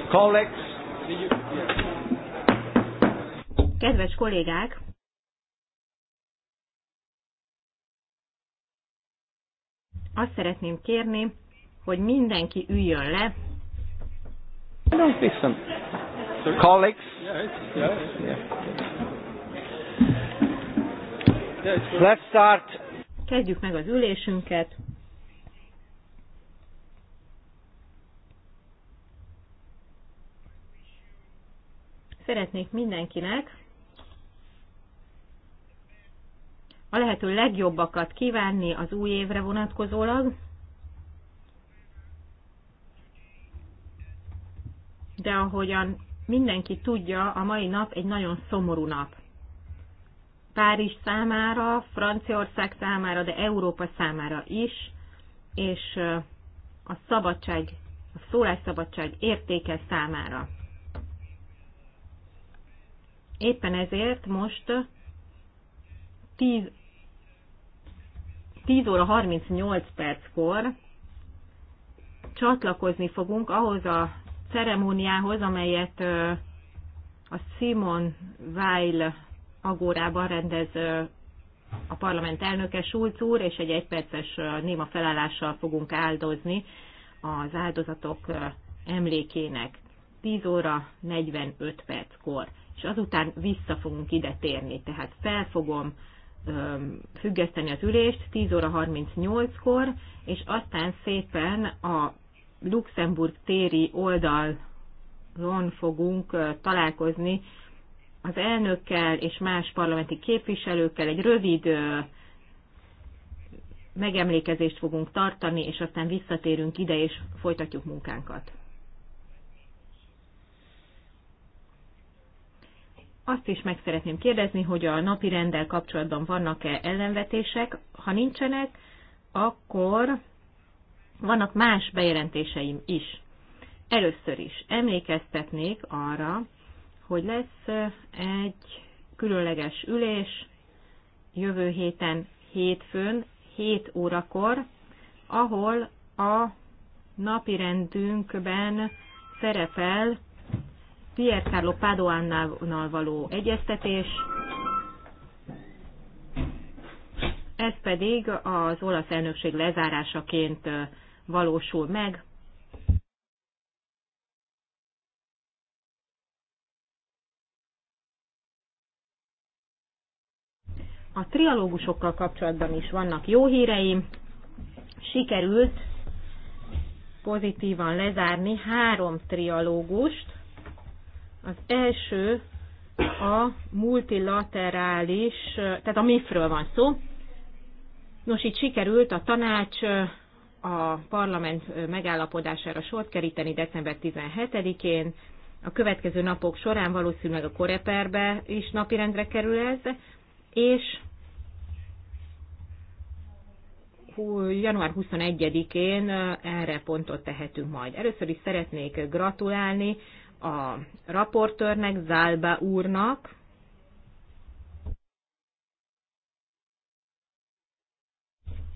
Uh, Kedves kollégák! Azt szeretném kérni, hogy mindenki üljön le. Don't listen. Colleagues. Let's start. Kezdjük meg az ülésünket. Szeretnék mindenkinek a lehető legjobbakat kívánni az új évre vonatkozólag, de ahogyan mindenki tudja, a mai nap egy nagyon szomorú nap. Párizs számára, Franciaország számára, de Európa számára is, és a szabadság, a szólásszabadság értéke számára. Éppen ezért most 10, 10 óra 38 perckor csatlakozni fogunk ahhoz a ceremóniához, amelyet a Simon Weil agórában rendez a parlament elnöke Schulz úr, és egy egyperces néma felállással fogunk áldozni az áldozatok emlékének. 10 óra 45 perckor és azután vissza fogunk ide térni. Tehát fel fogom függeszteni az ülést 10 óra 38-kor, és aztán szépen a Luxemburg téri oldalon fogunk találkozni az elnökkel és más parlamenti képviselőkkel egy rövid megemlékezést fogunk tartani, és aztán visszatérünk ide, és folytatjuk munkánkat. Azt is meg szeretném kérdezni, hogy a napi rendel kapcsolatban vannak-e ellenvetések. Ha nincsenek, akkor vannak más bejelentéseim is. Először is emlékeztetnék arra, hogy lesz egy különleges ülés jövő héten hétfőn 7 órakor, ahol a napi rendünkben szerepel Pier Carlo Padoannal való egyeztetés, ez pedig az olasz elnökség lezárásaként valósul meg. A trialógusokkal kapcsolatban is vannak jó híreim. Sikerült pozitívan lezárni három trialógust, az első a multilaterális, tehát a MIF-ről van szó. Nos, itt sikerült a tanács a parlament megállapodására sort keríteni december 17-én. A következő napok során valószínűleg a Koreperbe is napirendre kerül ez, és január 21-én erre pontot tehetünk majd. Először is szeretnék gratulálni a raportőrnek, Zálba úrnak,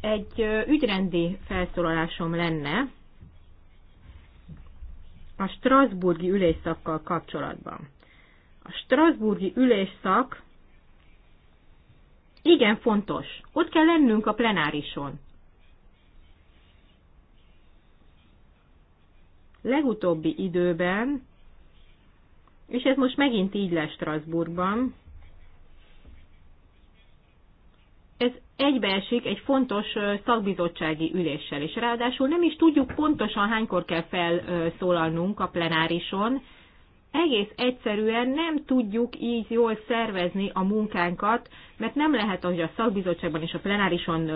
egy ügyrendi felszólalásom lenne a Strasburgi ülésszakkal kapcsolatban. A Strasburgi ülésszak igen fontos. Ott kell lennünk a plenárison. Legutóbbi időben és ez most megint így lesz Strasbourgban. Ez egybeesik egy fontos szakbizottsági üléssel, és ráadásul nem is tudjuk pontosan hánykor kell felszólalnunk a plenárison. Egész egyszerűen nem tudjuk így jól szervezni a munkánkat, mert nem lehet, hogy a szakbizottságban és a plenárison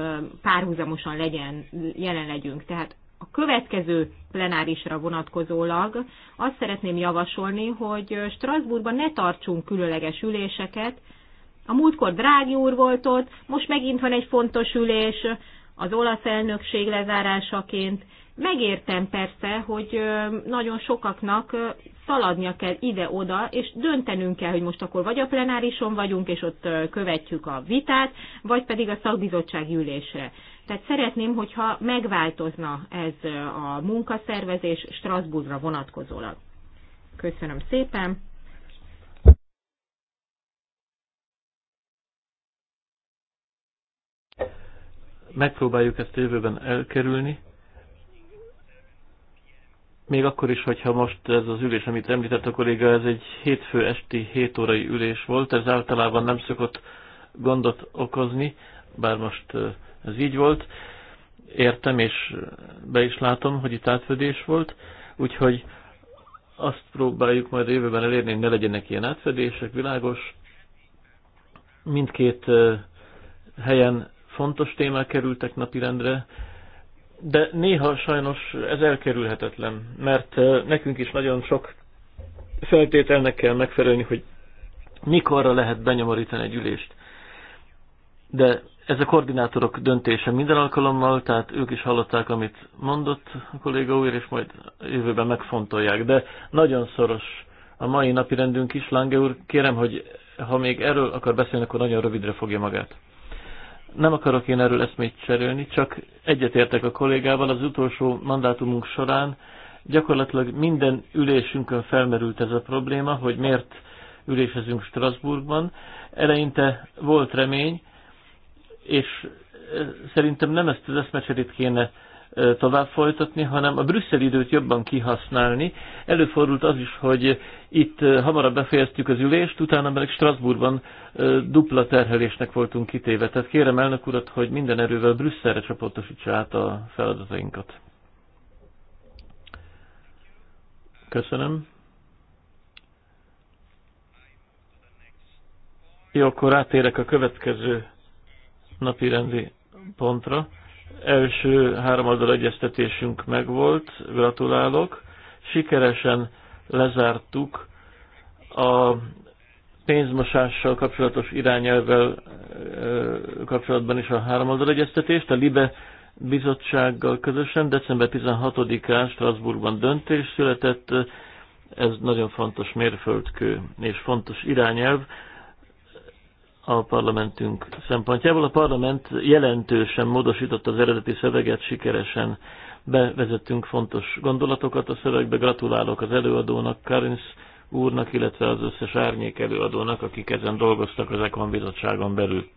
párhuzamosan legyen, jelen legyünk. Tehát a következő plenárisra vonatkozólag azt szeretném javasolni, hogy Strasbourgban ne tartsunk különleges üléseket. A múltkor Drági úr volt ott, most megint van egy fontos ülés az olasz elnökség lezárásaként. Megértem persze, hogy nagyon sokaknak szaladnia kell ide-oda, és döntenünk kell, hogy most akkor vagy a plenárison vagyunk, és ott követjük a vitát, vagy pedig a szakbizottsági ülésre tehát szeretném, hogyha megváltozna ez a munkaszervezés Strasbourgra vonatkozólag. Köszönöm szépen! Megpróbáljuk ezt a jövőben elkerülni. Még akkor is, hogyha most ez az ülés, amit említett a kolléga, ez egy hétfő esti 7 órai ülés volt, ez általában nem szokott gondot okozni bár most ez így volt, értem, és be is látom, hogy itt átfedés volt, úgyhogy azt próbáljuk majd a jövőben elérni, hogy ne legyenek ilyen átfedések, világos. Mindkét helyen fontos témák kerültek napirendre, de néha sajnos ez elkerülhetetlen, mert nekünk is nagyon sok feltételnek kell megfelelni, hogy mikorra lehet benyomorítani egy ülést. De ez a koordinátorok döntése minden alkalommal, tehát ők is hallották, amit mondott a kolléga úr, és majd jövőben megfontolják. De nagyon szoros a mai napi rendünk is. Lange úr, kérem, hogy ha még erről akar beszélni, akkor nagyon rövidre fogja magát. Nem akarok én erről eszmét cserélni, csak egyetértek a kollégával az utolsó mandátumunk során. Gyakorlatilag minden ülésünkön felmerült ez a probléma, hogy miért ülésezünk Strasbourgban. Eleinte volt remény, és szerintem nem ezt az eszmecserét kéne tovább folytatni, hanem a Brüsszel időt jobban kihasználni. Előfordult az is, hogy itt hamarabb befejeztük az ülést, utána meg Strasbourgban dupla terhelésnek voltunk kitéve. Tehát kérem elnök urat, hogy minden erővel Brüsszelre csoportosítsa át a feladatainkat. Köszönöm. Jó, akkor átérek a következő napi rendi pontra. Első háromadal egyeztetésünk megvolt, gratulálok. Sikeresen lezártuk a pénzmosással kapcsolatos irányelvvel kapcsolatban is a háromadal egyeztetést. A LIBE bizottsággal közösen december 16-án Strasbourgban döntés született. Ez nagyon fontos mérföldkő és fontos irányelv a parlamentünk szempontjából. A parlament jelentősen módosította az eredeti szöveget, sikeresen bevezettünk fontos gondolatokat a szövegbe. Gratulálok az előadónak, Karinsz úrnak, illetve az összes árnyék előadónak, akik ezen dolgoztak az Ekon bizottságon belül.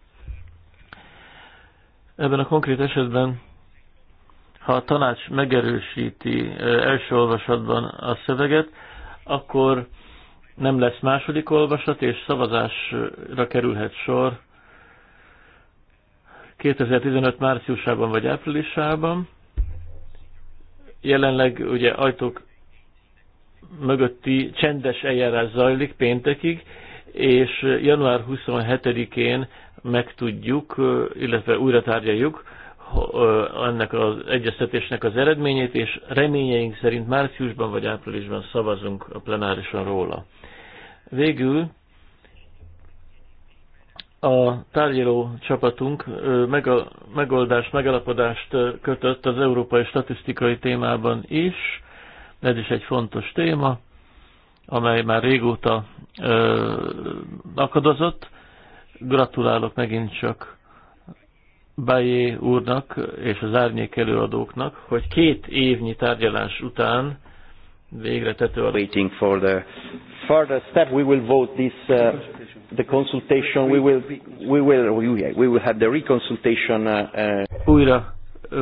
Ebben a konkrét esetben, ha a tanács megerősíti eh, első olvasatban a szöveget, akkor nem lesz második olvasat, és szavazásra kerülhet sor 2015 márciusában vagy áprilisában. Jelenleg ugye ajtók mögötti csendes eljárás zajlik péntekig, és január 27-én megtudjuk, illetve újra tárgyaljuk ennek az egyeztetésnek az eredményét, és reményeink szerint márciusban vagy áprilisban szavazunk a plenárison róla. Végül a tárgyaló csapatunk megoldást, megalapodást kötött az európai statisztikai témában is. Ez is egy fontos téma, amely már régóta akadozott. Gratulálok megint csak Bajé úrnak és az árnyék előadóknak, hogy két évnyi tárgyalás után végre tető a Waiting for the further step, we will vote this, uh, the consultation, we will, we will, we will have the reconsultation. Uh, uh, Újra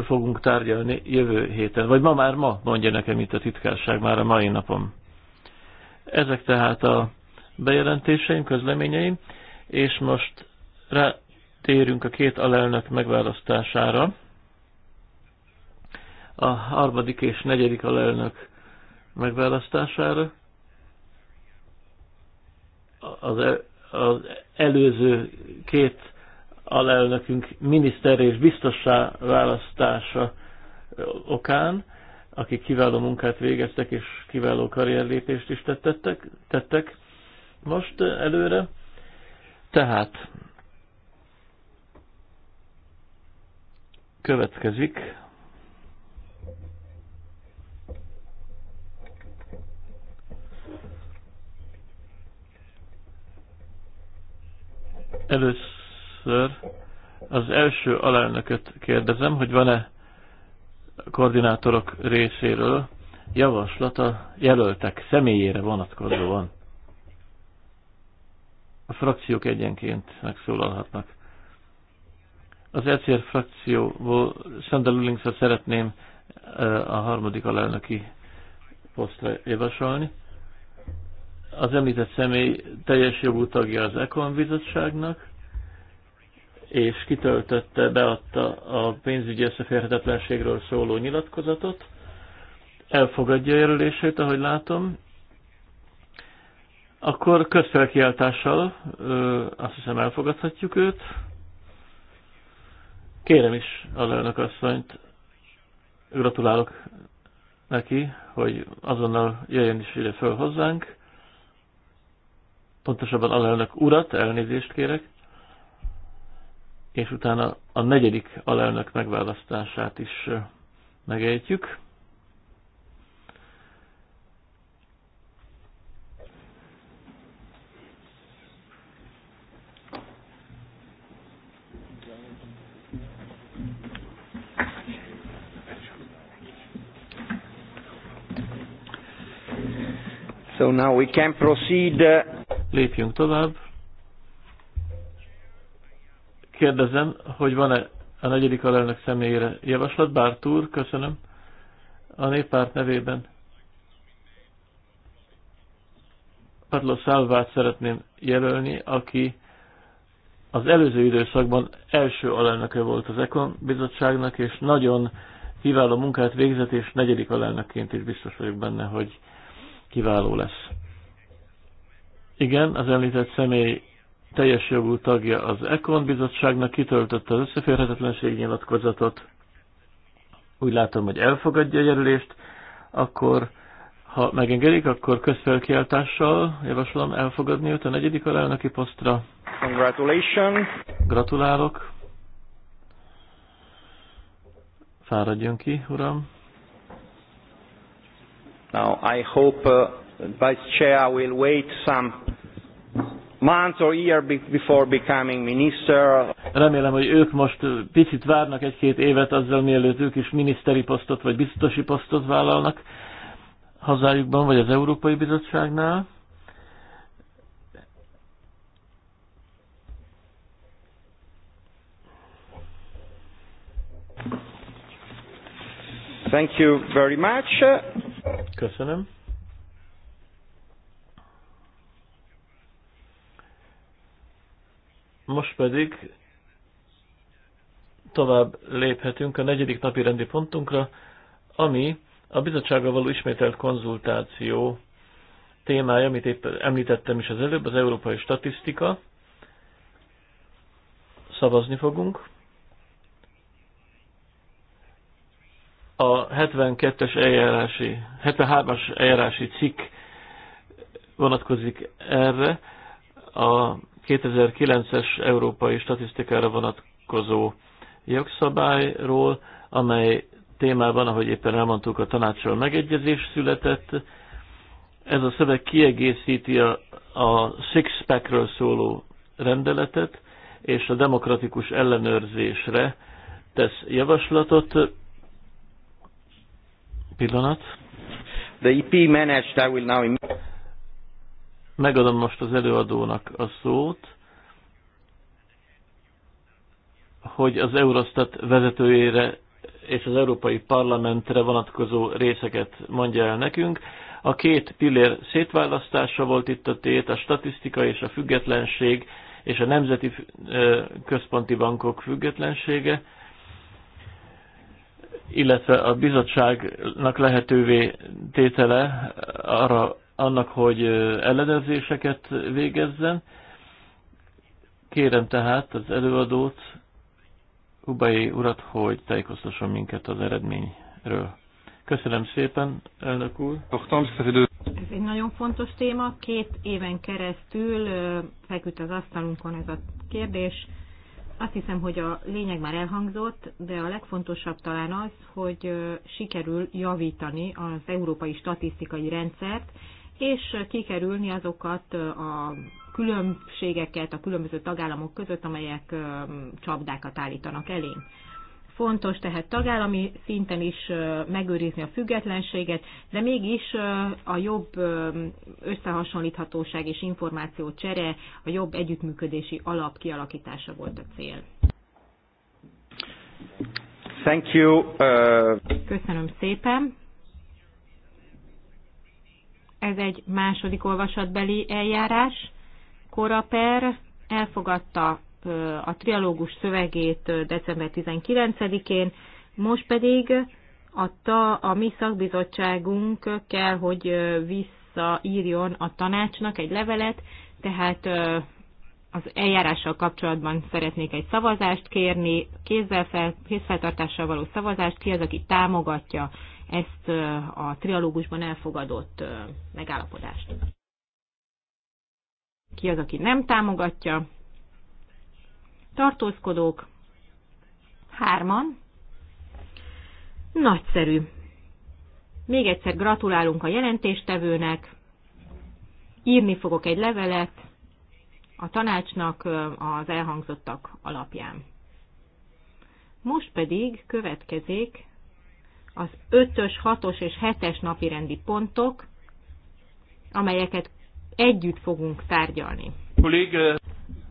fogunk tárgyalni jövő héten, vagy ma már ma, mondja nekem itt a titkárság már a mai napon. Ezek tehát a bejelentéseim, közleményeim, és most rátérünk a két alelnök megválasztására. A harmadik és negyedik alelnök megválasztására. Az, e- az előző két alelnökünk miniszter és biztossá választása okán, akik kiváló munkát végeztek és kiváló karrierlépést is tettettek, tettek most előre. Tehát következik Először az első alelnököt kérdezem, hogy van-e koordinátorok részéről javaslata jelöltek személyére vonatkozóan. A frakciók egyenként megszólalhatnak. Az ECR frakcióból Sander szeretném eh, a harmadik alelnöki posztra javasolni az említett személy teljes jogú tagja az Econ bizottságnak, és kitöltötte, beadta a pénzügyi összeférhetetlenségről szóló nyilatkozatot. Elfogadja a jelölését, ahogy látom. Akkor közfelkiáltással azt hiszem elfogadhatjuk őt. Kérem is a lelnök asszonyt. Gratulálok neki, hogy azonnal jöjjön is ide föl hozzánk pontosabban alelnök urat, elnézést kérek, és utána a negyedik alelnök megválasztását is megejtjük. So now we can proceed uh, Lépjünk tovább. Kérdezem, hogy van-e a negyedik alelnök személyére javaslat. Bártúr, köszönöm. A néppárt nevében. Padló Szálvát szeretném jelölni, aki az előző időszakban első alelnöke volt az Ekon bizottságnak, és nagyon kiváló munkát végzett, és negyedik alelnökként is biztos vagyok benne, hogy kiváló lesz. Igen, az említett személy teljes jogú tagja az Econ bizottságnak, kitöltötte az összeférhetetlenség nyilatkozatot, úgy látom, hogy elfogadja a jelölést, akkor ha megengedik, akkor közfelkiáltással javaslom elfogadni őt a negyedik alelnöki posztra. Congratulations! Gratulálok! Fáradjon ki, uram! Now I hope uh, Vice Chair will wait some months or year before becoming minister. Remélem, hogy ők most picit várnak egy-két évet azzal, mielőtt ők is miniszteri posztot vagy biztosi posztot vállalnak hazájukban, vagy az Európai Bizottságnál. Thank you very much. Köszönöm. Most pedig tovább léphetünk a negyedik napi rendi pontunkra, ami a bizottsággal való ismételt konzultáció témája, amit épp említettem is az előbb, az európai statisztika. Szavazni fogunk. A 72-es eljárási, 73-as eljárási cikk vonatkozik erre. A 2009-es európai statisztikára vonatkozó jogszabályról, amely témában, ahogy éppen elmondtuk, a tanácsról megegyezés született. Ez a szöveg kiegészíti a, a six-packről szóló rendeletet, és a demokratikus ellenőrzésre tesz javaslatot. Pillanat. The EP managed, I will now... Megadom most az előadónak a szót, hogy az Eurostat vezetőjére és az Európai Parlamentre vonatkozó részeket mondja el nekünk. A két pillér szétválasztása volt itt a tét, a statisztika és a függetlenség, és a nemzeti központi bankok függetlensége, illetve a bizottságnak lehetővé tétele arra annak, hogy ellenőrzéseket végezzen. Kérem tehát az előadót, Ubai urat, hogy tájékoztasson minket az eredményről. Köszönöm szépen, elnök úr. Ez egy nagyon fontos téma. Két éven keresztül feküdt az asztalunkon ez a kérdés. Azt hiszem, hogy a lényeg már elhangzott, de a legfontosabb talán az, hogy sikerül javítani az európai statisztikai rendszert, és kikerülni azokat a különbségeket a különböző tagállamok között, amelyek csapdákat állítanak elénk. Fontos tehát tagállami szinten is megőrizni a függetlenséget, de mégis a jobb összehasonlíthatóság és információ csere, a jobb együttműködési alap kialakítása volt a cél. Thank you. Uh... Köszönöm szépen. Ez egy második olvasatbeli eljárás. Koraper elfogadta a trialógus szövegét december 19-én, most pedig a, ta, a mi szakbizottságunk kell, hogy visszaírjon a tanácsnak egy levelet, tehát az eljárással kapcsolatban szeretnék egy szavazást kérni, kézzel fel, kézfeltartással való szavazást, ki az, aki támogatja ezt a trialógusban elfogadott megállapodást. Ki az, aki nem támogatja? Tartózkodók, hárman. Nagyszerű. Még egyszer gratulálunk a jelentéstevőnek. Írni fogok egy levelet a tanácsnak az elhangzottak alapján. Most pedig következik az 5-ös, 6-os és 7-es napirendi pontok, amelyeket együtt fogunk tárgyalni. Kollége.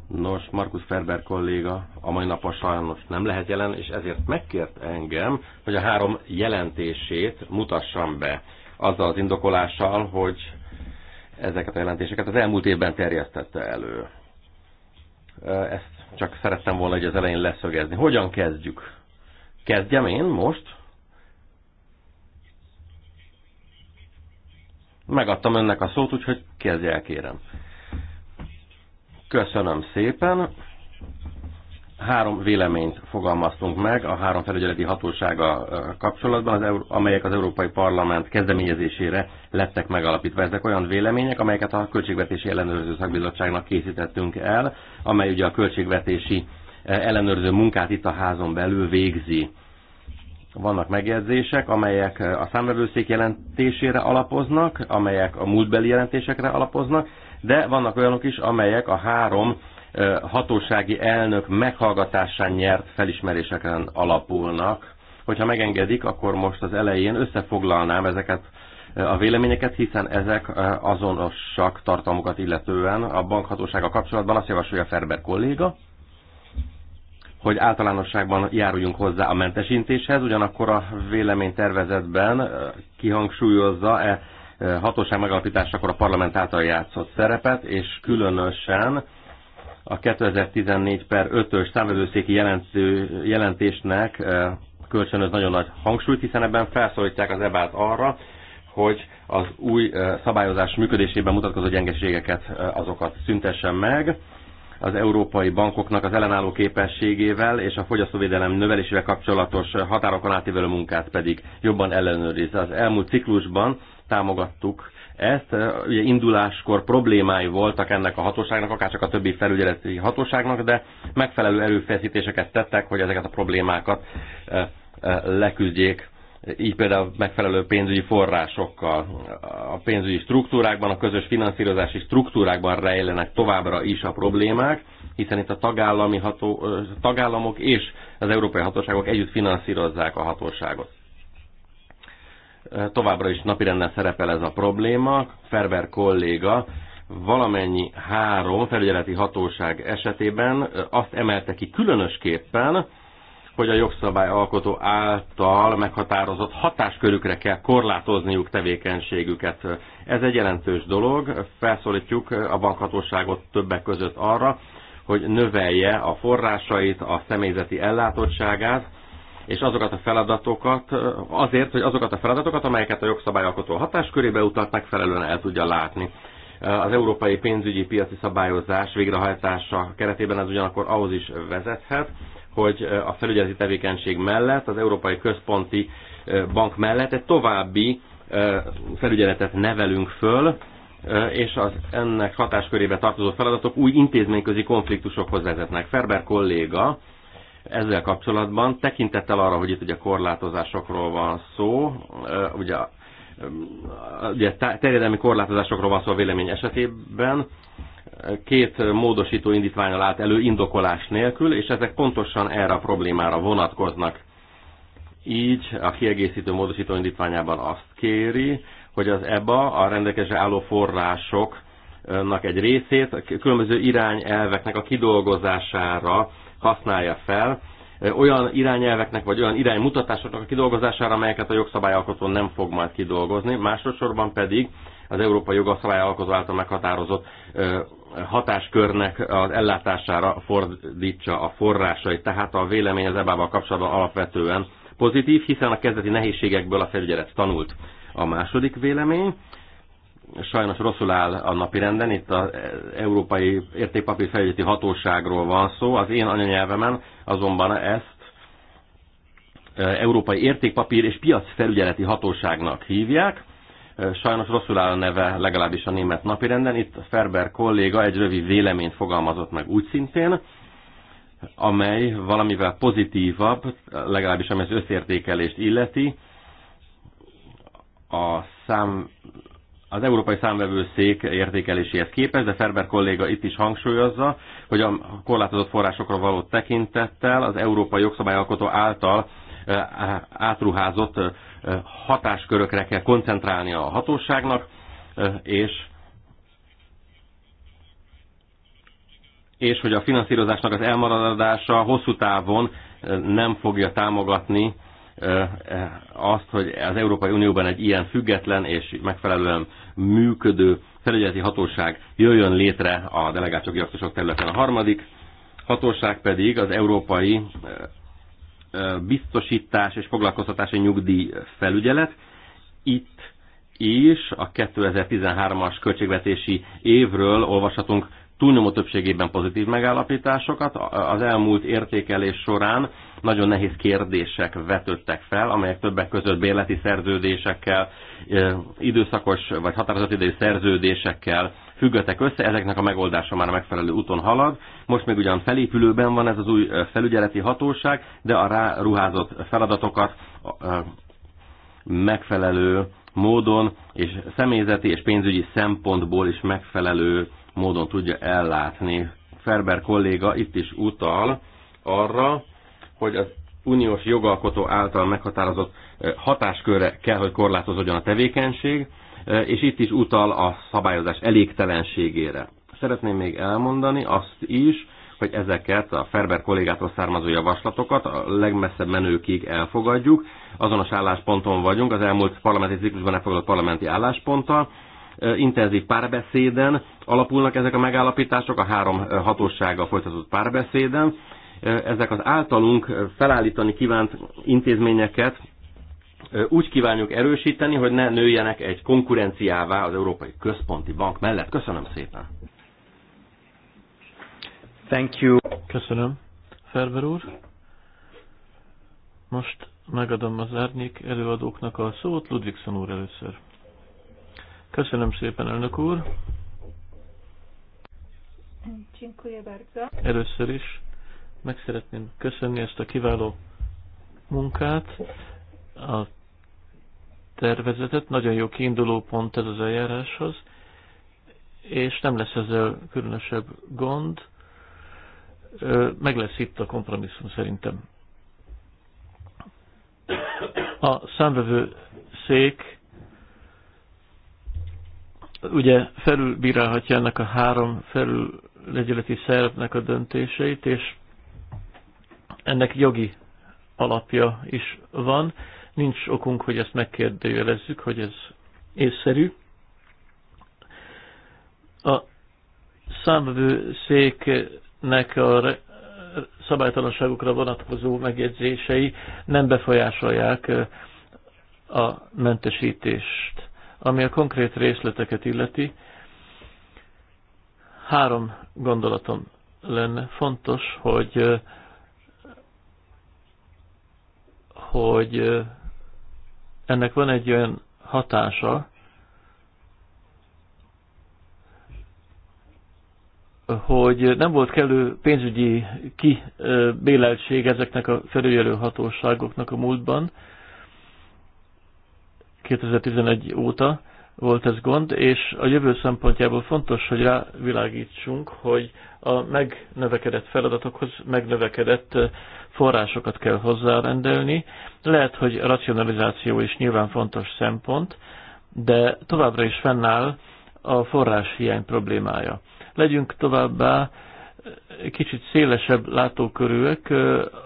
Nos, Markus Ferber kolléga a mai napon sajnos nem lehet jelen, és ezért megkért engem, hogy a három jelentését mutassam be. Azzal az indokolással, hogy ezeket a jelentéseket az elmúlt évben terjesztette elő. Ezt csak szerettem volna hogy az elején leszögezni. Hogyan kezdjük? Kezdjem én most? Megadtam önnek a szót, úgyhogy kezdje el kérem. Köszönöm szépen. Három véleményt fogalmaztunk meg a három felügyeleti hatósága kapcsolatban, az, amelyek az Európai Parlament kezdeményezésére lettek megalapítva. Ezek olyan vélemények, amelyeket a Költségvetési Ellenőrző Szakbizottságnak készítettünk el, amely ugye a költségvetési ellenőrző munkát itt a házon belül végzi. Vannak megjegyzések, amelyek a számvevőszék jelentésére alapoznak, amelyek a múltbeli jelentésekre alapoznak, de vannak olyanok is, amelyek a három hatósági elnök meghallgatásán nyert felismeréseken alapulnak. Hogyha megengedik, akkor most az elején összefoglalnám ezeket a véleményeket, hiszen ezek azonosak tartalmukat illetően a bankhatósága kapcsolatban azt javasolja Ferber kolléga, hogy általánosságban járuljunk hozzá a mentesítéshez, ugyanakkor a véleménytervezetben kihangsúlyozza-e hatóság megalapításakor a parlament által játszott szerepet, és különösen a 2014 per 5-ös számvevőszéki jelentésnek kölcsönöz nagyon nagy hangsúlyt, hiszen ebben felszólítják az ebát arra, hogy az új szabályozás működésében mutatkozó gyengeségeket azokat szüntessen meg, az európai bankoknak az ellenálló képességével és a fogyasztóvédelem növelésével kapcsolatos határokon átívelő munkát pedig jobban ellenőriz. Az elmúlt ciklusban támogattuk ezt. Ugye induláskor problémái voltak ennek a hatóságnak, akár csak a többi felügyeleti hatóságnak, de megfelelő erőfeszítéseket tettek, hogy ezeket a problémákat eh, eh, leküzdjék így például megfelelő pénzügyi forrásokkal. A pénzügyi struktúrákban, a közös finanszírozási struktúrákban rejlenek továbbra is a problémák, hiszen itt a tagállami ható, tagállamok és az európai hatóságok együtt finanszírozzák a hatóságot. Továbbra is napirenden szerepel ez a probléma. Ferber kolléga valamennyi három felügyeleti hatóság esetében azt emelte ki különösképpen, hogy a jogszabályalkotó által meghatározott hatáskörükre kell korlátozniuk tevékenységüket. Ez egy jelentős dolog. Felszólítjuk a bankhatóságot többek között arra, hogy növelje a forrásait, a személyzeti ellátottságát, és azokat a feladatokat, azért, hogy azokat a feladatokat, amelyeket a jogszabályalkotó hatáskörébe utalt, megfelelően el tudja látni. Az európai pénzügyi piaci szabályozás végrehajtása keretében ez ugyanakkor ahhoz is vezethet, hogy a felügyeleti tevékenység mellett, az Európai Központi Bank mellett egy további felügyeletet nevelünk föl, és az ennek hatáskörébe tartozó feladatok új intézményközi konfliktusokhoz vezetnek. Ferber kolléga ezzel kapcsolatban tekintettel arra, hogy itt ugye korlátozásokról van szó, ugye, ugye terjedelmi korlátozásokról van szó a vélemény esetében, két módosító indítványal állt elő indokolás nélkül, és ezek pontosan erre a problémára vonatkoznak. Így a kiegészítő módosító indítványában azt kéri, hogy az EBA a rendelkezésre álló forrásoknak egy részét a különböző irányelveknek a kidolgozására használja fel, olyan irányelveknek vagy olyan iránymutatásoknak a kidolgozására, amelyeket a jogszabályalkotó nem fog majd kidolgozni, másodszorban pedig az európai jogszabályalkotó által meghatározott hatáskörnek az ellátására fordítsa a forrásait. Tehát a vélemény az ebával kapcsolatban alapvetően pozitív, hiszen a kezdeti nehézségekből a felügyelet tanult. A második vélemény, sajnos rosszul áll a napirenden, itt az Európai Értékpapír Felügyeleti Hatóságról van szó, az én anyanyelvemen azonban ezt eh, Európai Értékpapír és Piacfelügyeleti Hatóságnak hívják, Sajnos rosszul áll a neve legalábbis a német napirenden. Itt Ferber kolléga egy rövid véleményt fogalmazott meg úgy szintén, amely valamivel pozitívabb, legalábbis ami az összértékelést illeti, a szám, az Európai Számvevőszék értékeléséhez képest, de Ferber kolléga itt is hangsúlyozza, hogy a korlátozott forrásokra való tekintettel az európai jogszabályalkotó által átruházott hatáskörökre kell koncentrálni a hatóságnak, és és hogy a finanszírozásnak az elmaradása hosszú távon nem fogja támogatni e, azt, hogy az Európai Unióban egy ilyen független és megfelelően működő felügyeleti hatóság jöjjön létre a delegációk jogtosok területen. A harmadik hatóság pedig az Európai biztosítás és foglalkoztatási nyugdíj felügyelet. Itt is a 2013-as költségvetési évről olvashatunk túlnyomó többségében pozitív megállapításokat. Az elmúlt értékelés során nagyon nehéz kérdések vetődtek fel, amelyek többek között bérleti szerződésekkel, időszakos vagy határozott idejű szerződésekkel függöttek össze, ezeknek a megoldása már a megfelelő úton halad. Most még ugyan felépülőben van ez az új felügyeleti hatóság, de a ráruházott feladatokat megfelelő módon és személyzeti és pénzügyi szempontból is megfelelő módon tudja ellátni. Ferber kolléga itt is utal arra, hogy az uniós jogalkotó által meghatározott hatáskörre kell, hogy korlátozódjon a tevékenység, és itt is utal a szabályozás elégtelenségére. Szeretném még elmondani azt is, hogy ezeket a Ferber kollégától származó javaslatokat a legmesszebb menőkig elfogadjuk. Azonos állásponton vagyunk, az elmúlt parlamenti ciklusban elfogadott parlamenti állásponttal. Intenzív párbeszéden alapulnak ezek a megállapítások, a három hatósággal folytatott párbeszéden, ezek az általunk felállítani kívánt intézményeket úgy kívánjuk erősíteni, hogy ne nőjenek egy konkurenciává az Európai Központi Bank mellett. Köszönöm szépen! Thank you. Köszönöm, Ferber úr. Most megadom az árnyék előadóknak a szót, Ludvigson úr először. Köszönöm szépen, elnök úr. Először is meg szeretném köszönni ezt a kiváló munkát, a tervezetet, nagyon jó kiinduló pont ez az eljáráshoz, és nem lesz ezzel különösebb gond, meg lesz itt a kompromisszum szerintem. A számvevő szék ugye felülbírálhatja ennek a három legyeleti szervnek a döntéseit, és ennek jogi alapja is van. Nincs okunk, hogy ezt megkérdőjelezzük, hogy ez észszerű. A számvőszéknek a szabálytalanságokra vonatkozó megjegyzései nem befolyásolják a mentesítést. Ami a konkrét részleteket illeti, három gondolatom lenne. Fontos, hogy hogy ennek van egy olyan hatása, hogy nem volt kellő pénzügyi kibéleltség ezeknek a felüljelő hatóságoknak a múltban, 2011 óta, volt ez gond, és a jövő szempontjából fontos, hogy rávilágítsunk, hogy a megnövekedett feladatokhoz megnövekedett forrásokat kell hozzárendelni. Lehet, hogy racionalizáció is nyilván fontos szempont, de továbbra is fennáll a forráshiány problémája. Legyünk továbbá kicsit szélesebb látókörűek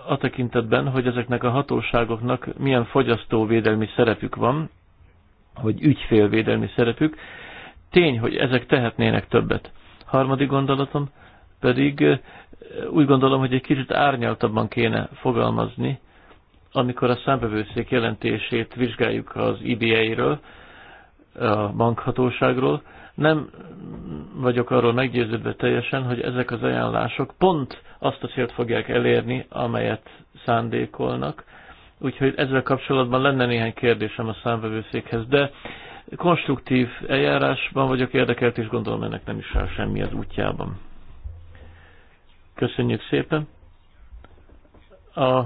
a tekintetben, hogy ezeknek a hatóságoknak milyen fogyasztóvédelmi szerepük van, hogy ügyfélvédelmi szerepük. Tény, hogy ezek tehetnének többet. Harmadik gondolatom pedig úgy gondolom, hogy egy kicsit árnyaltabban kéne fogalmazni, amikor a számbevőszék jelentését vizsgáljuk az IBA-ről, a bankhatóságról, nem vagyok arról meggyőződve teljesen, hogy ezek az ajánlások pont azt a célt fogják elérni, amelyet szándékolnak, Úgyhogy ezzel kapcsolatban lenne néhány kérdésem a számvevőszékhez, de konstruktív eljárásban vagyok érdekelt, és gondolom ennek nem is áll semmi az útjában. Köszönjük szépen. A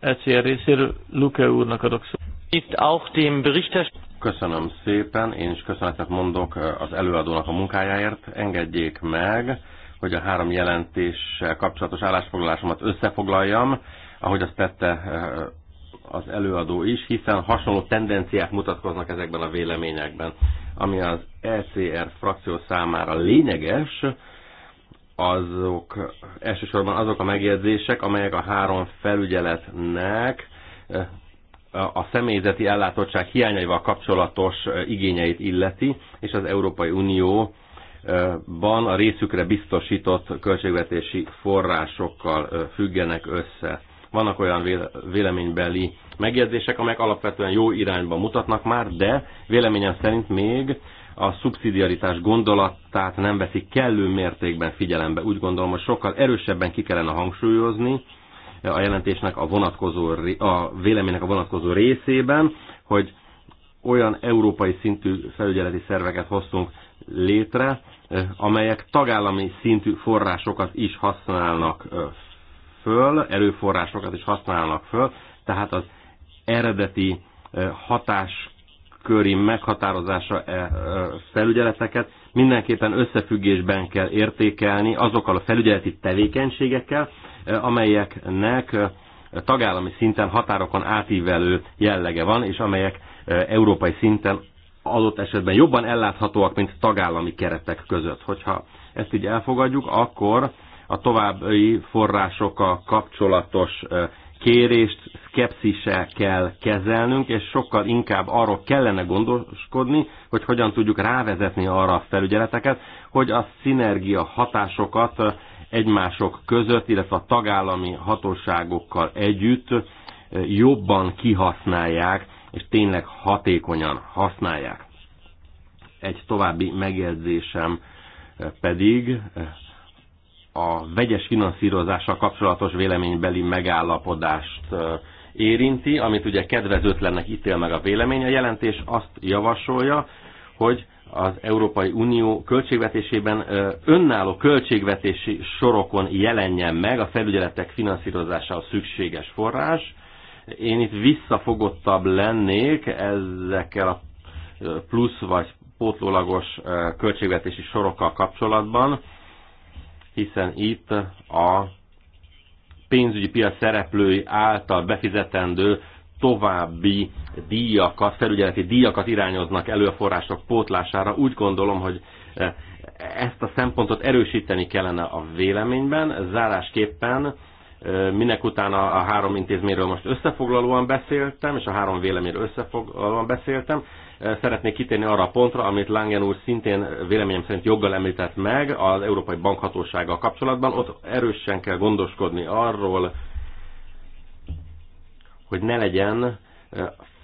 ECR részéről Luke úrnak adok szó. Itt auch dem Berichterstatter. Köszönöm szépen, én is köszönetet mondok az előadónak a munkájáért. Engedjék meg, hogy a három jelentéssel kapcsolatos állásfoglalásomat összefoglaljam, ahogy azt tette eh, az előadó is, hiszen hasonló tendenciák mutatkoznak ezekben a véleményekben. Ami az ECR frakció számára lényeges, azok elsősorban azok a megjegyzések, amelyek a három felügyeletnek eh, a személyzeti ellátottság hiányaival kapcsolatos eh, igényeit illeti, és az Európai Unió a részükre biztosított költségvetési forrásokkal eh, függenek össze. Vannak olyan véleménybeli megjegyzések, amelyek alapvetően jó irányba mutatnak már, de véleményem szerint még a szubszidiaritás gondolatát nem veszik kellő mértékben figyelembe. Úgy gondolom, hogy sokkal erősebben ki kellene hangsúlyozni a jelentésnek a vonatkozó, a véleménynek a vonatkozó részében, hogy olyan európai szintű felügyeleti szerveket hoztunk létre, eh, amelyek tagállami szintű forrásokat is használnak eh, föl, erőforrásokat is használnak föl, tehát az eredeti hatásköri meghatározása e, felügyeleteket mindenképpen összefüggésben kell értékelni azokkal a felügyeleti tevékenységekkel, amelyeknek tagállami szinten határokon átívelő jellege van, és amelyek európai szinten adott esetben jobban elláthatóak, mint tagállami keretek között. Hogyha ezt így elfogadjuk, akkor a további forrásokkal kapcsolatos kérést szkepszissel kell kezelnünk, és sokkal inkább arról kellene gondoskodni, hogy hogyan tudjuk rávezetni arra a felügyeleteket, hogy a szinergia hatásokat egymások között, illetve a tagállami hatóságokkal együtt jobban kihasználják, és tényleg hatékonyan használják. Egy további megjegyzésem pedig a vegyes finanszírozással kapcsolatos véleménybeli megállapodást érinti, amit ugye kedvezőtlennek ítél meg a vélemény. A jelentés azt javasolja, hogy az Európai Unió költségvetésében önálló költségvetési sorokon jelenjen meg a felügyeletek a szükséges forrás. Én itt visszafogottabb lennék ezekkel a plusz vagy pótlólagos költségvetési sorokkal kapcsolatban hiszen itt a pénzügyi piac szereplői által befizetendő további díjakat, felügyeleti díjakat irányoznak elő a források pótlására. Úgy gondolom, hogy e, ezt a szempontot erősíteni kellene a véleményben. Zárásképpen e, minek után a három intézményről most összefoglalóan beszéltem, és a három véleményről összefoglalóan beszéltem, szeretnék kitérni arra a pontra, amit Langen úr szintén véleményem szerint joggal említett meg az Európai Bankhatósággal kapcsolatban. Ott erősen kell gondoskodni arról, hogy ne legyen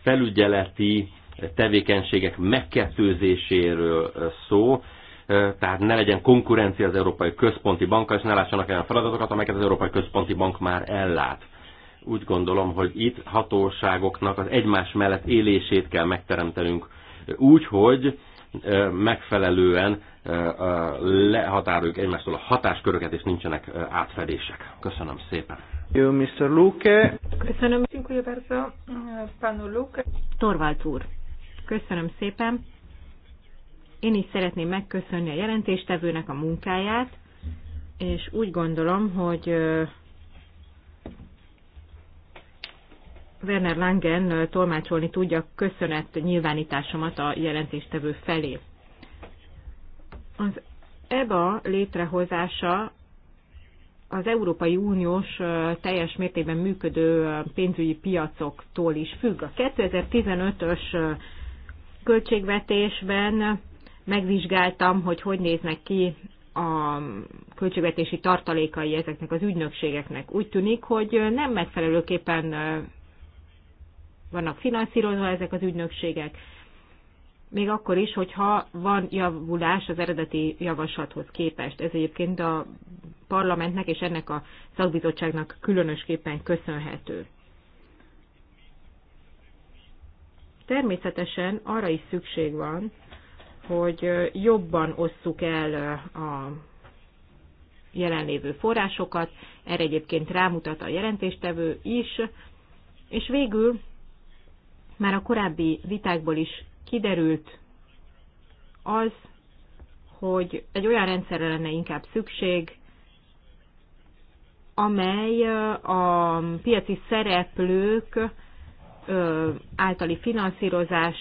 felügyeleti tevékenységek megkettőzéséről szó, tehát ne legyen konkurencia az Európai Központi Bankkal, és ne lássanak olyan feladatokat, amelyeket az Európai Központi Bank már ellát. Úgy gondolom, hogy itt hatóságoknak az egymás mellett élését kell megteremtenünk úgy, hogy megfelelően lehatároljuk egymástól a hatásköröket, és nincsenek átfedések. Köszönöm szépen. Jó, Mr. Luke. Köszönöm, Cinque Berzo, Luke. Torvalds úr, köszönöm szépen. Én is szeretném megköszönni a jelentéstevőnek a munkáját, és úgy gondolom, hogy Werner Langen tolmácsolni tudja köszönet nyilvánításomat a jelentéstevő felé. Az EBA létrehozása az Európai Uniós teljes mértékben működő pénzügyi piacoktól is függ. A 2015-ös költségvetésben megvizsgáltam, hogy hogy néznek ki a költségvetési tartalékai ezeknek az ügynökségeknek. Úgy tűnik, hogy nem megfelelőképpen vannak finanszírozva ezek az ügynökségek, még akkor is, hogyha van javulás az eredeti javaslathoz képest. Ez egyébként a parlamentnek és ennek a szakbizottságnak különösképpen köszönhető. Természetesen arra is szükség van, hogy jobban osszuk el a jelenlévő forrásokat, erre egyébként rámutat a jelentéstevő is, és végül már a korábbi vitákból is kiderült az, hogy egy olyan rendszerre lenne inkább szükség, amely a piaci szereplők általi finanszírozás,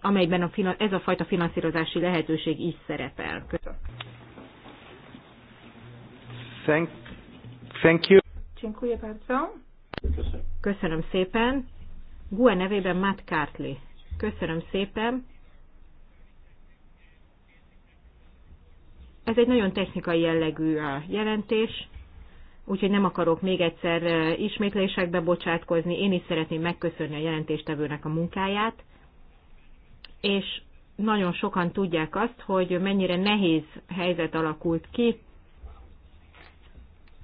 amelyben a, ez a fajta finanszírozási lehetőség is szerepel. Thank, thank you. Köszönöm szépen. GUE nevében Matt Cartley. Köszönöm szépen. Ez egy nagyon technikai jellegű uh, jelentés, úgyhogy nem akarok még egyszer uh, ismétlésekbe bocsátkozni. Én is szeretném megköszönni a jelentéstevőnek a munkáját, és nagyon sokan tudják azt, hogy mennyire nehéz helyzet alakult ki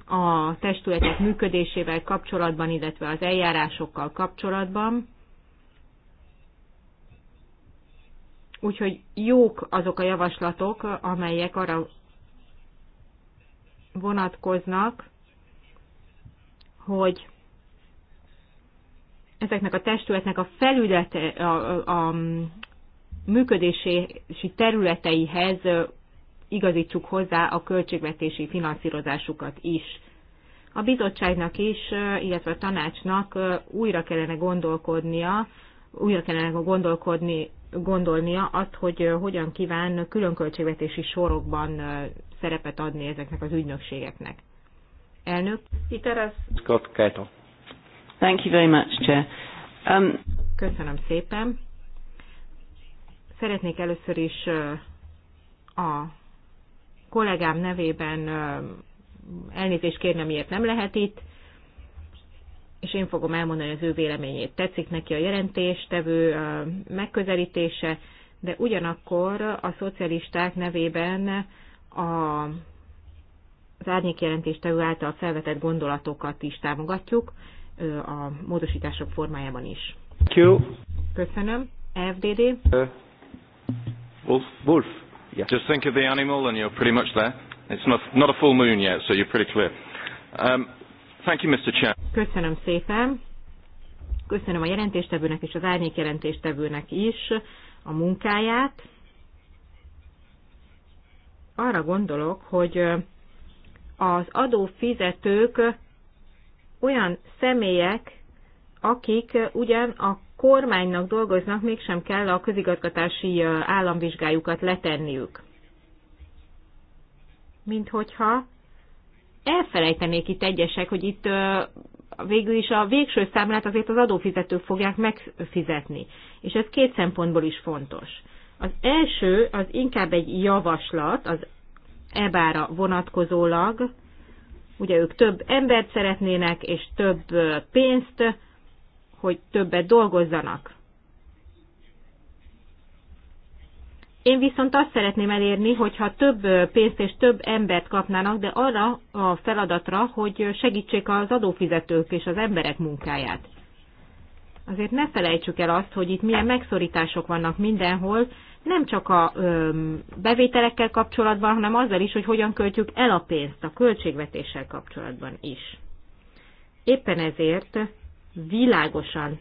a testületek működésével kapcsolatban, illetve az eljárásokkal kapcsolatban. Úgyhogy jók azok a javaslatok, amelyek arra vonatkoznak, hogy ezeknek a testületnek a felülete, a, a, a működési területeihez igazítsuk hozzá a költségvetési finanszírozásukat is. A bizottságnak is, illetve a tanácsnak újra kellene gondolkodnia, újra kellene gondolkodni, gondolnia azt, hogy hogyan kíván külön költségvetési sorokban szerepet adni ezeknek az ügynökségeknek. Elnök? Iteres. Scott Cato. Thank you very much, Chair. Um... Köszönöm szépen. Szeretnék először is a kollégám nevében elnézést kérne, miért nem lehet itt, és én fogom elmondani az ő véleményét. Tetszik neki a jelentéstevő megközelítése, de ugyanakkor a szocialisták nevében a, az árnyékjelentéstevő által felvetett gondolatokat is támogatjuk a módosítások formájában is. Q. Köszönöm. FDD. Uh, Wolf. Wolf. Yes. Just think of the animal and you're pretty much there. It's not, not a full moon yet, so you're pretty clear. Um, thank you, Mr. Chair. Köszönöm szépen. Köszönöm a jelentéstevőnek és az árnyék jelentéstevőnek is a munkáját. Arra gondolok, hogy az adófizetők olyan személyek, akik ugyan a kormánynak dolgoznak, mégsem kell a közigazgatási államvizsgájukat letenniük. Mint hogyha elfelejtenék itt egyesek, hogy itt végül is a végső számlát azért az adófizetők fogják megfizetni. És ez két szempontból is fontos. Az első az inkább egy javaslat, az ebára vonatkozólag, ugye ők több embert szeretnének, és több pénzt, hogy többet dolgozzanak. Én viszont azt szeretném elérni, hogyha több pénzt és több embert kapnának, de arra a feladatra, hogy segítsék az adófizetők és az emberek munkáját. Azért ne felejtsük el azt, hogy itt milyen megszorítások vannak mindenhol, nem csak a ö, bevételekkel kapcsolatban, hanem azzal is, hogy hogyan költjük el a pénzt a költségvetéssel kapcsolatban is. Éppen ezért világosan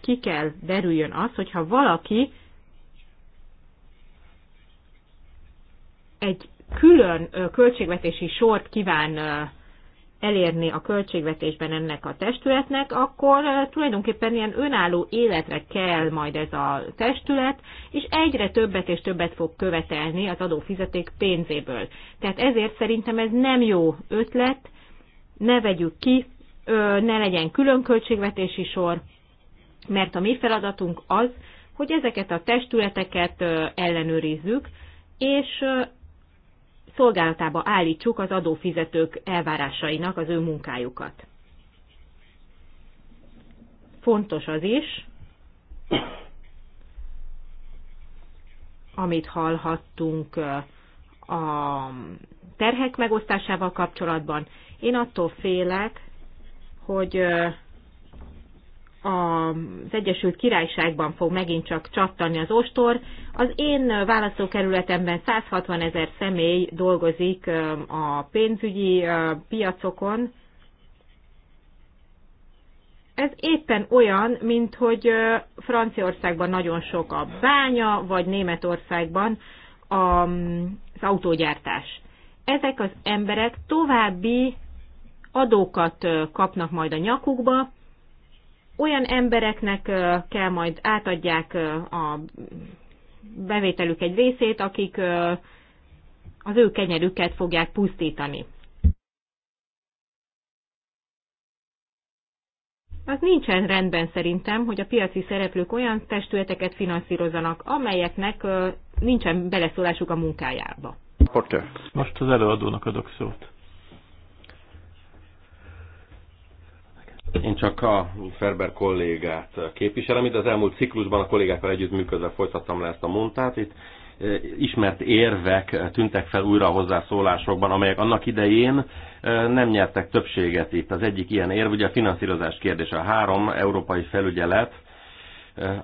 ki kell derüljön az, hogyha valaki egy külön költségvetési sort kíván elérni a költségvetésben ennek a testületnek, akkor tulajdonképpen ilyen önálló életre kell majd ez a testület, és egyre többet és többet fog követelni az adófizeték pénzéből. Tehát ezért szerintem ez nem jó ötlet, ne vegyük ki ne legyen külön költségvetési sor, mert a mi feladatunk az, hogy ezeket a testületeket ellenőrizzük, és szolgálatába állítsuk az adófizetők elvárásainak az ő munkájukat. Fontos az is, amit hallhattunk a terhek megosztásával kapcsolatban. Én attól félek, hogy az Egyesült Királyságban fog megint csak csattani az ostor. Az én választókerületemben 160 ezer személy dolgozik a pénzügyi piacokon. Ez éppen olyan, mint hogy Franciaországban nagyon sok a bánya, vagy Németországban mm, az autógyártás. Ezek az emberek további adókat kapnak majd a nyakukba, olyan embereknek kell majd átadják a bevételük egy részét, akik az ő kenyerüket fogják pusztítani. Az nincsen rendben szerintem, hogy a piaci szereplők olyan testületeket finanszírozanak, amelyeknek nincsen beleszólásuk a munkájába. Porter. Most az előadónak adok szót. Én csak a Ferber kollégát képviselem, itt az elmúlt ciklusban a kollégákkal együttműködve folytattam le ezt a montát. Itt eh, ismert érvek tűntek fel újra a hozzászólásokban, amelyek annak idején eh, nem nyertek többséget itt. Az egyik ilyen érv ugye a finanszírozás kérdése. A három európai felügyelet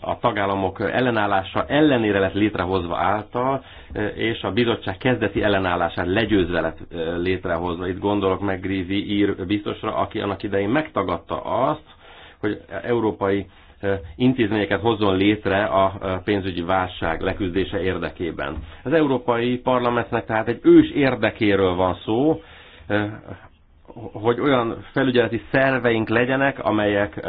a tagállamok ellenállása ellenére lett létrehozva által, és a bizottság kezdeti ellenállását legyőzve lett létrehozva. Itt gondolok meg Grívi ír biztosra, aki annak idején megtagadta azt, hogy európai intézményeket hozzon létre a pénzügyi válság leküzdése érdekében. Az Európai Parlamentnek tehát egy ős érdekéről van szó, hogy olyan felügyeleti szerveink legyenek, amelyek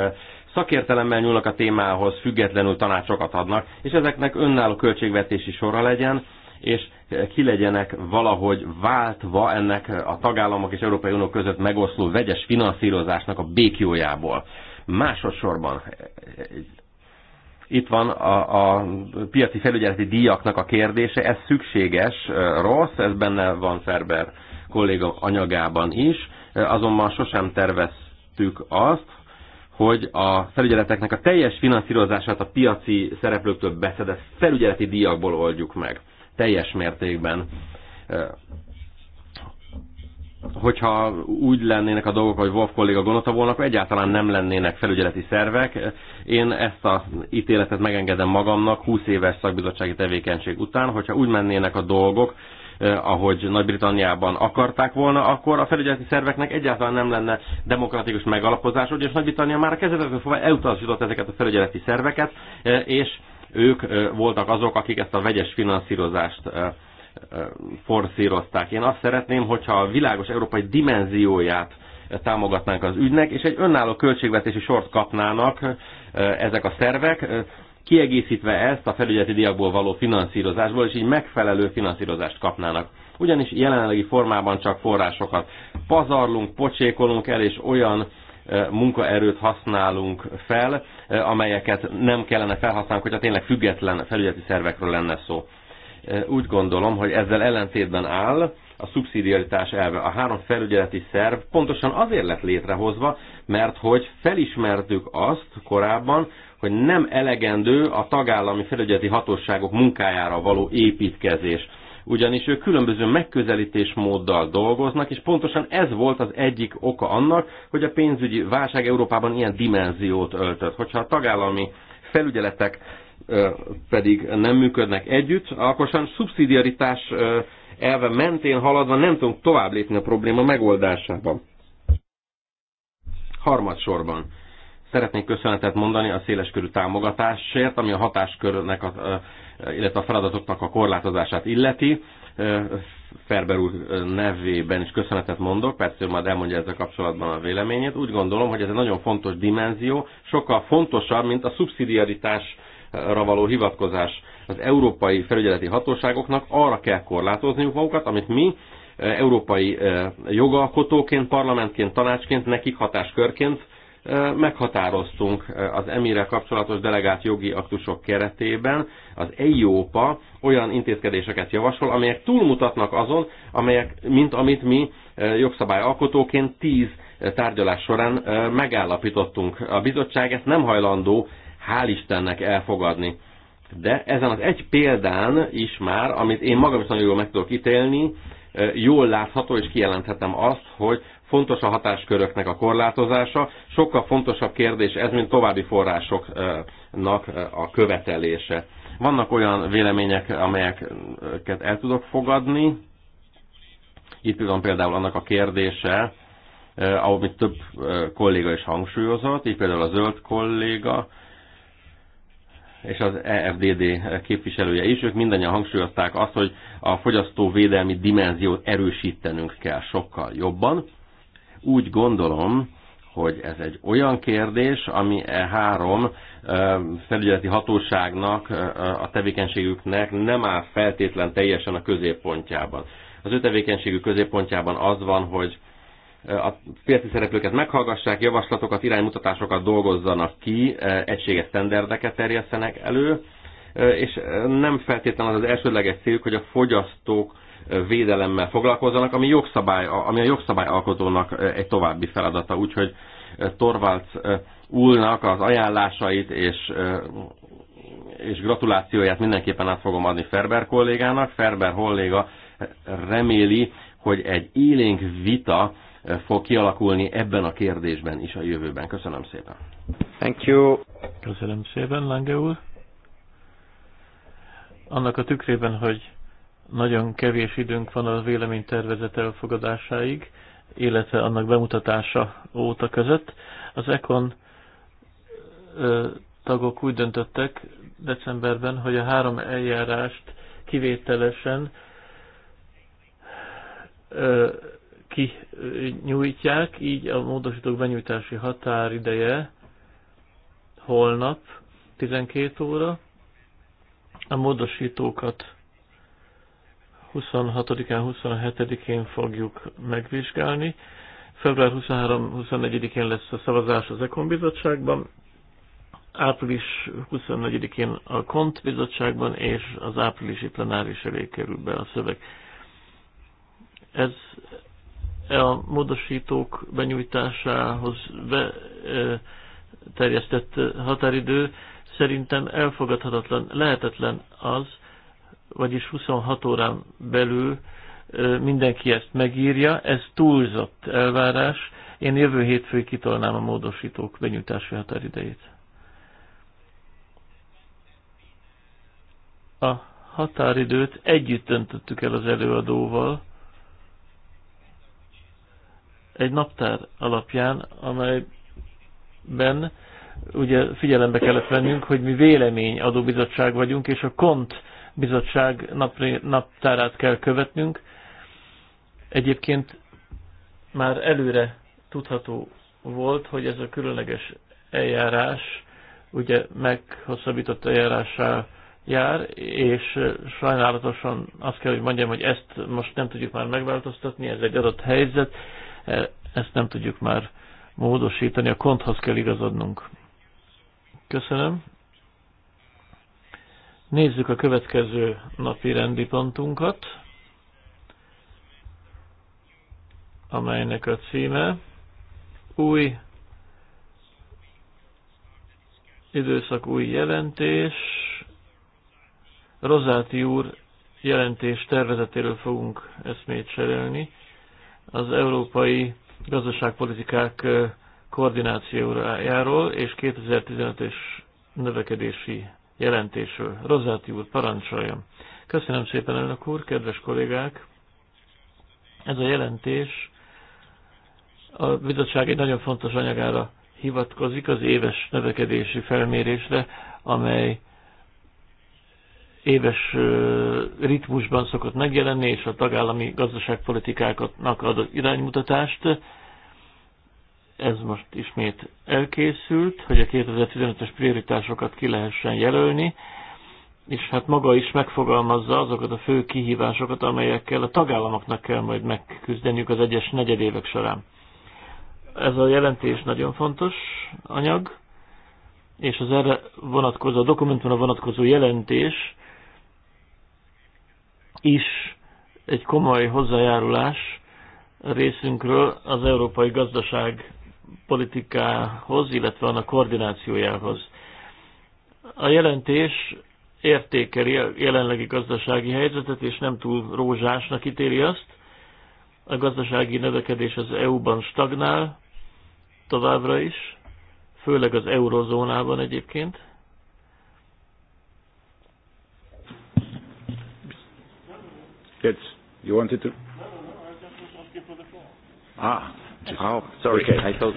szakértelemmel nyúlnak a témához, függetlenül tanácsokat adnak, és ezeknek önálló költségvetési sora legyen, és ki legyenek valahogy váltva ennek a tagállamok és Európai Unió között megoszló vegyes finanszírozásnak a békjójából. Másodszorban itt van a, a piaci felügyeleti díjaknak a kérdése, ez szükséges, rossz, ez benne van Ferber kolléga anyagában is, azonban sosem terveztük azt, hogy a felügyeleteknek a teljes finanszírozását a piaci szereplőktől beszedett felügyeleti díjakból oldjuk meg. Teljes mértékben. Hogyha úgy lennének a dolgok, hogy Wolf kolléga gonota volna, akkor egyáltalán nem lennének felügyeleti szervek. Én ezt a ítéletet megengedem magamnak 20 éves szakbizottsági tevékenység után, hogyha úgy mennének a dolgok, Eh, ahogy Nagy-Britanniában akarták volna, akkor a felügyeleti szerveknek egyáltalán nem lenne demokratikus megalapozás, ugyanis Nagy-Britannia már a kezdetektől fogva elutasított ezeket a felügyeleti szerveket, eh, és ők eh, voltak azok, akik ezt a vegyes finanszírozást forszírozták. Én azt szeretném, hogyha a világos európai dimenzióját támogatnánk az ügynek, és egy önálló költségvetési sort kapnának ezek a szervek, kiegészítve ezt a felügyeleti diakból való finanszírozásból, és így megfelelő finanszírozást kapnának. Ugyanis jelenlegi formában csak forrásokat pazarlunk, pocsékolunk el, és olyan e, munkaerőt használunk fel, e, amelyeket nem kellene felhasználnunk, hogyha tényleg független felügyeleti szervekről lenne szó. E, úgy gondolom, hogy ezzel ellentétben áll a szubszidiaritás elve. A három felügyeleti szerv pontosan azért lett létrehozva, mert hogy felismertük azt korábban, hogy nem elegendő a tagállami felügyeleti hatóságok munkájára való építkezés. Ugyanis ők különböző megközelítésmóddal dolgoznak, és pontosan ez volt az egyik oka annak, hogy a pénzügyi válság Európában ilyen dimenziót öltött. Hogyha a tagállami felügyeletek pedig nem működnek együtt, akkor sem szubszidiaritás elve mentén haladva nem tudunk tovább lépni a probléma megoldásában. Harmadsorban Szeretnék köszönetet mondani a széleskörű támogatásért, ami a hatáskörnek, a, illetve a feladatoknak a korlátozását illeti. Ferber úr nevében is köszönetet mondok, persze ő majd elmondja ezzel kapcsolatban a véleményét. Úgy gondolom, hogy ez egy nagyon fontos dimenzió, sokkal fontosabb, mint a szubszidiaritásra való hivatkozás. Az európai felügyeleti hatóságoknak arra kell korlátozniuk magukat, amit mi európai jogalkotóként, parlamentként, tanácsként, nekik hatáskörként meghatároztunk az emire kapcsolatos delegált jogi aktusok keretében. Az EIOPA olyan intézkedéseket javasol, amelyek túlmutatnak azon, amelyek, mint amit mi jogszabályalkotóként tíz tárgyalás során megállapítottunk. A bizottság ezt nem hajlandó, hál' Istennek elfogadni. De ezen az egy példán is már, amit én magam is nagyon jól meg tudok ítélni, jól látható, és kijelenthetem azt, hogy fontos a hatásköröknek a korlátozása, sokkal fontosabb kérdés ez, mint további forrásoknak a követelése. Vannak olyan vélemények, amelyeket el tudok fogadni. Itt tudom például annak a kérdése, amit több kolléga is hangsúlyozott, így például a zöld kolléga, és az EFDD képviselője is, ők mindannyian hangsúlyozták azt, hogy a fogyasztóvédelmi dimenziót erősítenünk kell sokkal jobban. Úgy gondolom, hogy ez egy olyan kérdés, ami e három felügyeleti hatóságnak, a tevékenységüknek nem áll feltétlen teljesen a középpontjában. Az ő tevékenységük középpontjában az van, hogy a piaci szereplőket meghallgassák, javaslatokat, iránymutatásokat dolgozzanak ki, egységes sztenderdeket terjesztenek elő, és nem feltétlenül az az elsődleges céljuk, hogy a fogyasztók védelemmel foglalkozzanak, ami, jogszabály, ami a jogszabályalkotónak egy további feladata. Úgyhogy Torvalds úlnak az ajánlásait és, és gratulációját mindenképpen át fogom adni Ferber kollégának. Ferber kolléga reméli, hogy egy élénk vita fog kialakulni ebben a kérdésben is a jövőben. Köszönöm szépen. Thank you. Köszönöm szépen, Lange úr. Annak a tükrében, hogy nagyon kevés időnk van a véleménytervezet elfogadásáig, illetve annak bemutatása óta között. Az ECON tagok úgy döntöttek decemberben, hogy a három eljárást kivételesen kinyújtják, így a módosítók benyújtási határideje holnap 12 óra. A módosítókat 26-án, 27-én fogjuk megvizsgálni. Február 23-24-én lesz a szavazás az Ekon bizottságban, április 24-én a KONT bizottságban, és az áprilisi plenáris elé kerül be a szöveg. Ez e a módosítók benyújtásához be, e, terjesztett határidő szerintem elfogadhatatlan, lehetetlen az, vagyis 26 órán belül mindenki ezt megírja, ez túlzott elvárás. Én jövő hétfői kitolnám a módosítók benyújtási határidejét. A határidőt együtt döntöttük el az előadóval, egy naptár alapján, amelyben ugye figyelembe kellett vennünk, hogy mi vélemény adóbizottság vagyunk, és a kont bizottság napri, naptárát kell követnünk. Egyébként már előre tudható volt, hogy ez a különleges eljárás, ugye meghosszabbított eljárással jár, és sajnálatosan azt kell, hogy mondjam, hogy ezt most nem tudjuk már megváltoztatni, ez egy adott helyzet, e, ezt nem tudjuk már módosítani, a konthoz kell igazodnunk. Köszönöm. Nézzük a következő napi rendi pontunkat, amelynek a címe új időszak új jelentés. Rozáti úr jelentés tervezetéről fogunk eszmét cserélni. Az európai gazdaságpolitikák koordinációjáról és 2015 es növekedési jelentésről. Rozáti úr, parancsoljon! Köszönöm szépen, elnök úr, kedves kollégák! Ez a jelentés a bizottság egy nagyon fontos anyagára hivatkozik, az éves növekedési felmérésre, amely éves ritmusban szokott megjelenni, és a tagállami gazdaságpolitikáknak ad iránymutatást ez most ismét elkészült, hogy a 2015-ös prioritásokat ki lehessen jelölni, és hát maga is megfogalmazza azokat a fő kihívásokat, amelyekkel a tagállamoknak kell majd megküzdeniük az egyes negyedévek során. Ez a jelentés nagyon fontos anyag, és az erre vonatkozó, a dokumentumra vonatkozó jelentés is egy komoly hozzájárulás részünkről az európai gazdaság politikához, illetve annak koordinációjához. A jelentés értékeli a jelenlegi gazdasági helyzetet, és nem túl rózsásnak ítéli azt. A gazdasági növekedés az EU-ban stagnál, továbbra is, főleg az eurozónában egyébként. It's, you wanted to... Ah, Oh, sorry, okay. I thought...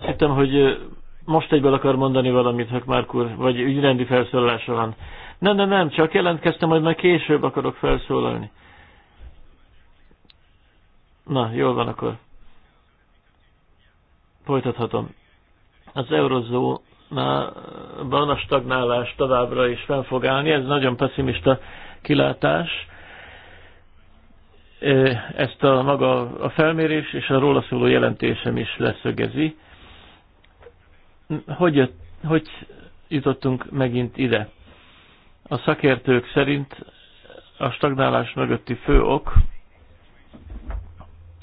Hittem, hogy most egyből akar mondani valamit, Hökmárk úr, vagy ügyrendi felszólalása van. Nem, nem, nem, csak jelentkeztem, hogy már később akarok felszólalni. Na, jól van akkor. Folytathatom. Az eurozónában a stagnálás továbbra is fenn fog állni, ez nagyon pessimista kilátás ezt a maga a felmérés és a róla szóló jelentésem is leszögezi. Hogy, jött, hogy jutottunk megint ide? A szakértők szerint a stagnálás mögötti fő ok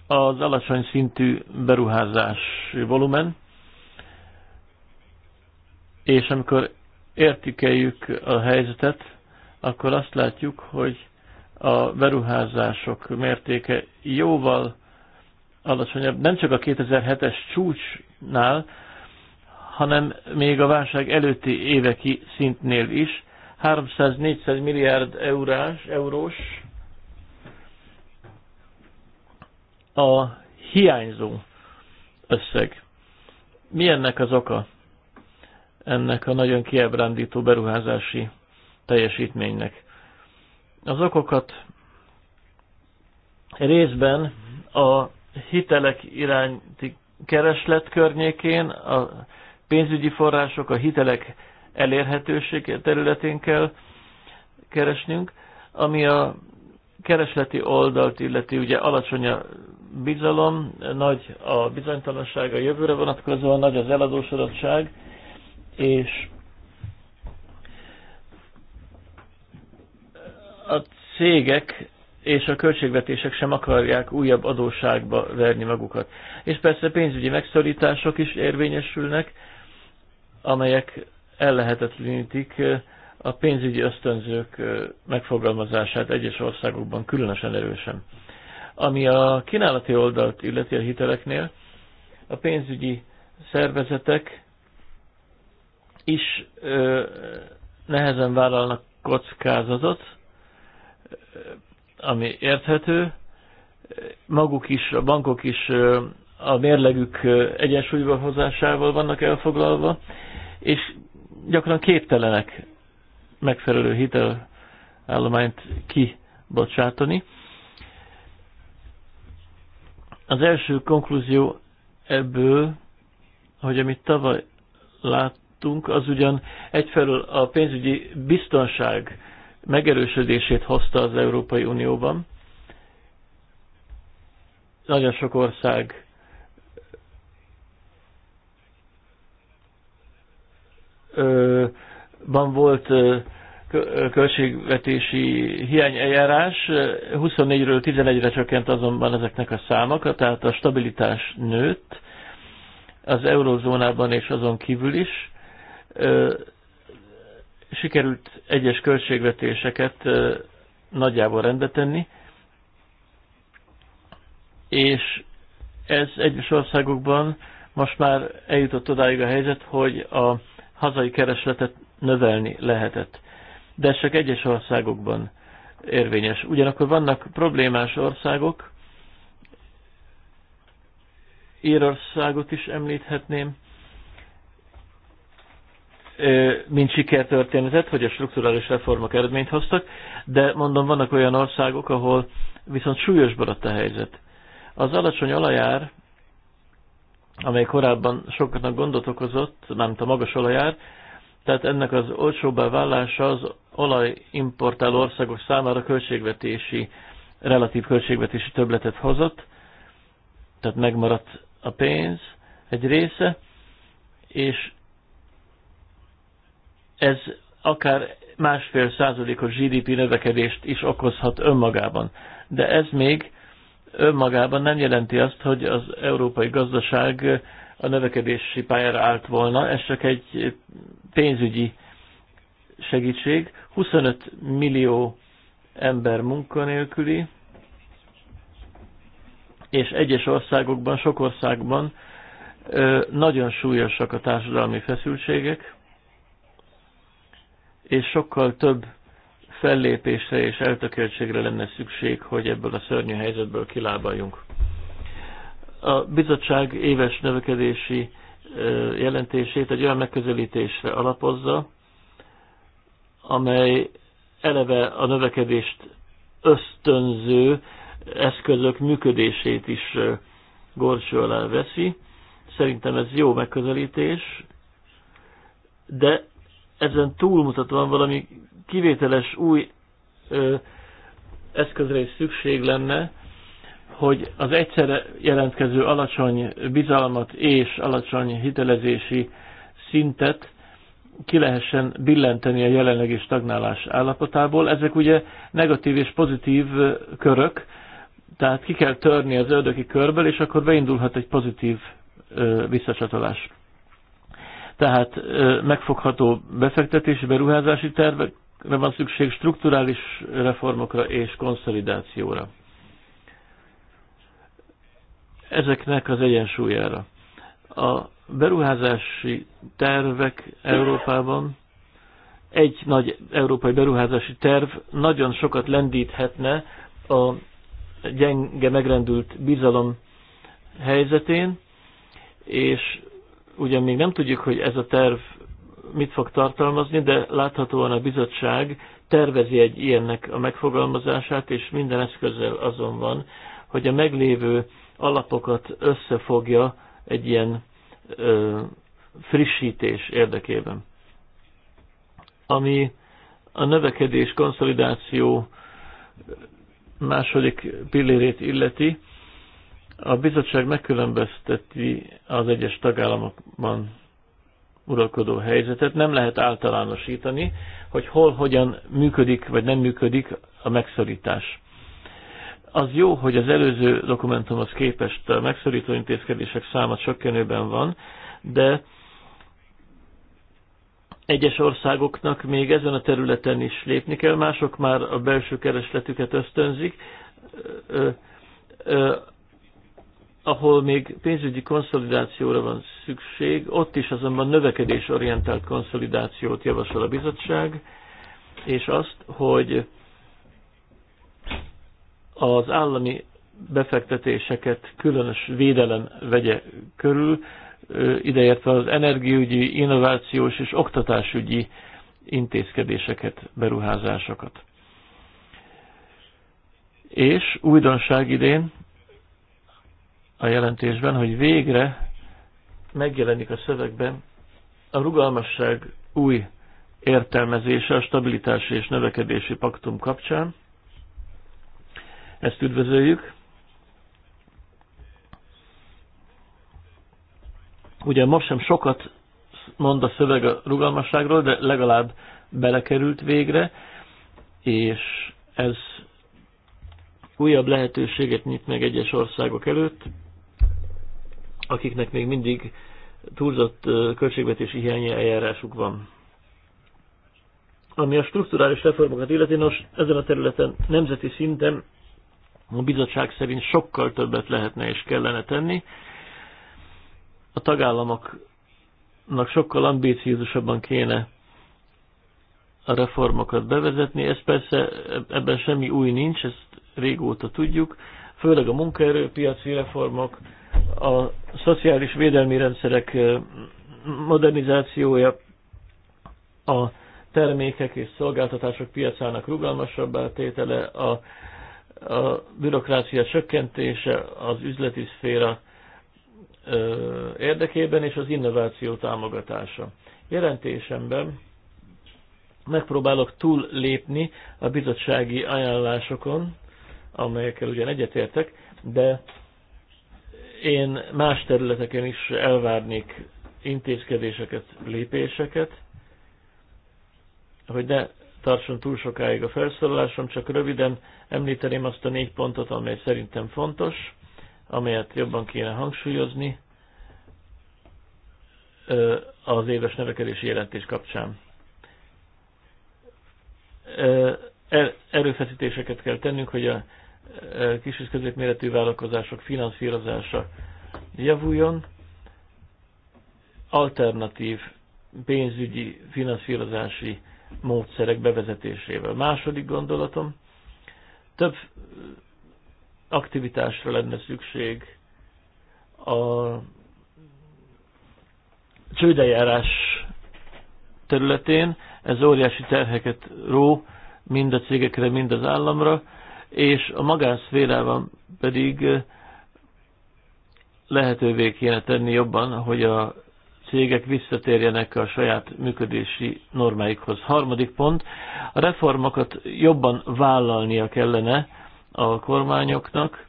az alacsony szintű beruházás volumen, és amikor értikeljük a helyzetet, akkor azt látjuk, hogy a beruházások mértéke jóval alacsonyabb, nem csak a 2007-es csúcsnál, hanem még a válság előtti éveki szintnél is. 300-400 milliárd eurás, eurós a hiányzó összeg. Mi ennek az oka? Ennek a nagyon kiábrándító beruházási teljesítménynek. Az okokat részben a hitelek iránti kereslet környékén, a pénzügyi források, a hitelek elérhetőség területén kell keresnünk, ami a keresleti oldalt illeti, ugye alacsony a bizalom, nagy a bizonytalanság a jövőre vonatkozóan, nagy az eladósodottság, és a cégek és a költségvetések sem akarják újabb adósságba verni magukat. És persze pénzügyi megszorítások is érvényesülnek, amelyek ellehetetlenítik a pénzügyi ösztönzők megfogalmazását egyes országokban különösen erősen. Ami a kínálati oldalt illeti a hiteleknél, a pénzügyi szervezetek is ö, nehezen vállalnak kockázatot, ami érthető. Maguk is, a bankok is a mérlegük egyensúlyba hozásával vannak elfoglalva, és gyakran képtelenek megfelelő hitelállományt kibocsátani. Az első konklúzió ebből, hogy amit tavaly láttunk, az ugyan egyfelől a pénzügyi biztonság megerősödését hozta az Európai Unióban. Nagyon sok ország van volt költségvetési hiányeljárás, 24-ről 11-re csökkent azonban ezeknek a számok, tehát a stabilitás nőtt az eurozónában és azon kívül is sikerült egyes költségvetéseket nagyjából rendbe tenni, és ez egyes országokban most már eljutott odáig a helyzet, hogy a hazai keresletet növelni lehetett. De ez csak egyes országokban érvényes. Ugyanakkor vannak problémás országok, Írországot is említhetném, mint sikertörténetet, hogy a strukturális reformok eredményt hoztak, de mondom, vannak olyan országok, ahol viszont súlyos maradt a helyzet. Az alacsony alajár, amely korábban sokatnak gondot okozott, nem a magas alajár, tehát ennek az olcsóbbá vállása az olajimportáló országok számára költségvetési, relatív költségvetési töbletet hozott, tehát megmaradt a pénz egy része, és ez akár másfél százalékos GDP növekedést is okozhat önmagában. De ez még önmagában nem jelenti azt, hogy az európai gazdaság a növekedési pályára állt volna, ez csak egy pénzügyi segítség. 25 millió ember munkanélküli, és egyes országokban, sok országban nagyon súlyosak a társadalmi feszültségek, és sokkal több fellépésre és eltökéltségre lenne szükség, hogy ebből a szörnyű helyzetből kilábaljunk. A bizottság éves növekedési jelentését egy olyan megközelítésre alapozza, amely eleve a növekedést ösztönző eszközök működését is gorcső alá veszi. Szerintem ez jó megközelítés, de ezen túlmutatóan valami kivételes új ö, eszközre is szükség lenne, hogy az egyszerre jelentkező alacsony bizalmat és alacsony hitelezési szintet ki lehessen billenteni a jelenlegi stagnálás állapotából. Ezek ugye negatív és pozitív körök, tehát ki kell törni az ördöki körből, és akkor beindulhat egy pozitív visszacsatolás. Tehát megfogható befektetési, beruházási tervekre van szükség, strukturális reformokra és konszolidációra. Ezeknek az egyensúlyára. A beruházási tervek Európában egy nagy európai beruházási terv nagyon sokat lendíthetne a gyenge megrendült bizalom helyzetén, és Ugyan még nem tudjuk, hogy ez a terv mit fog tartalmazni, de láthatóan a bizottság tervezi egy ilyennek a megfogalmazását, és minden eszközzel azon van, hogy a meglévő alapokat összefogja egy ilyen ö, frissítés érdekében. Ami a növekedés konszolidáció második pillérét illeti, a bizottság megkülönbözteti az egyes tagállamokban uralkodó helyzetet, nem lehet általánosítani, hogy hol, hogyan működik vagy nem működik a megszorítás. Az jó, hogy az előző dokumentumhoz képest a megszorító intézkedések száma csökkenőben van, de egyes országoknak még ezen a területen is lépni kell, mások már a belső keresletüket ösztönzik ahol még pénzügyi konszolidációra van szükség, ott is azonban növekedésorientált konszolidációt javasol a bizottság, és azt, hogy az állami befektetéseket különös védelem vegye körül, ideértve az energiaügyi, innovációs és oktatásügyi intézkedéseket, beruházásokat. És újdonság idén a jelentésben, hogy végre megjelenik a szövegben a rugalmasság új értelmezése a stabilitási és növekedési paktum kapcsán. Ezt üdvözöljük. Ugye most sem sokat mond a szöveg a rugalmasságról, de legalább belekerült végre, és ez újabb lehetőséget nyit meg egyes országok előtt, akiknek még mindig túlzott költségvetési hiányi eljárásuk van. Ami a strukturális reformokat illeti, nos, ezen a területen nemzeti szinten a bizottság szerint sokkal többet lehetne és kellene tenni. A tagállamoknak sokkal ambíciózusabban kéne a reformokat bevezetni. Ez persze ebben semmi új nincs, ezt régóta tudjuk. Főleg a munkaerőpiaci reformok, a szociális védelmi rendszerek modernizációja, a termékek és szolgáltatások piacának rugalmasabbá tétele, a, a bürokrácia csökkentése az üzleti szféra ö, érdekében és az innováció támogatása. Jelentésemben megpróbálok túl lépni a bizottsági ajánlásokon, amelyekkel ugyan egyetértek, de én más területeken is elvárnék intézkedéseket, lépéseket, hogy ne tartson túl sokáig a felszólalásom, csak röviden említeném azt a négy pontot, amely szerintem fontos, amelyet jobban kéne hangsúlyozni az éves nevekedési jelentés kapcsán. Erőfeszítéseket kell tennünk, hogy a kis és középméretű vállalkozások finanszírozása javuljon, alternatív pénzügyi finanszírozási módszerek bevezetésével. Második gondolatom, több aktivitásra lenne szükség a csődejárás területén, ez óriási terheket ró mind a cégekre, mind az államra, és a magánszférában pedig eh, lehetővé kéne tenni jobban, hogy a cégek visszatérjenek a saját működési normáikhoz. Harmadik pont, a reformokat jobban vállalnia kellene a kormányoknak.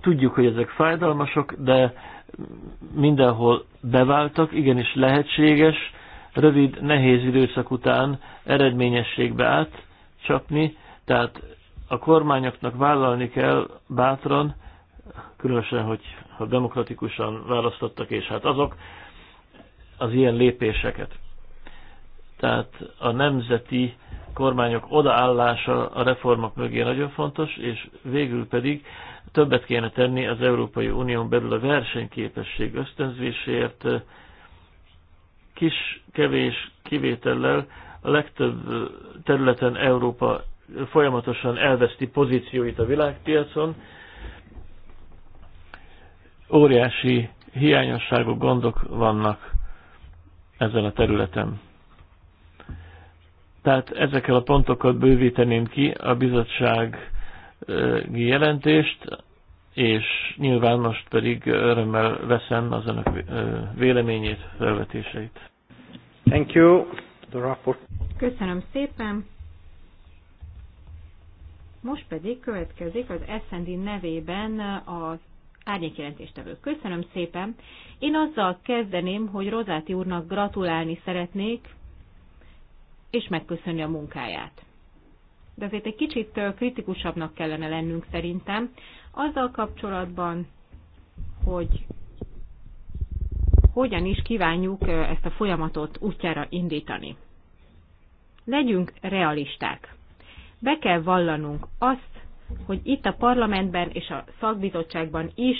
Tudjuk, hogy ezek fájdalmasok, de mindenhol beváltak, igenis lehetséges, rövid, nehéz időszak után eredményességbe átcsapni, tehát a kormányoknak vállalni kell bátran, különösen, hogy ha demokratikusan választottak, és hát azok az ilyen lépéseket. Tehát a nemzeti kormányok odaállása a reformok mögé nagyon fontos, és végül pedig többet kéne tenni az Európai Unión belül a versenyképesség ösztönzéséért, kis, kevés kivétellel a legtöbb területen Európa folyamatosan elveszti pozícióit a világpiacon. Óriási hiányosságok, gondok vannak ezen a területen. Tehát ezekkel a pontokat bővíteném ki a bizottsági jelentést, és nyilván most pedig örömmel veszem az önök véleményét, felvetéseit. Thank you. The Köszönöm szépen. Most pedig következik az SND nevében az árnyékjelentéstevő. Köszönöm szépen. Én azzal kezdeném, hogy Rozáti úrnak gratulálni szeretnék, és megköszönni a munkáját. De azért egy kicsit kritikusabbnak kellene lennünk szerintem, azzal kapcsolatban, hogy hogyan is kívánjuk ezt a folyamatot útjára indítani. Legyünk realisták be kell vallanunk azt, hogy itt a parlamentben és a szakbizottságban is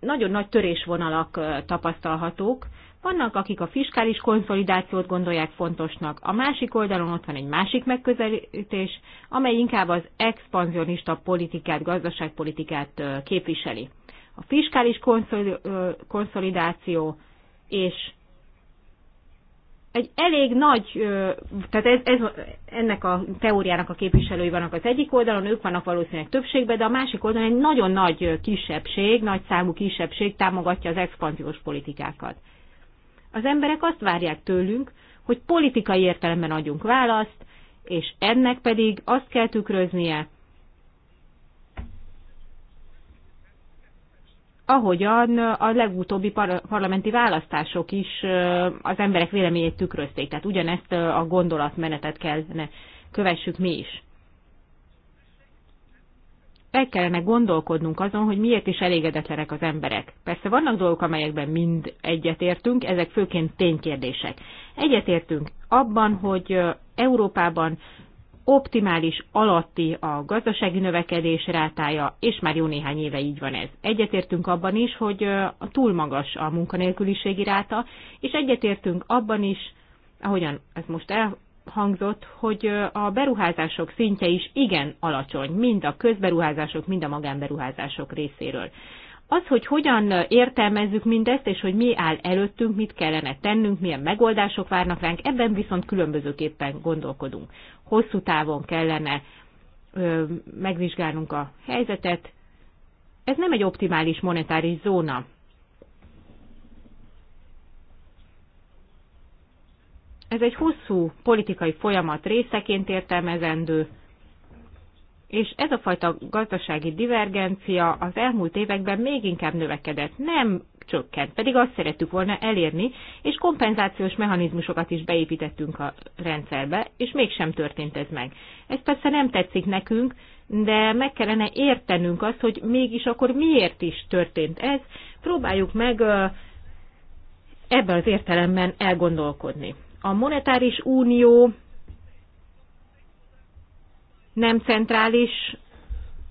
nagyon nagy törésvonalak tapasztalhatók. Vannak, akik a fiskális konszolidációt gondolják fontosnak, a másik oldalon ott van egy másik megközelítés, amely inkább az expanzionista politikát, gazdaságpolitikát képviseli. A fiskális konszolidáció és egy elég nagy, tehát ez, ez, ennek a teóriának a képviselői vannak az egyik oldalon, ők vannak valószínűleg többségben, de a másik oldalon egy nagyon nagy kisebbség, nagy számú kisebbség támogatja az expanziós politikákat. Az emberek azt várják tőlünk, hogy politikai értelemben adjunk választ, és ennek pedig azt kell tükröznie, ahogyan a legutóbbi par- parlamenti választások is az emberek véleményét tükrözték. Tehát ugyanezt a gondolatmenetet kellene kövessük mi is. El kellene gondolkodnunk azon, hogy miért is elégedetlenek az emberek. Persze vannak dolgok, amelyekben mind egyetértünk, ezek főként ténykérdések. Egyetértünk abban, hogy Európában optimális alatti a gazdasági növekedés rátája, és már jó néhány éve így van ez. Egyetértünk abban is, hogy túl magas a munkanélküliségi ráta, és egyetértünk abban is, ahogyan ez most elhangzott, hogy a beruházások szintje is igen alacsony, mind a közberuházások, mind a magánberuházások részéről. Az, hogy hogyan értelmezzük mindezt, és hogy mi áll előttünk, mit kellene tennünk, milyen megoldások várnak ránk, ebben viszont különbözőképpen gondolkodunk. Hosszú távon kellene ö, megvizsgálnunk a helyzetet. Ez nem egy optimális monetáris zóna. Ez egy hosszú politikai folyamat részeként értelmezendő, és ez a fajta gazdasági divergencia az elmúlt években még inkább növekedett, nem csökkent, pedig azt szerettük volna elérni, és kompenzációs mechanizmusokat is beépítettünk a rendszerbe, és mégsem történt ez meg. Ez persze nem tetszik nekünk, de meg kellene értenünk azt, hogy mégis akkor miért is történt ez. Próbáljuk meg ebben az értelemben elgondolkodni. A monetáris unió nem centrális,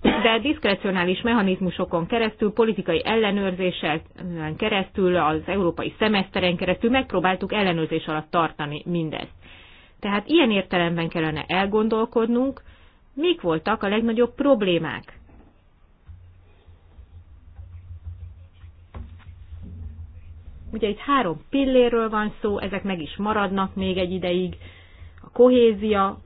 de diszkrecionális mechanizmusokon keresztül, politikai ellenőrzéssel keresztül, az európai szemeszteren keresztül megpróbáltuk ellenőrzés alatt tartani mindezt. Tehát ilyen értelemben kellene elgondolkodnunk, mik voltak a legnagyobb problémák. Ugye itt három pilléről van szó, ezek meg is maradnak még egy ideig. A kohézia,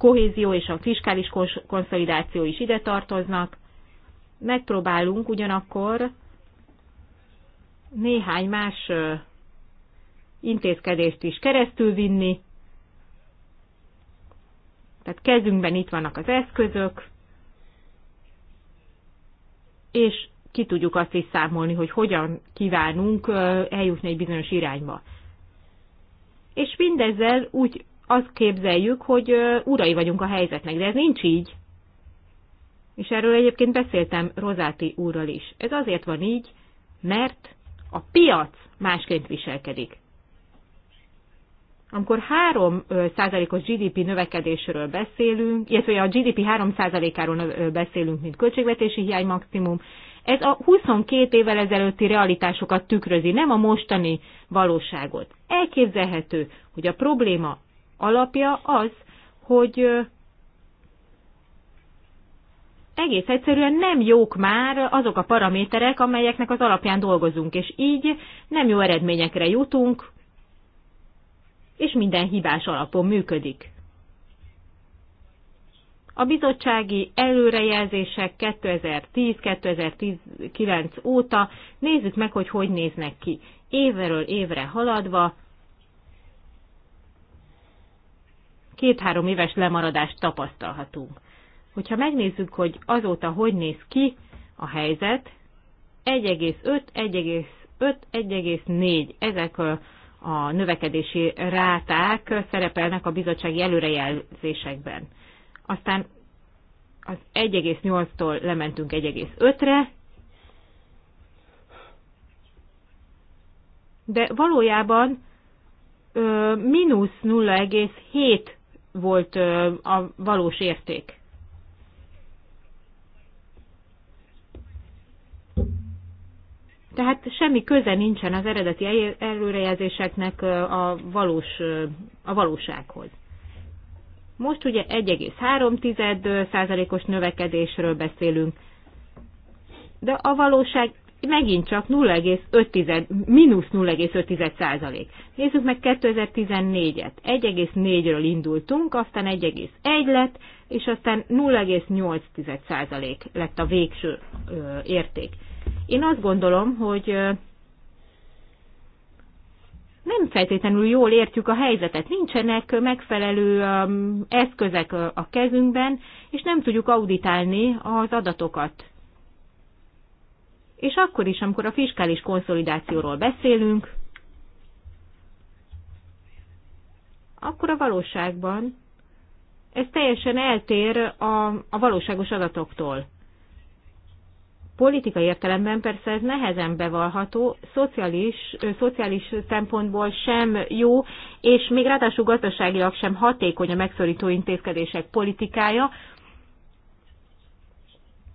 kohézió és a fiskális konszolidáció is ide tartoznak. Megpróbálunk ugyanakkor néhány más intézkedést is keresztül vinni. Tehát kezünkben itt vannak az eszközök, és ki tudjuk azt is számolni, hogy hogyan kívánunk eljutni egy bizonyos irányba. És mindezzel úgy azt képzeljük, hogy urai vagyunk a helyzetnek, de ez nincs így. És erről egyébként beszéltem Rozáti úrral is. Ez azért van így, mert a piac másként viselkedik. Amikor 3%-os GDP növekedésről beszélünk, illetve a GDP 3%-áról beszélünk, mint költségvetési hiány maximum, ez a 22 évvel ezelőtti realitásokat tükrözi, nem a mostani valóságot. Elképzelhető, hogy a probléma alapja az, hogy egész egyszerűen nem jók már azok a paraméterek, amelyeknek az alapján dolgozunk, és így nem jó eredményekre jutunk, és minden hibás alapon működik. A bizottsági előrejelzések 2010-2019 óta nézzük meg, hogy hogy néznek ki. Évről évre haladva két-három éves lemaradást tapasztalhatunk. Hogyha megnézzük, hogy azóta hogy néz ki a helyzet, 1,5, 1,5, 1,4 ezek a növekedési ráták szerepelnek a bizottsági előrejelzésekben. Aztán az 1,8-tól lementünk 1,5-re, de valójában mínusz volt a valós érték. Tehát semmi köze nincsen az eredeti előrejelzéseknek a, valós, a valósághoz. Most ugye 1,3%-os növekedésről beszélünk, de a valóság megint csak 0,5, mínusz 0,5 százalék. Nézzük meg 2014-et. 1,4-ről indultunk, aztán 1,1 lett, és aztán 0,8 százalék lett a végső ö, érték. Én azt gondolom, hogy ö, nem feltétlenül jól értjük a helyzetet, nincsenek megfelelő eszközek a kezünkben, és nem tudjuk auditálni az adatokat és akkor is, amikor a fiskális konszolidációról beszélünk, akkor a valóságban ez teljesen eltér a, a valóságos adatoktól. Politikai értelemben persze ez nehezen bevallható, szociális, szociális szempontból sem jó, és még ráadásul gazdaságilag sem hatékony a megszorító intézkedések politikája,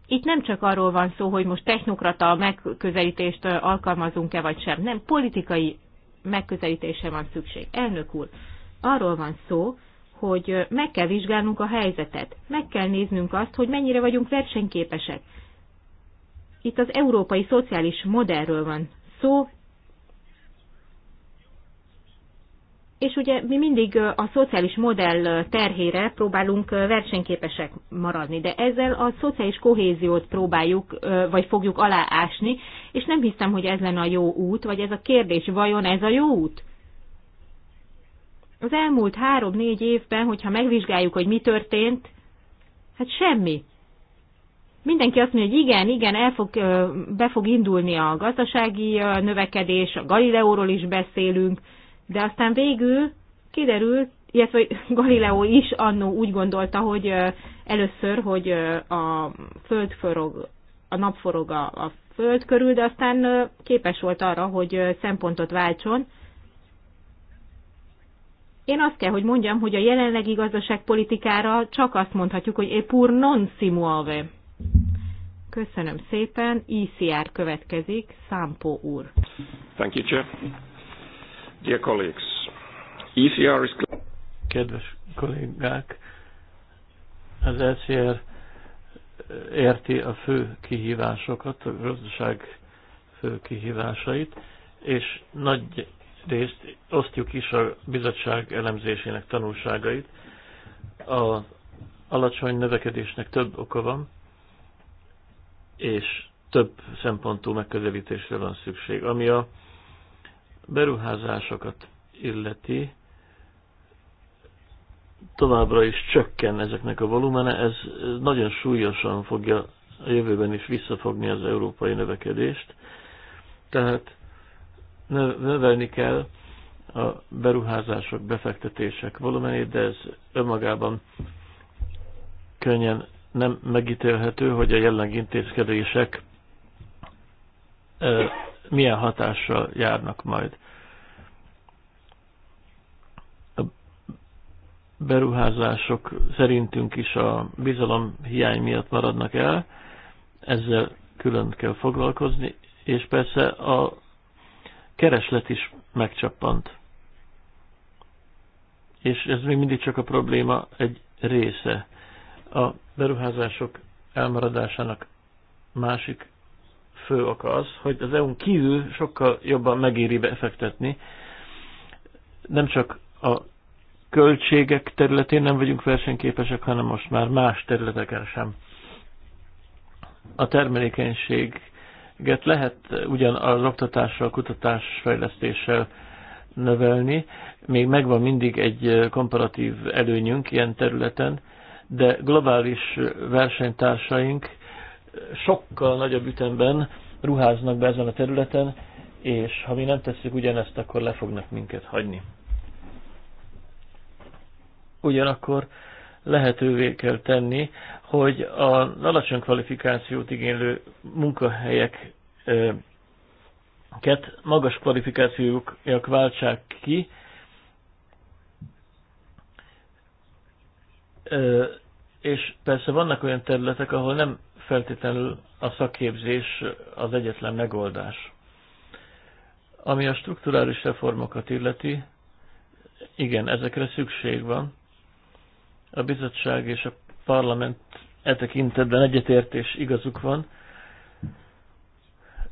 itt nem csak arról van szó, hogy most technokrata megközelítést alkalmazunk-e vagy sem, nem politikai megközelítése van szükség. Elnök úr, arról van szó, hogy meg kell vizsgálnunk a helyzetet, meg kell néznünk azt, hogy mennyire vagyunk versenyképesek. Itt az európai szociális modellről van szó, és ugye mi mindig a szociális modell terhére próbálunk versenyképesek maradni, de ezzel a szociális kohéziót próbáljuk, vagy fogjuk aláásni, és nem hiszem, hogy ez lenne a jó út, vagy ez a kérdés, vajon ez a jó út? Az elmúlt három-négy évben, hogyha megvizsgáljuk, hogy mi történt, hát semmi. Mindenki azt mondja, hogy igen, igen, el fog, be fog indulni a gazdasági növekedés, a Galileóról is beszélünk, de aztán végül kiderült, illetve Galileo is annó úgy gondolta, hogy először, hogy a föld forog, a nap forog a, a föld körül, de aztán képes volt arra, hogy szempontot váltson. Én azt kell, hogy mondjam, hogy a jelenlegi gazdaságpolitikára csak azt mondhatjuk, hogy épur e non si muove. Köszönöm szépen, ICR e következik, Számpó úr. Thank you, Chair. Dear colleagues, ECR is... Kedves kollégák, az ECR eh, érti a fő kihívásokat, a gazdaság fő kihívásait, és nagy részt osztjuk is a bizottság elemzésének tanulságait. A alacsony növekedésnek több oka van, és több szempontú megközelítésre van szükség. Ami a beruházásokat illeti, továbbra is csökken ezeknek a volumene, ez nagyon súlyosan fogja a jövőben is visszafogni az európai növekedést. Tehát növelni kell a beruházások, befektetések volumenét, de ez önmagában könnyen nem megítélhető, hogy a jelenleg intézkedések milyen hatással járnak majd. A beruházások szerintünk is a bizalom hiány miatt maradnak el, ezzel külön kell foglalkozni, és persze a kereslet is megcsappant. És ez még mindig csak a probléma egy része. A beruházások elmaradásának másik fő oka az, hogy az EU-n kívül sokkal jobban megéri befektetni. Nem csak a költségek területén nem vagyunk versenyképesek, hanem most már más területeken sem. A termelékenységet lehet ugyan az oktatással, kutatás fejlesztéssel növelni, még megvan mindig egy komparatív előnyünk ilyen területen, de globális versenytársaink sokkal nagyobb ütemben ruháznak be ezen a területen, és ha mi nem tesszük ugyanezt, akkor le fognak minket hagyni. Ugyanakkor lehetővé kell tenni, hogy a alacsony kvalifikációt igénylő munkahelyeket magas kvalifikációjuk váltsák ki, és persze vannak olyan területek, ahol nem feltétlenül a szakképzés az egyetlen megoldás. Ami a strukturális reformokat illeti, igen, ezekre szükség van. A bizottság és a parlament e tekintetben egyetértés igazuk van.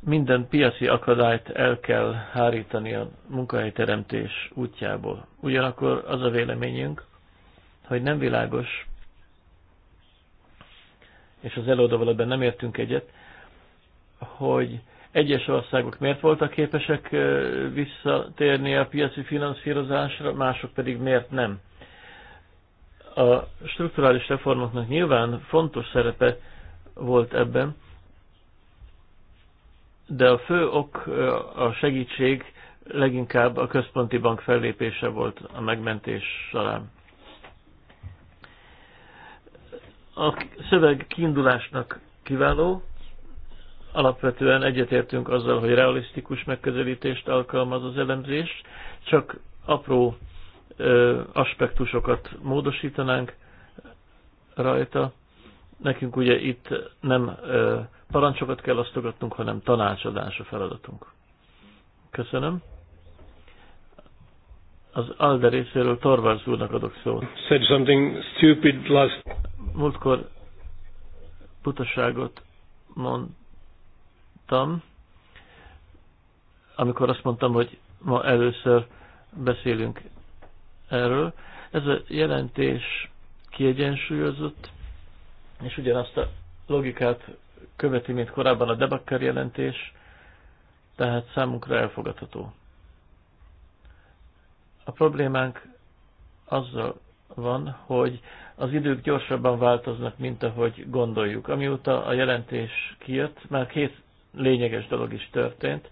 Minden piaci akadályt el kell hárítani a munkahelyteremtés útjából. Ugyanakkor az a véleményünk, hogy nem világos és az előadóval ebben nem értünk egyet, hogy egyes országok miért voltak képesek visszatérni a piaci finanszírozásra, mások pedig miért nem. A strukturális reformoknak nyilván fontos szerepe volt ebben, de a fő ok a segítség leginkább a központi bank fellépése volt a megmentés során. A szöveg kiindulásnak kiváló. Alapvetően egyetértünk azzal, hogy realisztikus megközelítést alkalmaz az elemzés, csak apró ö, aspektusokat módosítanánk rajta. Nekünk ugye itt nem ö, parancsokat kell osztogatnunk, hanem tanácsadás a feladatunk. Köszönöm. Az Alder részéről Torvárz úrnak adok szót. Said something stupid last... Múltkor butaságot mondtam, amikor azt mondtam, hogy ma először beszélünk erről. Ez a jelentés kiegyensúlyozott, és ugyanazt a logikát követi, mint korábban a debakker jelentés, tehát számunkra elfogadható. A problémánk azzal van, hogy az idők gyorsabban változnak, mint ahogy gondoljuk. Amióta a jelentés kijött, már két lényeges dolog is történt.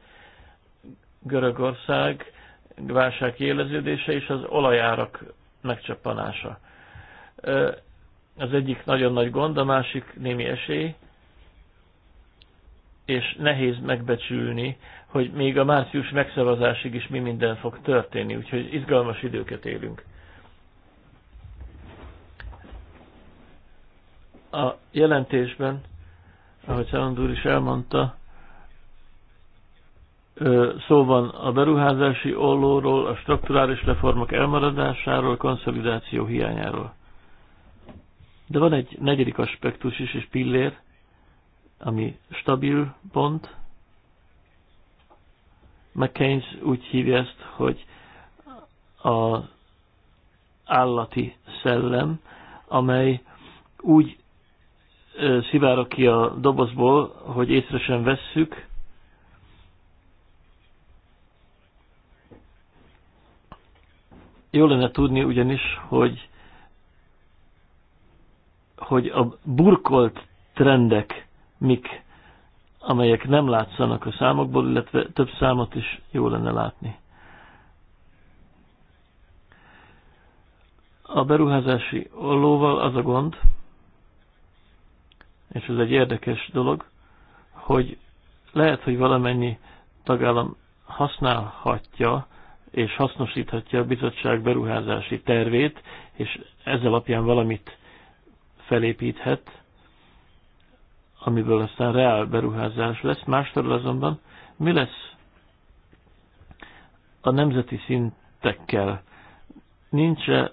Görögország válság kiéleződése és az olajárak megcsapanása. Az egyik nagyon nagy gond, a másik némi esély, és nehéz megbecsülni, hogy még a március megszavazásig is mi minden fog történni, úgyhogy izgalmas időket élünk. A jelentésben, ahogy Száland úr is elmondta, szó van a beruházási ollóról, a strukturális reformok elmaradásáról, konszolidáció hiányáról. De van egy negyedik aspektus is, és pillér, ami stabil pont. McCain's úgy hívja ezt, hogy az állati szellem, amely úgy szivárok ki a dobozból, hogy észre sem vesszük. Jó lenne tudni ugyanis, hogy hogy a burkolt trendek mik, amelyek nem látszanak a számokból, illetve több számot is jó lenne látni. A beruházási ollóval az a gond, és ez egy érdekes dolog, hogy lehet, hogy valamennyi tagállam használhatja és hasznosíthatja a bizottság beruházási tervét, és ez alapján valamit felépíthet, amiből aztán reál beruházás lesz. Másról azonban mi lesz a nemzeti szintekkel? nincs -e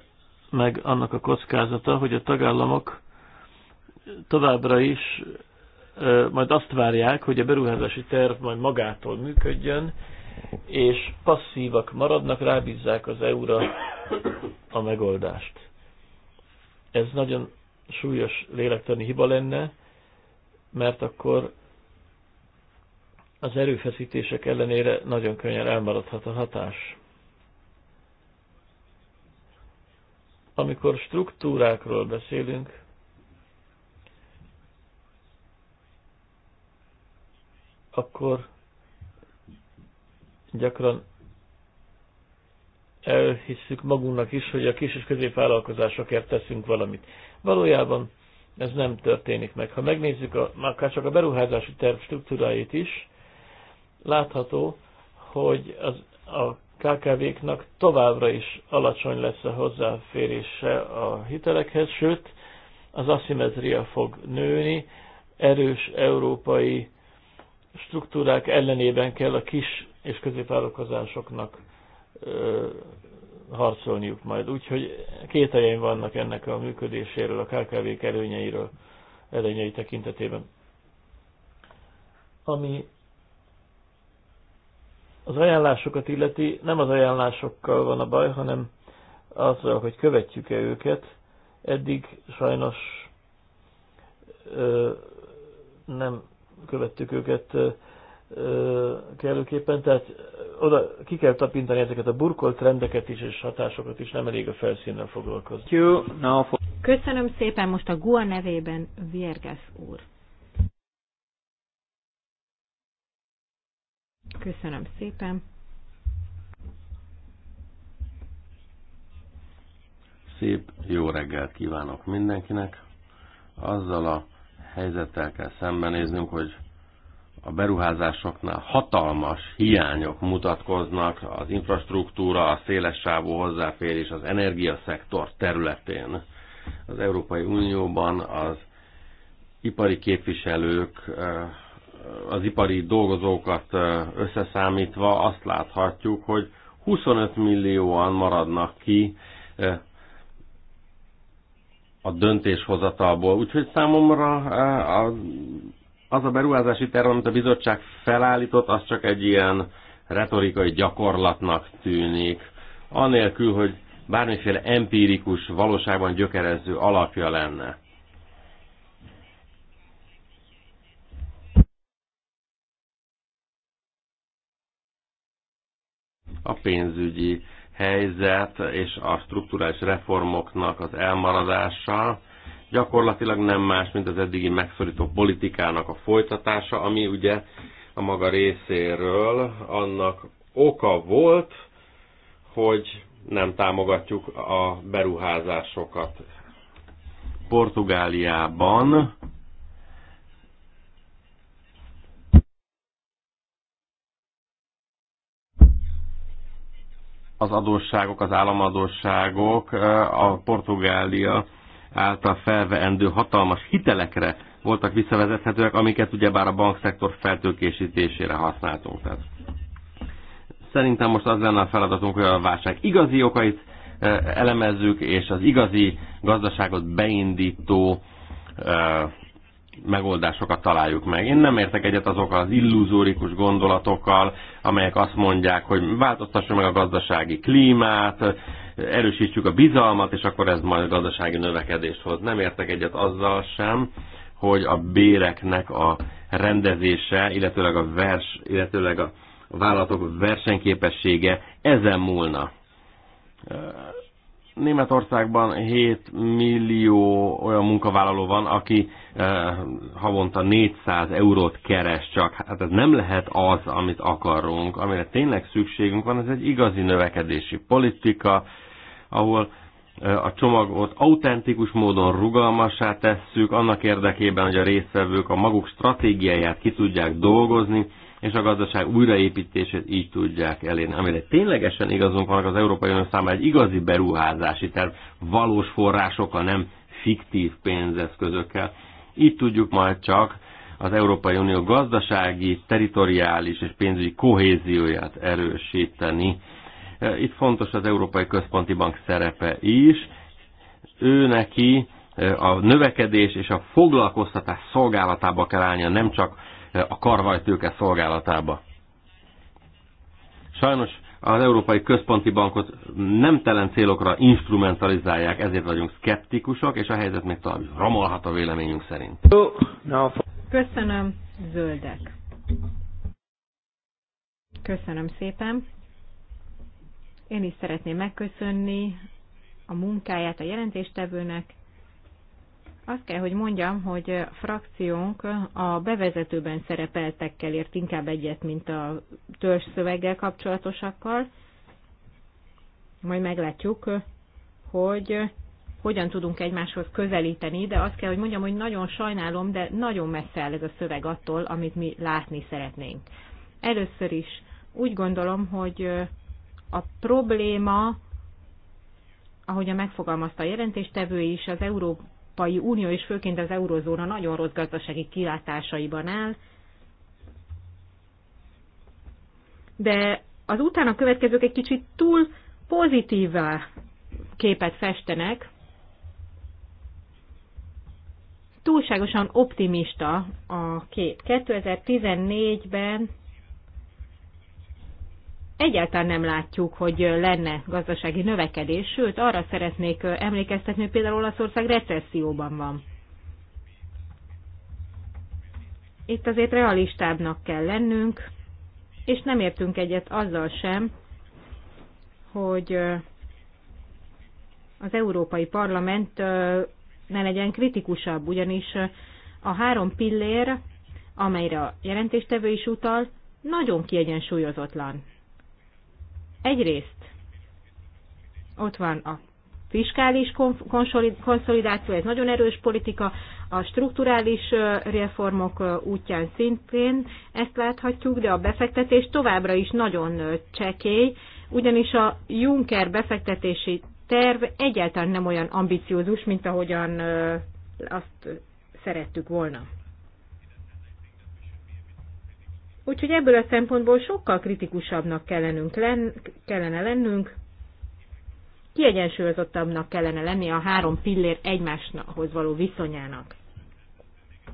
meg annak a kockázata, hogy a tagállamok továbbra is majd azt várják, hogy a beruházási terv majd magától működjön, és passzívak maradnak, rábízzák az EU-ra a megoldást. Ez nagyon súlyos lélektani hiba lenne, mert akkor az erőfeszítések ellenére nagyon könnyen elmaradhat a hatás. Amikor struktúrákról beszélünk, akkor gyakran elhisszük magunknak is, hogy a kis és középvállalkozásokért teszünk valamit. Valójában ez nem történik meg. Ha megnézzük a, akár csak a beruházási terv struktúráit is, látható, hogy az, a KKV-knak továbbra is alacsony lesz a hozzáférése a hitelekhez, sőt, az aszimetria fog nőni, erős európai struktúrák ellenében kell a kis és középvállalkozásoknak harcolniuk majd. Úgyhogy két helyen vannak ennek a működéséről, a KKV-k előnyeiről, előnyei tekintetében. Ami az ajánlásokat illeti, nem az ajánlásokkal van a baj, hanem azzal, hogy követjük-e őket. Eddig sajnos ö, nem követtük őket kellőképpen, tehát oda ki kell tapintani ezeket a burkolt trendeket is, és hatásokat is, nem elég a felszínnel foglalkozni. Köszönöm szépen most a GUA nevében Vierges úr. Köszönöm szépen. Szép jó reggelt kívánok mindenkinek. Azzal a helyzettel kell szembenéznünk, hogy a beruházásoknál hatalmas hiányok mutatkoznak az infrastruktúra, a széles sávú hozzáférés, az energiaszektor területén. Az Európai Unióban az ipari képviselők, eh, az ipari dolgozókat eh, összeszámítva azt láthatjuk, hogy 25 millióan maradnak ki eh, a döntéshozatalból. Úgyhogy számomra e, az a beruházási terv, amit a bizottság felállított, az csak egy ilyen retorikai gyakorlatnak tűnik, anélkül, hogy bármiféle empirikus, valóságban gyökerező alapja lenne. A pénzügyi helyzet és a strukturális reformoknak az elmaradása gyakorlatilag nem más, mint az eddigi megszorító politikának a folytatása, ami ugye a maga részéről annak oka volt, hogy nem támogatjuk a beruházásokat. Portugáliában az adósságok, az államadósságok eh, a Portugália által felveendő hatalmas hitelekre voltak visszavezethetőek, amiket ugyebár a bankszektor feltőkésítésére használtunk. Tehát szerintem most az lenne a feladatunk, hogy a válság igazi okait eh, elemezzük, és az igazi gazdaságot beindító eh, megoldásokat találjuk meg. Én nem értek egyet azokkal az illuzórikus gondolatokkal, amelyek azt mondják, hogy változtassuk meg a gazdasági klímát, erősítsük a bizalmat, és akkor ez majd a gazdasági növekedést hoz. Nem értek egyet azzal sem, hogy a béreknek a rendezése, illetőleg a, vers, illetőleg a vállalatok versenyképessége ezen múlna Németországban 7 millió olyan munkavállaló van, aki eh, havonta 400 eurót keres csak. Hát ez nem lehet az, amit akarunk. Amire tényleg szükségünk van, ez egy igazi növekedési politika, ahol eh, a csomagot autentikus módon rugalmassá tesszük, annak érdekében, hogy a résztvevők a maguk stratégiáját ki tudják dolgozni, és a gazdaság újraépítését így tudják elérni. Amire ténylegesen igazunk van az Európai Unió számára egy igazi beruházási terv, valós forrásokkal, nem fiktív pénzeszközökkel. Így tudjuk majd csak az Európai Unió gazdasági, teritoriális és pénzügyi kohézióját erősíteni. Itt fontos az Európai Központi Bank szerepe is. Ő neki eh, a növekedés és a foglalkoztatás szolgálatába kell állnia, nem csak a karvajtőke szolgálatába. Sajnos az Európai Központi Bankot nem telen célokra instrumentalizálják, ezért vagyunk szkeptikusok, és a helyzet még talán romolhat a véleményünk szerint. Köszönöm, zöldek. Köszönöm szépen. Én is szeretném megköszönni a munkáját a jelentéstevőnek, azt kell, hogy mondjam, hogy a frakciónk a bevezetőben szerepeltekkel ért inkább egyet, mint a szöveggel kapcsolatosakkal. Majd meglátjuk, hogy hogyan tudunk egymáshoz közelíteni, de azt kell, hogy mondjam, hogy nagyon sajnálom, de nagyon messze áll ez a szöveg attól, amit mi látni szeretnénk. Először is úgy gondolom, hogy a probléma, ahogy a megfogalmazta a jelentéstevő is, az Euró Európai Unió és főként az eurozóna nagyon rossz gazdasági kilátásaiban áll, de az utána következők egy kicsit túl pozitív képet festenek, túlságosan optimista a kép. 2014-ben egyáltalán nem látjuk, hogy lenne gazdasági növekedés, sőt arra szeretnék emlékeztetni, hogy például Olaszország recesszióban van. Itt azért realistábbnak kell lennünk, és nem értünk egyet azzal sem, hogy az Európai Parlament ne legyen kritikusabb, ugyanis a három pillér, amelyre a jelentéstevő is utal, nagyon kiegyensúlyozatlan. Egyrészt ott van a fiskális konszolidáció, ez nagyon erős politika, a strukturális reformok útján szintén ezt láthatjuk, de a befektetés továbbra is nagyon csekély, ugyanis a Juncker befektetési terv egyáltalán nem olyan ambiciózus, mint ahogyan azt szerettük volna. Úgyhogy ebből a szempontból sokkal kritikusabbnak kellenünk len, kellene lennünk, kiegyensúlyozottabbnak kellene lenni a három pillér egymáshoz való viszonyának.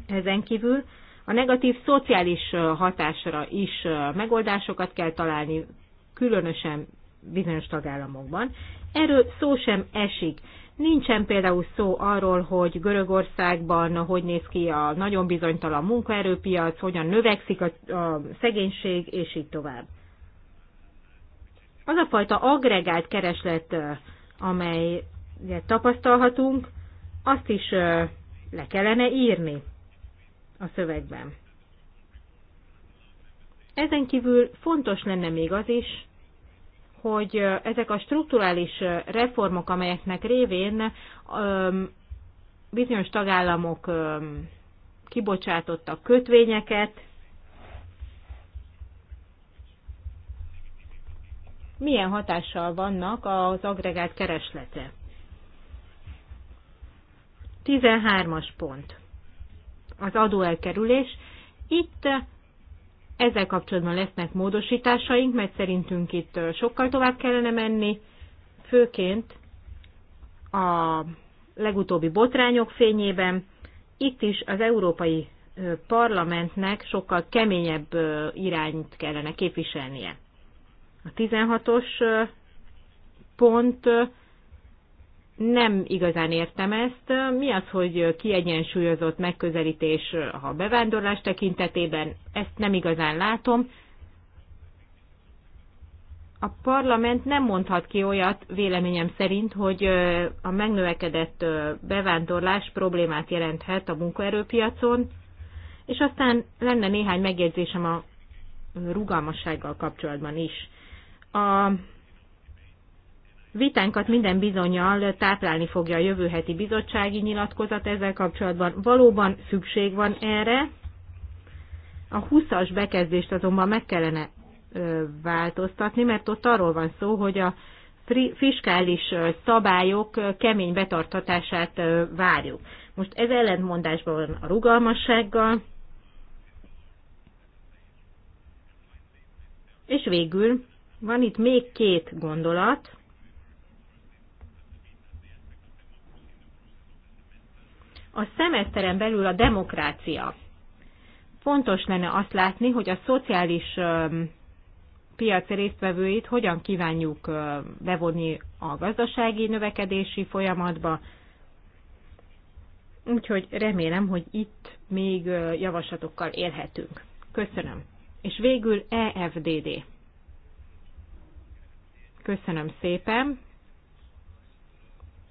Ezen kívül a negatív szociális hatásra is megoldásokat kell találni, különösen bizonyos tagállamokban, erről szó sem esik. Nincsen például szó arról, hogy Görögországban hogy néz ki a nagyon bizonytalan munkaerőpiac, hogyan növekszik a, a szegénység, és így tovább. Az a fajta agregált kereslet, amelyet tapasztalhatunk, azt is le kellene írni a szövegben. Ezen kívül fontos lenne még az is, hogy ezek a strukturális reformok, amelyeknek révén bizonyos tagállamok kibocsátottak kötvényeket, milyen hatással vannak az agregált kereslete. 13-as pont. Az adóelkerülés. Itt ezzel kapcsolatban lesznek módosításaink, mert szerintünk itt sokkal tovább kellene menni, főként a legutóbbi botrányok fényében. Itt is az Európai Parlamentnek sokkal keményebb irányt kellene képviselnie. A 16-os pont nem igazán értem ezt. Mi az, hogy kiegyensúlyozott megközelítés a bevándorlás tekintetében? Ezt nem igazán látom. A parlament nem mondhat ki olyat, véleményem szerint, hogy a megnövekedett bevándorlás problémát jelenthet a munkaerőpiacon, és aztán lenne néhány megjegyzésem a rugalmassággal kapcsolatban is. A vitánkat minden bizonyal táplálni fogja a jövő heti bizottsági nyilatkozat ezzel kapcsolatban. Valóban szükség van erre. A 20-as bekezdést azonban meg kellene változtatni, mert ott arról van szó, hogy a fiskális szabályok kemény betartatását várjuk. Most ez ellentmondásban van a rugalmassággal, és végül van itt még két gondolat, A szemeszteren belül a demokrácia. Fontos lenne azt látni, hogy a szociális piac résztvevőit hogyan kívánjuk bevonni a gazdasági növekedési folyamatba. Úgyhogy remélem, hogy itt még javaslatokkal élhetünk. Köszönöm. És végül EFDD. Köszönöm szépen.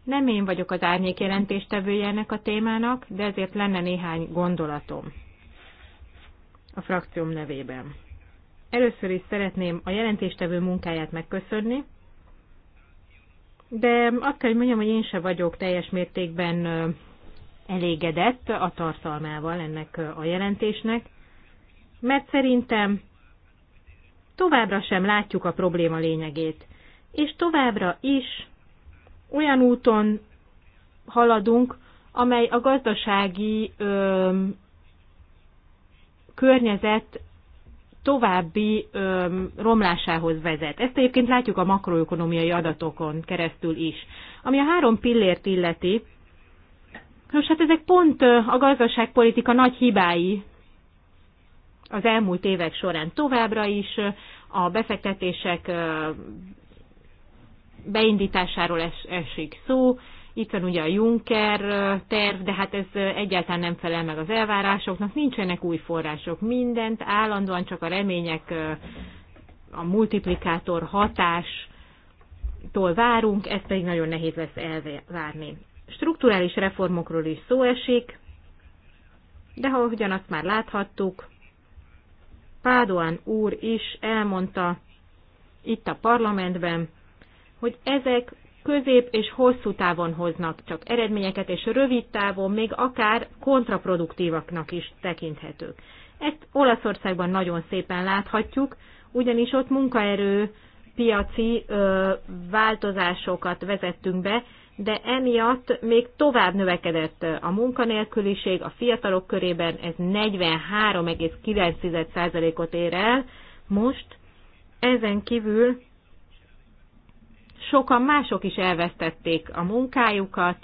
Nem én vagyok az árnyék jelentéstevője ennek a témának, de ezért lenne néhány gondolatom a frakcióm nevében. Először is szeretném a jelentéstevő munkáját megköszönni, de azt kell, hogy mondjam, hogy én se vagyok teljes mértékben elégedett a tartalmával ennek a jelentésnek, mert szerintem továbbra sem látjuk a probléma lényegét, és továbbra is olyan úton haladunk, amely a gazdasági ö, környezet további ö, romlásához vezet. Ezt egyébként látjuk a makroökonomiai adatokon keresztül is. Ami a három pillért illeti, most hát ezek pont a gazdaságpolitika nagy hibái az elmúlt évek során továbbra is a befektetések beindításáról es, esik szó. Itt van ugye a Juncker terv, de hát ez egyáltalán nem felel meg az elvárásoknak, nincsenek új források, mindent állandóan csak a remények, a multiplikátor hatástól várunk, ezt pedig nagyon nehéz lesz elvárni. Strukturális reformokról is szó esik, de ha ugyanazt már láthattuk, Pádoan úr is elmondta itt a parlamentben, hogy ezek közép és hosszú távon hoznak csak eredményeket, és rövid távon még akár kontraproduktívaknak is tekinthetők. Ezt Olaszországban nagyon szépen láthatjuk, ugyanis ott munkaerő piaci ö, változásokat vezettünk be, de emiatt még tovább növekedett a munkanélküliség, a fiatalok körében ez 43,9%-ot ér el, most ezen kívül sokan mások is elvesztették a munkájukat,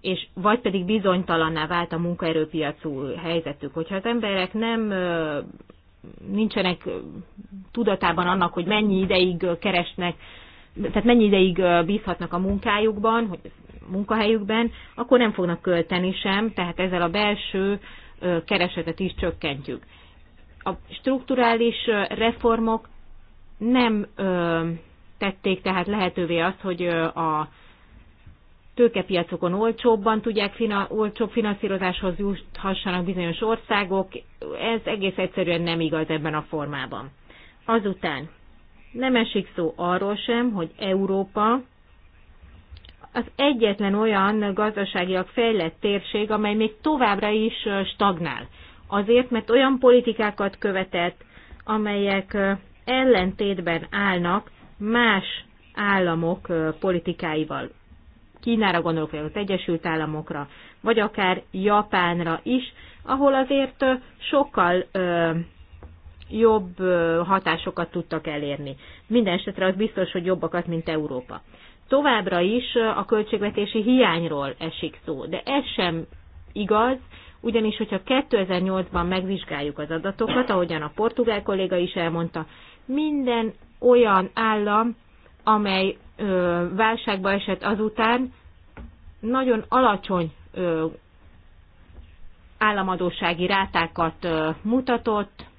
és vagy pedig bizonytalanná vált a munkaerőpiacú helyzetük. Hogyha az emberek nem nincsenek tudatában annak, hogy mennyi ideig keresnek, tehát mennyi ideig bízhatnak a munkájukban, hogy munkahelyükben, akkor nem fognak költeni sem, tehát ezzel a belső keresetet is csökkentjük. A strukturális reformok nem tették tehát lehetővé azt, hogy a tőkepiacokon olcsóbban tudják fina, olcsóbb finanszírozáshoz juthassanak bizonyos országok. Ez egész egyszerűen nem igaz ebben a formában. Azután nem esik szó arról sem, hogy Európa az egyetlen olyan gazdaságilag fejlett térség, amely még továbbra is stagnál. Azért, mert olyan politikákat követett, amelyek ellentétben állnak más államok politikáival. Kínára gondolok, vagy az Egyesült Államokra, vagy akár Japánra is, ahol azért sokkal jobb hatásokat tudtak elérni. Minden esetre az biztos, hogy jobbakat, mint Európa. Továbbra is a költségvetési hiányról esik szó, de ez sem igaz, ugyanis hogyha 2008-ban megvizsgáljuk az adatokat, ahogyan a portugál kolléga is elmondta, minden olyan állam, amely ö, válságba esett azután, nagyon alacsony ö, államadósági rátákat ö, mutatott,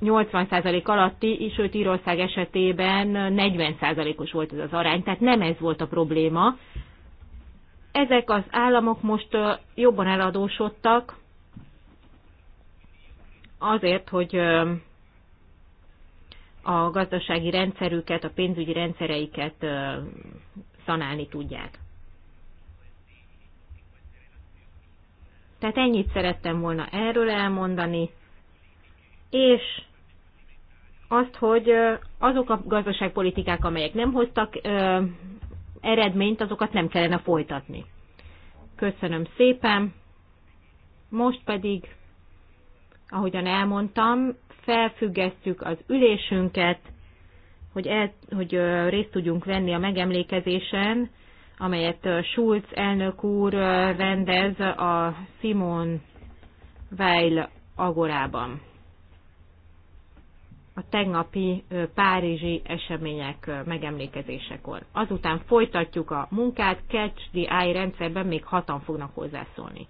80% alatti, és sőt Írország esetében 40%-os volt ez az arány, tehát nem ez volt a probléma. Ezek az államok most jobban eladósodtak azért, hogy a gazdasági rendszerüket, a pénzügyi rendszereiket szanálni tudják. Tehát ennyit szerettem volna erről elmondani, és azt, hogy azok a gazdaságpolitikák, amelyek nem hoztak eredményt, azokat nem kellene folytatni. Köszönöm szépen. Most pedig, ahogyan elmondtam, felfüggesztjük az ülésünket, hogy, el, hogy részt tudjunk venni a megemlékezésen, amelyet Schulz elnök úr rendez a Simon Weil agorában. A tegnapi párizsi események megemlékezésekor. Azután folytatjuk a munkát, catch the eye rendszerben még hatan fognak hozzászólni.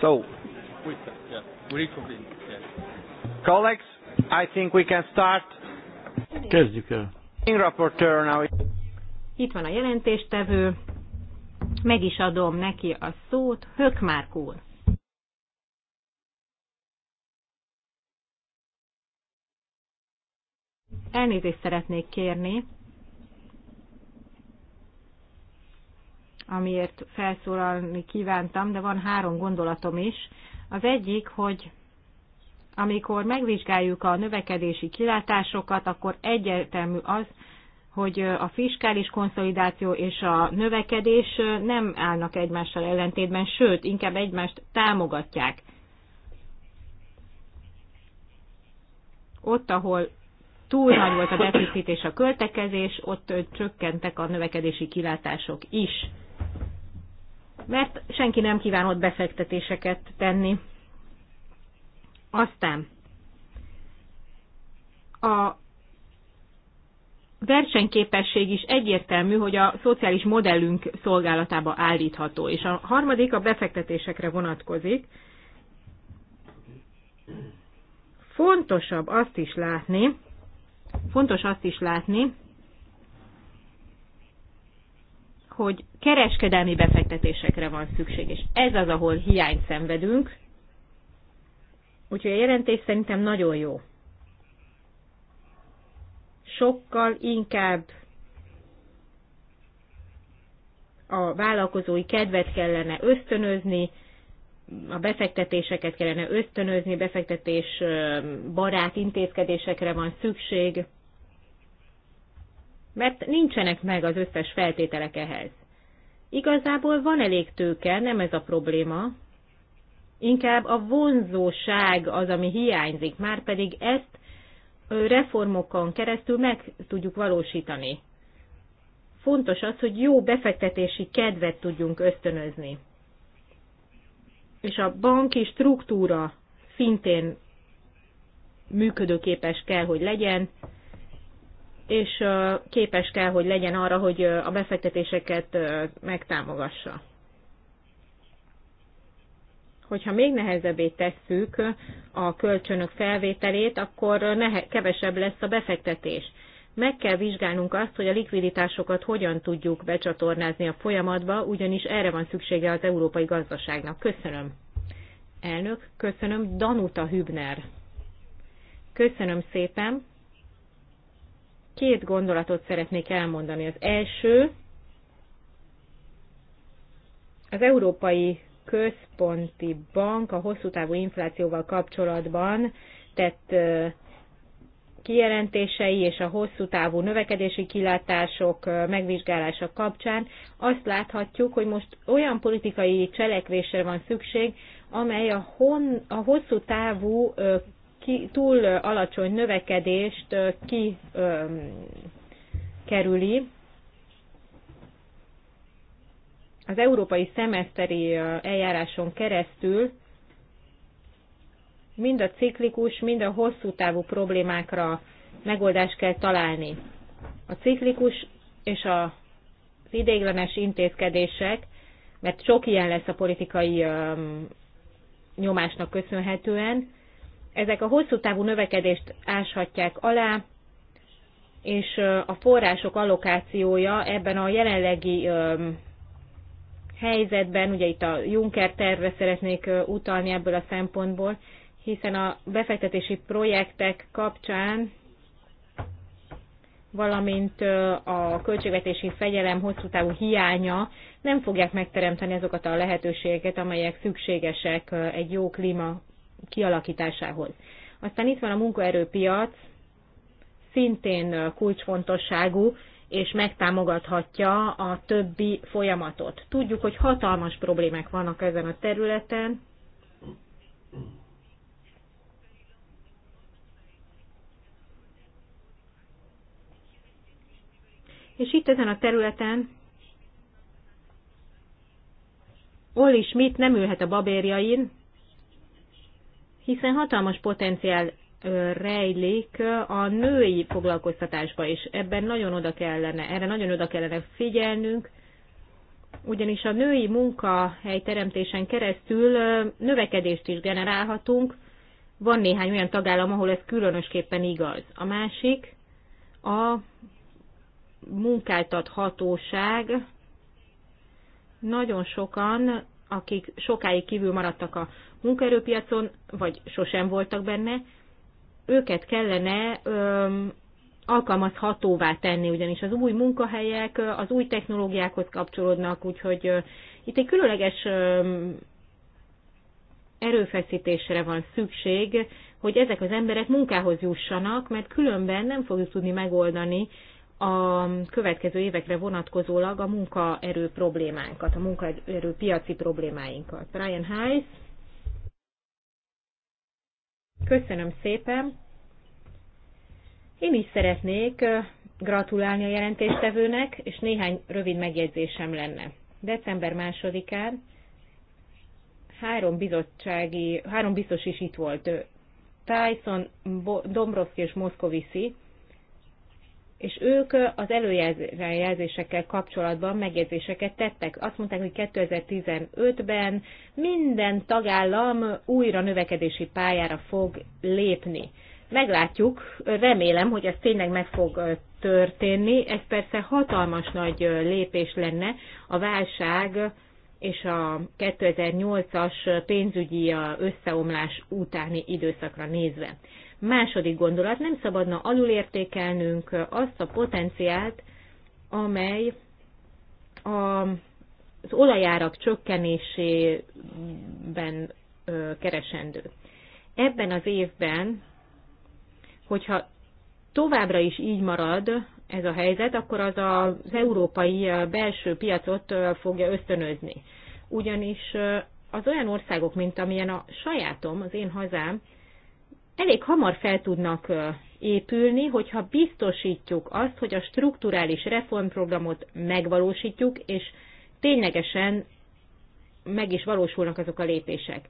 So, colleagues, I think we can start. Kezdjük el. Itt van a jelentéstevő. Meg is adom neki a szót. Hökmárk úr. Elnézést szeretnék kérni amiért felszólalni kívántam, de van három gondolatom is. Az egyik, hogy amikor megvizsgáljuk a növekedési kilátásokat, akkor egyértelmű az, hogy a fiskális konszolidáció és a növekedés nem állnak egymással ellentétben, sőt, inkább egymást támogatják. Ott, ahol túl nagy volt a deficit és a költekezés, ott csökkentek a növekedési kilátások is mert senki nem kíván ott befektetéseket tenni. Aztán a versenyképesség is egyértelmű, hogy a szociális modellünk szolgálatába állítható. És a harmadik a befektetésekre vonatkozik. Fontosabb azt is látni, fontos azt is látni, hogy kereskedelmi befektetésekre van szükség, és ez az, ahol hiányt szenvedünk. Úgyhogy a jelentés szerintem nagyon jó. Sokkal inkább a vállalkozói kedvet kellene ösztönözni, a befektetéseket kellene ösztönözni, befektetés barát intézkedésekre van szükség mert nincsenek meg az összes feltételek ehhez. Igazából van elég tőke, nem ez a probléma. Inkább a vonzóság az, ami hiányzik, már pedig ezt reformokon keresztül meg tudjuk valósítani. Fontos az, hogy jó befektetési kedvet tudjunk ösztönözni. És a banki struktúra szintén működőképes kell, hogy legyen, és képes kell, hogy legyen arra, hogy a befektetéseket megtámogassa. Hogyha még nehezebbé tesszük a kölcsönök felvételét, akkor nehe- kevesebb lesz a befektetés. Meg kell vizsgálnunk azt, hogy a likviditásokat hogyan tudjuk becsatornázni a folyamatba, ugyanis erre van szüksége az európai gazdaságnak. Köszönöm. Elnök, köszönöm. Danuta Hübner. Köszönöm szépen. Két gondolatot szeretnék elmondani. Az első, az Európai Központi Bank a hosszú távú inflációval kapcsolatban tett kijelentései és a hosszú távú növekedési kilátások megvizsgálása kapcsán azt láthatjuk, hogy most olyan politikai cselekvésre van szükség, amely a, hon, a hosszú távú ki, túl alacsony növekedést kikerüli. Az európai szemeszteri eljáráson keresztül mind a ciklikus, mind a hosszú távú problémákra megoldást kell találni. A ciklikus és az idéglenes intézkedések, mert sok ilyen lesz a politikai nyomásnak köszönhetően, ezek a hosszú távú növekedést áshatják alá, és a források allokációja ebben a jelenlegi helyzetben, ugye itt a Juncker tervre szeretnék utalni ebből a szempontból, hiszen a befektetési projektek kapcsán, valamint a költségvetési fegyelem hosszú távú hiánya nem fogják megteremteni azokat a lehetőségeket, amelyek szükségesek egy jó klíma kialakításához. Aztán itt van a munkaerőpiac, szintén kulcsfontosságú, és megtámogathatja a többi folyamatot. Tudjuk, hogy hatalmas problémák vannak ezen a területen. És itt ezen a területen Olli Schmidt nem ülhet a babérjain, hiszen hatalmas potenciál rejlik a női foglalkoztatásba, is. ebben nagyon oda kellene, erre nagyon oda kellene figyelnünk, ugyanis a női munkahely teremtésen keresztül növekedést is generálhatunk. Van néhány olyan tagállam, ahol ez különösképpen igaz. A másik a munkáltathatóság. Nagyon sokan akik sokáig kívül maradtak a munkaerőpiacon, vagy sosem voltak benne, őket kellene öm, alkalmazhatóvá tenni, ugyanis az új munkahelyek az új technológiákhoz kapcsolódnak, úgyhogy ö, itt egy különleges öm, erőfeszítésre van szükség, hogy ezek az emberek munkához jussanak, mert különben nem fogjuk tudni megoldani a következő évekre vonatkozólag a munkaerő problémánkat, a munkaerő piaci problémáinkat. Brian Heiss, köszönöm szépen. Én is szeretnék gratulálni a jelentéstevőnek, és néhány rövid megjegyzésem lenne. December másodikán három bizottsági, három biztos is itt volt. Tyson, Dombrovski és Moszkovici, és ők az előjelzésekkel kapcsolatban megjegyzéseket tettek. Azt mondták, hogy 2015-ben minden tagállam újra növekedési pályára fog lépni. Meglátjuk, remélem, hogy ez tényleg meg fog történni. Ez persze hatalmas nagy lépés lenne a válság és a 2008-as pénzügyi összeomlás utáni időszakra nézve. Második gondolat, nem szabadna alulértékelnünk azt a potenciált, amely a, az olajárak csökkenésében ö, keresendő. Ebben az évben, hogyha továbbra is így marad ez a helyzet, akkor az az európai belső piacot fogja ösztönözni. Ugyanis az olyan országok, mint amilyen a sajátom, az én hazám, elég hamar fel tudnak épülni, hogyha biztosítjuk azt, hogy a strukturális reformprogramot megvalósítjuk, és ténylegesen meg is valósulnak azok a lépések.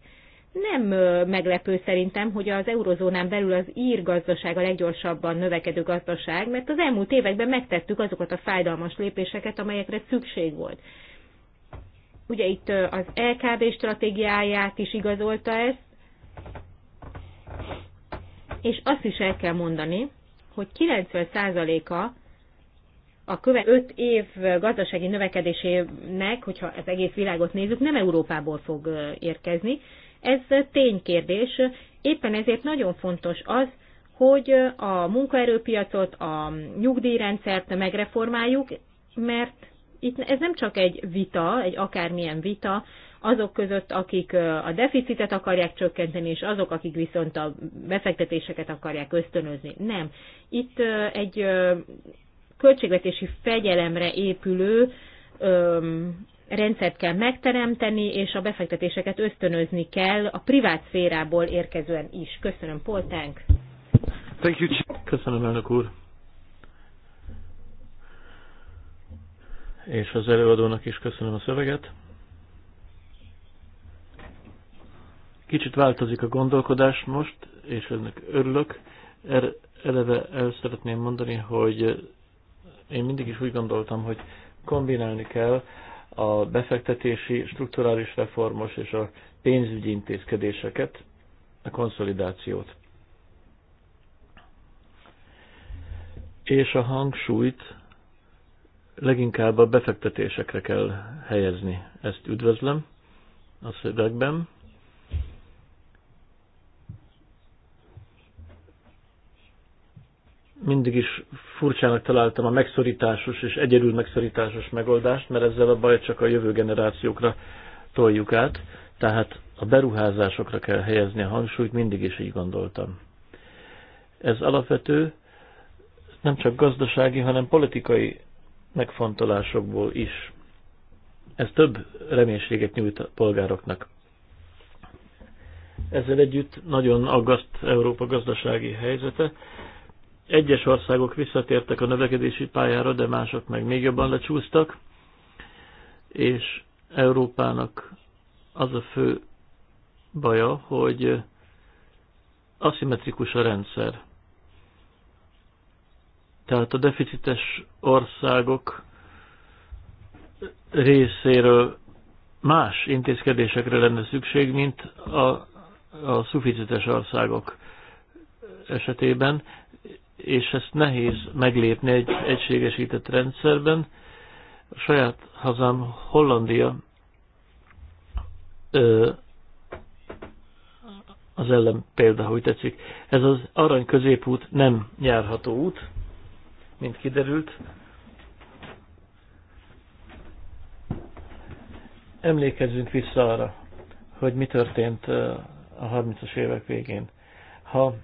Nem meglepő szerintem, hogy az eurozónán belül az ír gazdaság a leggyorsabban növekedő gazdaság, mert az elmúlt években megtettük azokat a fájdalmas lépéseket, amelyekre szükség volt. Ugye itt az LKB stratégiáját is igazolta ezt, és azt is el kell mondani, hogy 90%-a a követ 5 év gazdasági növekedésének, hogyha az egész világot nézzük, nem Európából fog érkezni. Ez ténykérdés. Éppen ezért nagyon fontos az, hogy a munkaerőpiacot, a nyugdíjrendszert megreformáljuk, mert itt ez nem csak egy vita, egy akármilyen vita, azok között, akik a deficitet akarják csökkenteni, és azok, akik viszont a befektetéseket akarják ösztönözni. Nem. Itt egy költségvetési fegyelemre épülő rendszert kell megteremteni, és a befektetéseket ösztönözni kell a privát szférából érkezően is. Köszönöm, Poltánk! Thank you. Köszönöm, elnök úr! És az előadónak is köszönöm a szöveget. Kicsit változik a gondolkodás most, és ennek örülök. Er, eleve el szeretném mondani, hogy én mindig is úgy gondoltam, hogy kombinálni kell a befektetési, strukturális reformos és a pénzügyi intézkedéseket, a konszolidációt. És a hangsúlyt leginkább a befektetésekre kell helyezni. Ezt üdvözlöm a szövegben. mindig is furcsának találtam a megszorításos és egyedül megszorításos megoldást, mert ezzel a baj csak a jövő generációkra toljuk át, tehát a beruházásokra kell helyezni a hangsúlyt, mindig is így gondoltam. Ez alapvető nem csak gazdasági, hanem politikai megfontolásokból is. Ez több reménységet nyújt a polgároknak. Ezzel együtt nagyon aggaszt Európa gazdasági helyzete, egyes országok visszatértek a növekedési pályára, de mások meg még jobban lecsúsztak, és Európának az a fő baja, hogy aszimmetrikus a rendszer. Tehát a deficites országok részéről más intézkedésekre lenne szükség, mint a, a szuficites országok esetében és ezt nehéz meglépni egy egységesített rendszerben. A saját hazám Hollandia ö, az ellen példa, hogy tetszik. Ez az arany középút nem járható út, mint kiderült. Emlékezzünk vissza arra, hogy mi történt a 30-as évek végén. Ha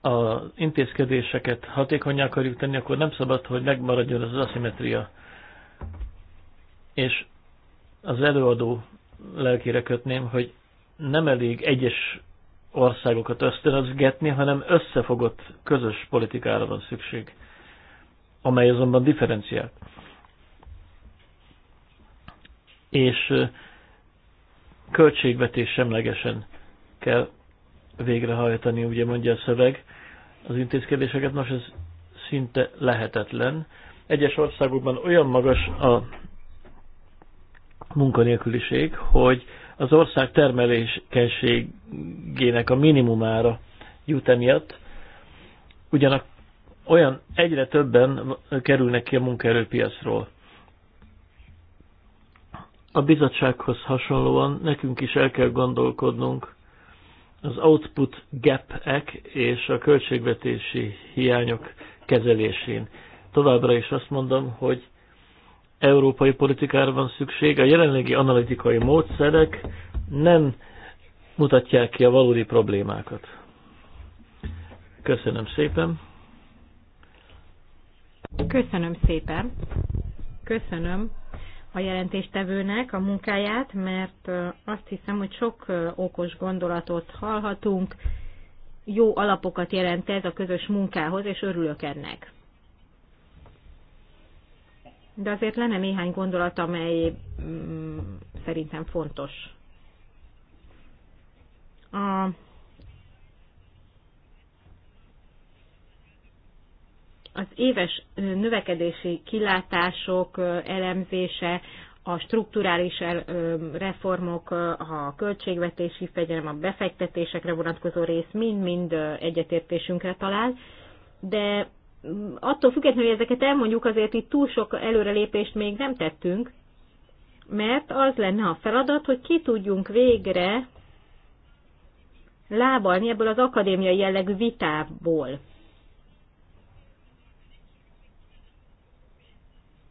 az intézkedéseket hatékonyá akarjuk tenni, akkor nem szabad, hogy megmaradjon az aszimetria. És az előadó lelkére kötném, hogy nem elég egyes országokat ösztönözgetni, hanem összefogott közös politikára van szükség, amely azonban differenciált. És költségvetés semlegesen kell végrehajtani, ugye mondja a szöveg, az intézkedéseket, nos ez szinte lehetetlen. Egyes országokban olyan magas a munkanélküliség, hogy az ország termelékenységének a minimumára jut emiatt, ugyanak olyan egyre többen kerülnek ki a munkaerőpiacról. A bizottsághoz hasonlóan nekünk is el kell gondolkodnunk az output gap-ek és a költségvetési hiányok kezelésén. Továbbra is azt mondom, hogy európai politikára van szükség. A jelenlegi analitikai módszerek nem mutatják ki a valódi problémákat. Köszönöm szépen. Köszönöm szépen. Köszönöm a jelentéstevőnek a munkáját, mert azt hiszem, hogy sok okos gondolatot hallhatunk, jó alapokat jelent ez a közös munkához, és örülök ennek. De azért lenne néhány gondolat, amely mm, szerintem fontos. A az éves növekedési kilátások elemzése, a strukturális reformok, a költségvetési fegyelem, a befektetésekre vonatkozó rész mind-mind egyetértésünkre talál, de mm, attól függetlenül, hogy ezeket elmondjuk, azért itt túl sok előrelépést még nem tettünk, mert az lenne a feladat, hogy ki tudjunk végre lábalni ebből az akadémiai jellegű vitából.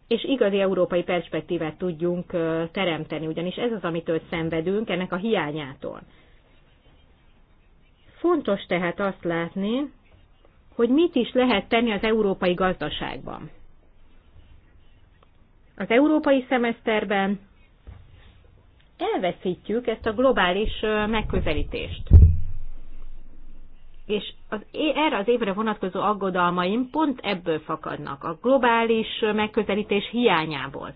és igazi európai perspektívát tudjunk teremteni, ugyanis ez az, amitől szenvedünk, ennek a hiányától. Fontos tehát azt látni, hogy mit is lehet tenni az európai gazdaságban. Az európai szemeszterben elveszítjük ezt a globális megközelítést és az, erre az évre vonatkozó aggodalmaim pont ebből fakadnak, a globális megközelítés hiányából.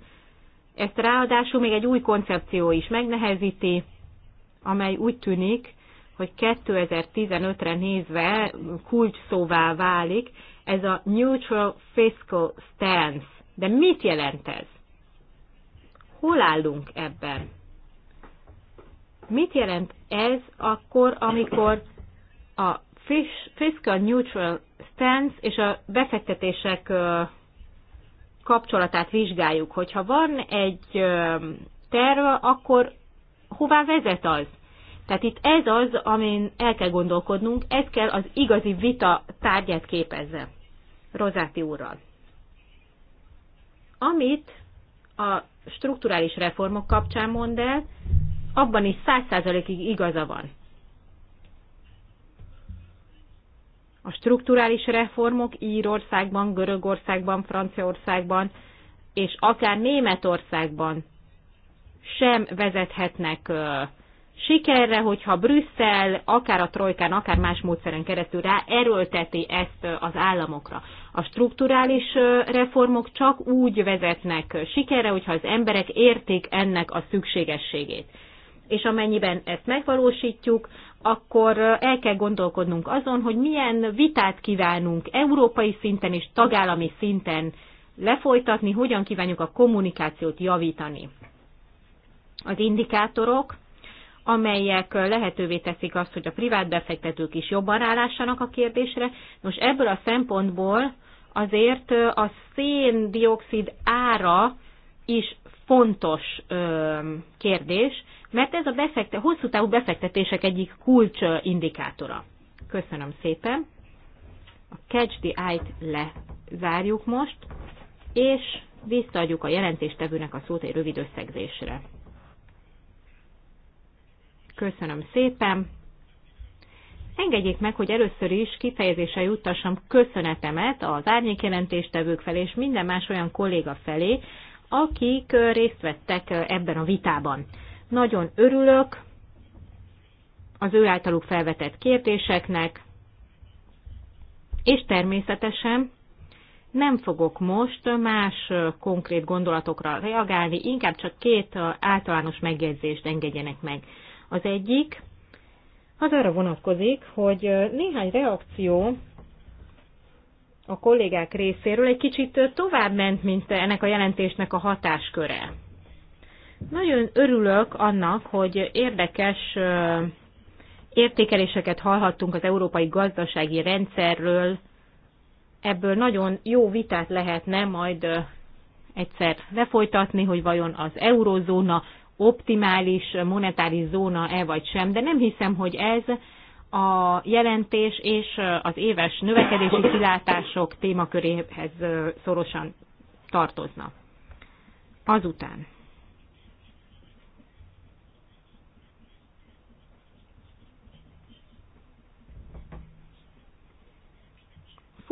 Ezt ráadásul még egy új koncepció is megnehezíti, amely úgy tűnik, hogy 2015-re nézve kulcs szóvá válik, ez a neutral fiscal stance. De mit jelent ez? Hol állunk ebben? Mit jelent ez akkor, amikor a fiscal neutral stance és a befektetések kapcsolatát vizsgáljuk. Hogyha van egy terv, akkor hová vezet az? Tehát itt ez az, amin el kell gondolkodnunk, ez kell az igazi vita tárgyát képezze Rozáti úrral. Amit a strukturális reformok kapcsán mond el, abban is száz százalékig igaza van. a strukturális reformok Írországban, Görögországban, Franciaországban és akár Németországban sem vezethetnek sikerre, hogyha Brüsszel akár a trojkán, akár más módszeren keresztül rá erőlteti ezt az államokra. A strukturális reformok csak úgy vezetnek sikerre, hogyha az emberek értik ennek a szükségességét. És amennyiben ezt megvalósítjuk, akkor el kell gondolkodnunk azon, hogy milyen vitát kívánunk európai szinten és tagállami szinten lefolytatni, hogyan kívánjuk a kommunikációt javítani. Az indikátorok, amelyek lehetővé teszik azt, hogy a privát befektetők is jobban rálássanak a kérdésre. Nos, ebből a szempontból azért a széndiokszid ára is fontos kérdés, mert ez a befekte, hosszú távú befektetések egyik kulcs indikátora. Köszönöm szépen. A Catch the Eye-t lezárjuk most, és visszaadjuk a jelentéstevőnek a szót egy rövid összegzésre. Köszönöm szépen. Engedjék meg, hogy először is kifejezése juttassam köszönetemet az árnyékjelentéstevők felé és minden más olyan kolléga felé, akik részt vettek ebben a vitában. Nagyon örülök az ő általuk felvetett kérdéseknek, és természetesen nem fogok most más konkrét gondolatokra reagálni, inkább csak két általános megjegyzést engedjenek meg. Az egyik az arra vonatkozik, hogy néhány reakció a kollégák részéről egy kicsit tovább ment, mint ennek a jelentésnek a hatásköre. Nagyon örülök annak, hogy érdekes értékeléseket hallhattunk az európai gazdasági rendszerről. Ebből nagyon jó vitát lehetne majd egyszer lefolytatni, hogy vajon az eurozóna optimális monetáris zóna-e vagy sem, de nem hiszem, hogy ez a jelentés és az éves növekedési kilátások témaköréhez szorosan tartozna. Azután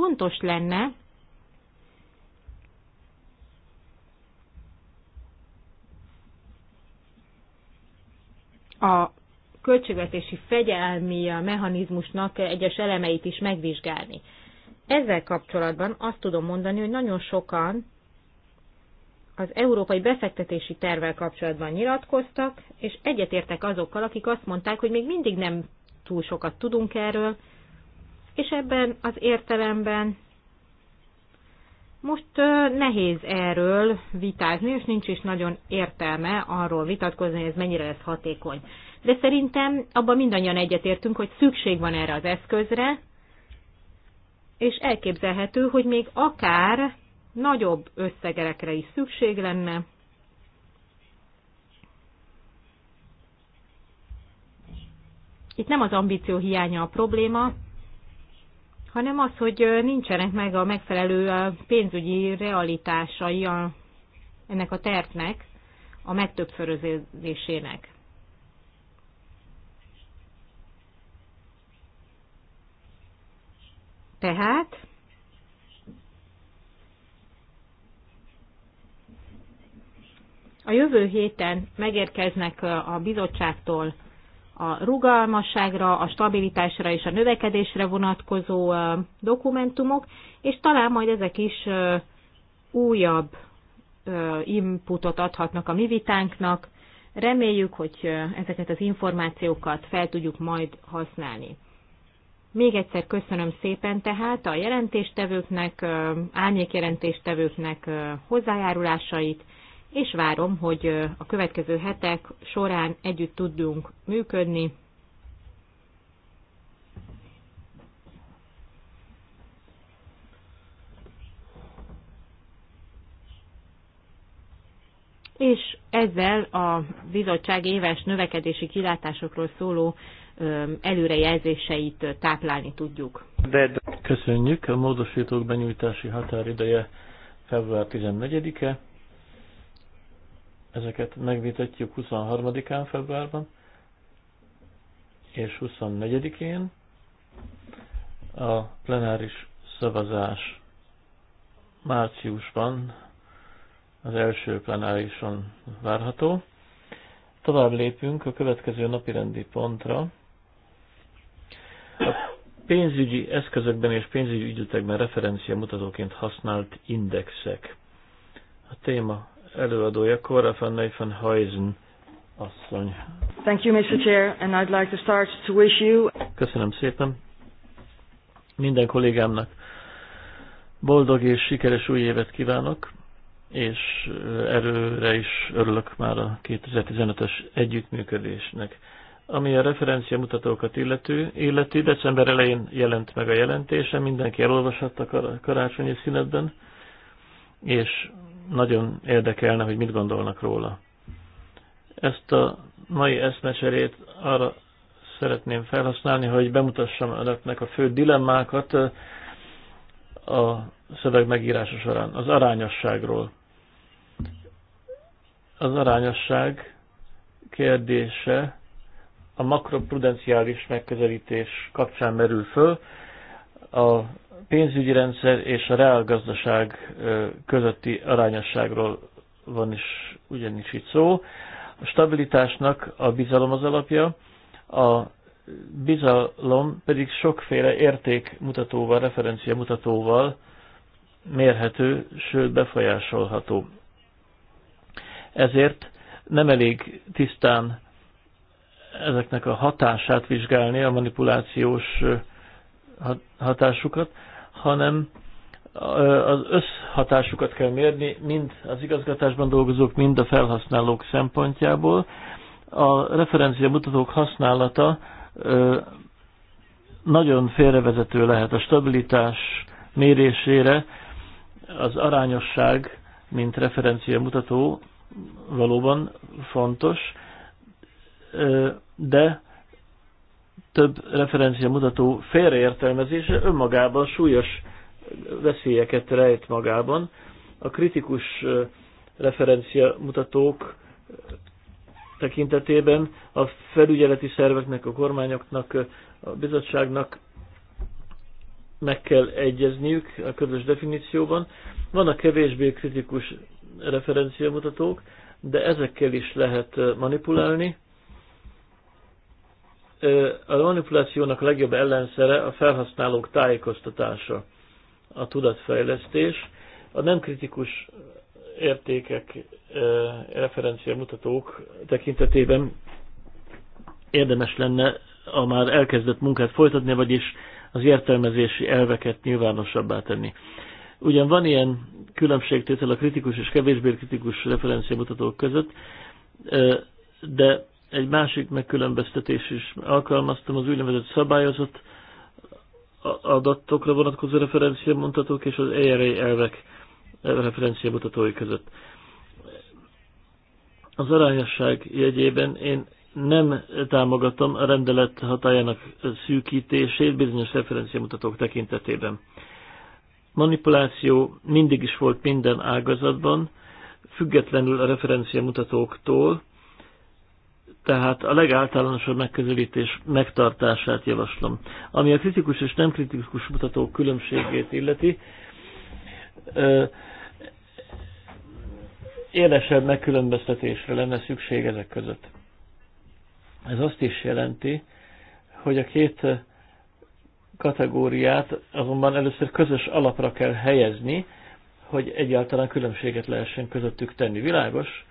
fontos lenne, a költségvetési fegyelmi mechanizmusnak egyes elemeit is megvizsgálni. Ezzel kapcsolatban azt tudom mondani, hogy nagyon sokan az európai befektetési tervvel kapcsolatban nyilatkoztak, és egyetértek azokkal, akik azt mondták, hogy még mindig nem túl sokat tudunk erről, és ebben az értelemben most nehéz erről vitázni, és nincs is nagyon értelme arról vitatkozni, hogy ez mennyire lesz hatékony. De szerintem abban mindannyian egyetértünk, hogy szükség van erre az eszközre, és elképzelhető, hogy még akár nagyobb összegerekre is szükség lenne. Itt nem az ambíció hiánya a probléma, hanem az, hogy nincsenek meg a megfelelő pénzügyi realitásai a, ennek a tervnek, a megtöbbszörözésének. Tehát a jövő héten megérkeznek a bizottságtól a rugalmasságra, a stabilitásra és a növekedésre vonatkozó dokumentumok, és talán majd ezek is újabb inputot adhatnak a mi vitánknak. Reméljük, hogy ezeket az információkat fel tudjuk majd használni. Még egyszer köszönöm szépen tehát a jelentéstevőknek, jelentéstevőknek hozzájárulásait, és várom, hogy a következő hetek során együtt tudjunk működni. És ezzel a bizottság éves növekedési kilátásokról szóló előrejelzéseit táplálni tudjuk. De köszönjük, a módosítók benyújtási határideje február 14-e. Ezeket megvitatjuk 23-án februárban és 24-én a plenáris szavazás márciusban az első plenárison várható. Tovább lépünk a következő napirendi pontra. A pénzügyi eszközökben és pénzügyi ügyletekben referencia mutatóként használt indexek. A téma előadója Cora van Neifen asszony. Thank you, Mr. Chair, and I'd like to start to wish you... Köszönöm szépen minden kollégámnak. Boldog és sikeres új évet kívánok, és erőre is örülök már a 2015-ös együttműködésnek. Ami a referencia mutatókat illető, illeti, december elején jelent meg a jelentése, mindenki elolvashatta a karácsonyi szünetben, és nagyon érdekelne, hogy mit gondolnak róla. Ezt a mai eszmecserét arra szeretném felhasználni, hogy bemutassam önöknek a fő dilemmákat a szöveg megírása során, az arányosságról. Az arányosság kérdése a makroprudenciális megközelítés kapcsán merül föl, a pénzügyi rendszer és a reálgazdaság közötti arányosságról van is ugyanis itt szó. A stabilitásnak a bizalom az alapja, a bizalom pedig sokféle értékmutatóval, mutatóval mérhető, sőt befolyásolható. Ezért nem elég tisztán ezeknek a hatását vizsgálni, a manipulációs hatásukat, hanem az összhatásukat kell mérni, mind az igazgatásban dolgozók, mind a felhasználók szempontjából. A referencia mutatók használata nagyon félrevezető lehet a stabilitás mérésére. Az arányosság, mint referencia mutató valóban fontos, de több referencia mutató félreértelmezése önmagában súlyos veszélyeket rejt magában. A kritikus referencia mutatók tekintetében a felügyeleti szerveknek, a kormányoknak, a bizottságnak meg kell egyezniük a közös definícióban. Vannak kevésbé kritikus referenciamutatók, de ezekkel is lehet manipulálni a manipulációnak a legjobb ellenszere a felhasználók tájékoztatása, a tudatfejlesztés, a nem kritikus értékek, referencia mutatók tekintetében érdemes lenne a már elkezdett munkát folytatni, vagyis az értelmezési elveket nyilvánosabbá tenni. Ugyan van ilyen különbségtétel a kritikus és kevésbé kritikus referenciamutatók között, de egy másik megkülönböztetés is. Alkalmaztam az úgynevezett szabályozott adatokra vonatkozó referenciamutatók és az ERA elvek referenciamutatói között. Az arányosság jegyében én nem támogatom a rendelet hatájának szűkítését bizonyos referenciamutatók tekintetében. Manipuláció mindig is volt minden ágazatban, függetlenül a referenciamutatóktól, tehát a legáltalánosabb megközelítés megtartását javaslom. Ami a kritikus és nem kritikus mutató különbségét illeti, élesebb megkülönböztetésre lenne szükség ezek között. Ez azt is jelenti, hogy a két kategóriát azonban először közös alapra kell helyezni, hogy egyáltalán különbséget lehessen közöttük tenni. Világos,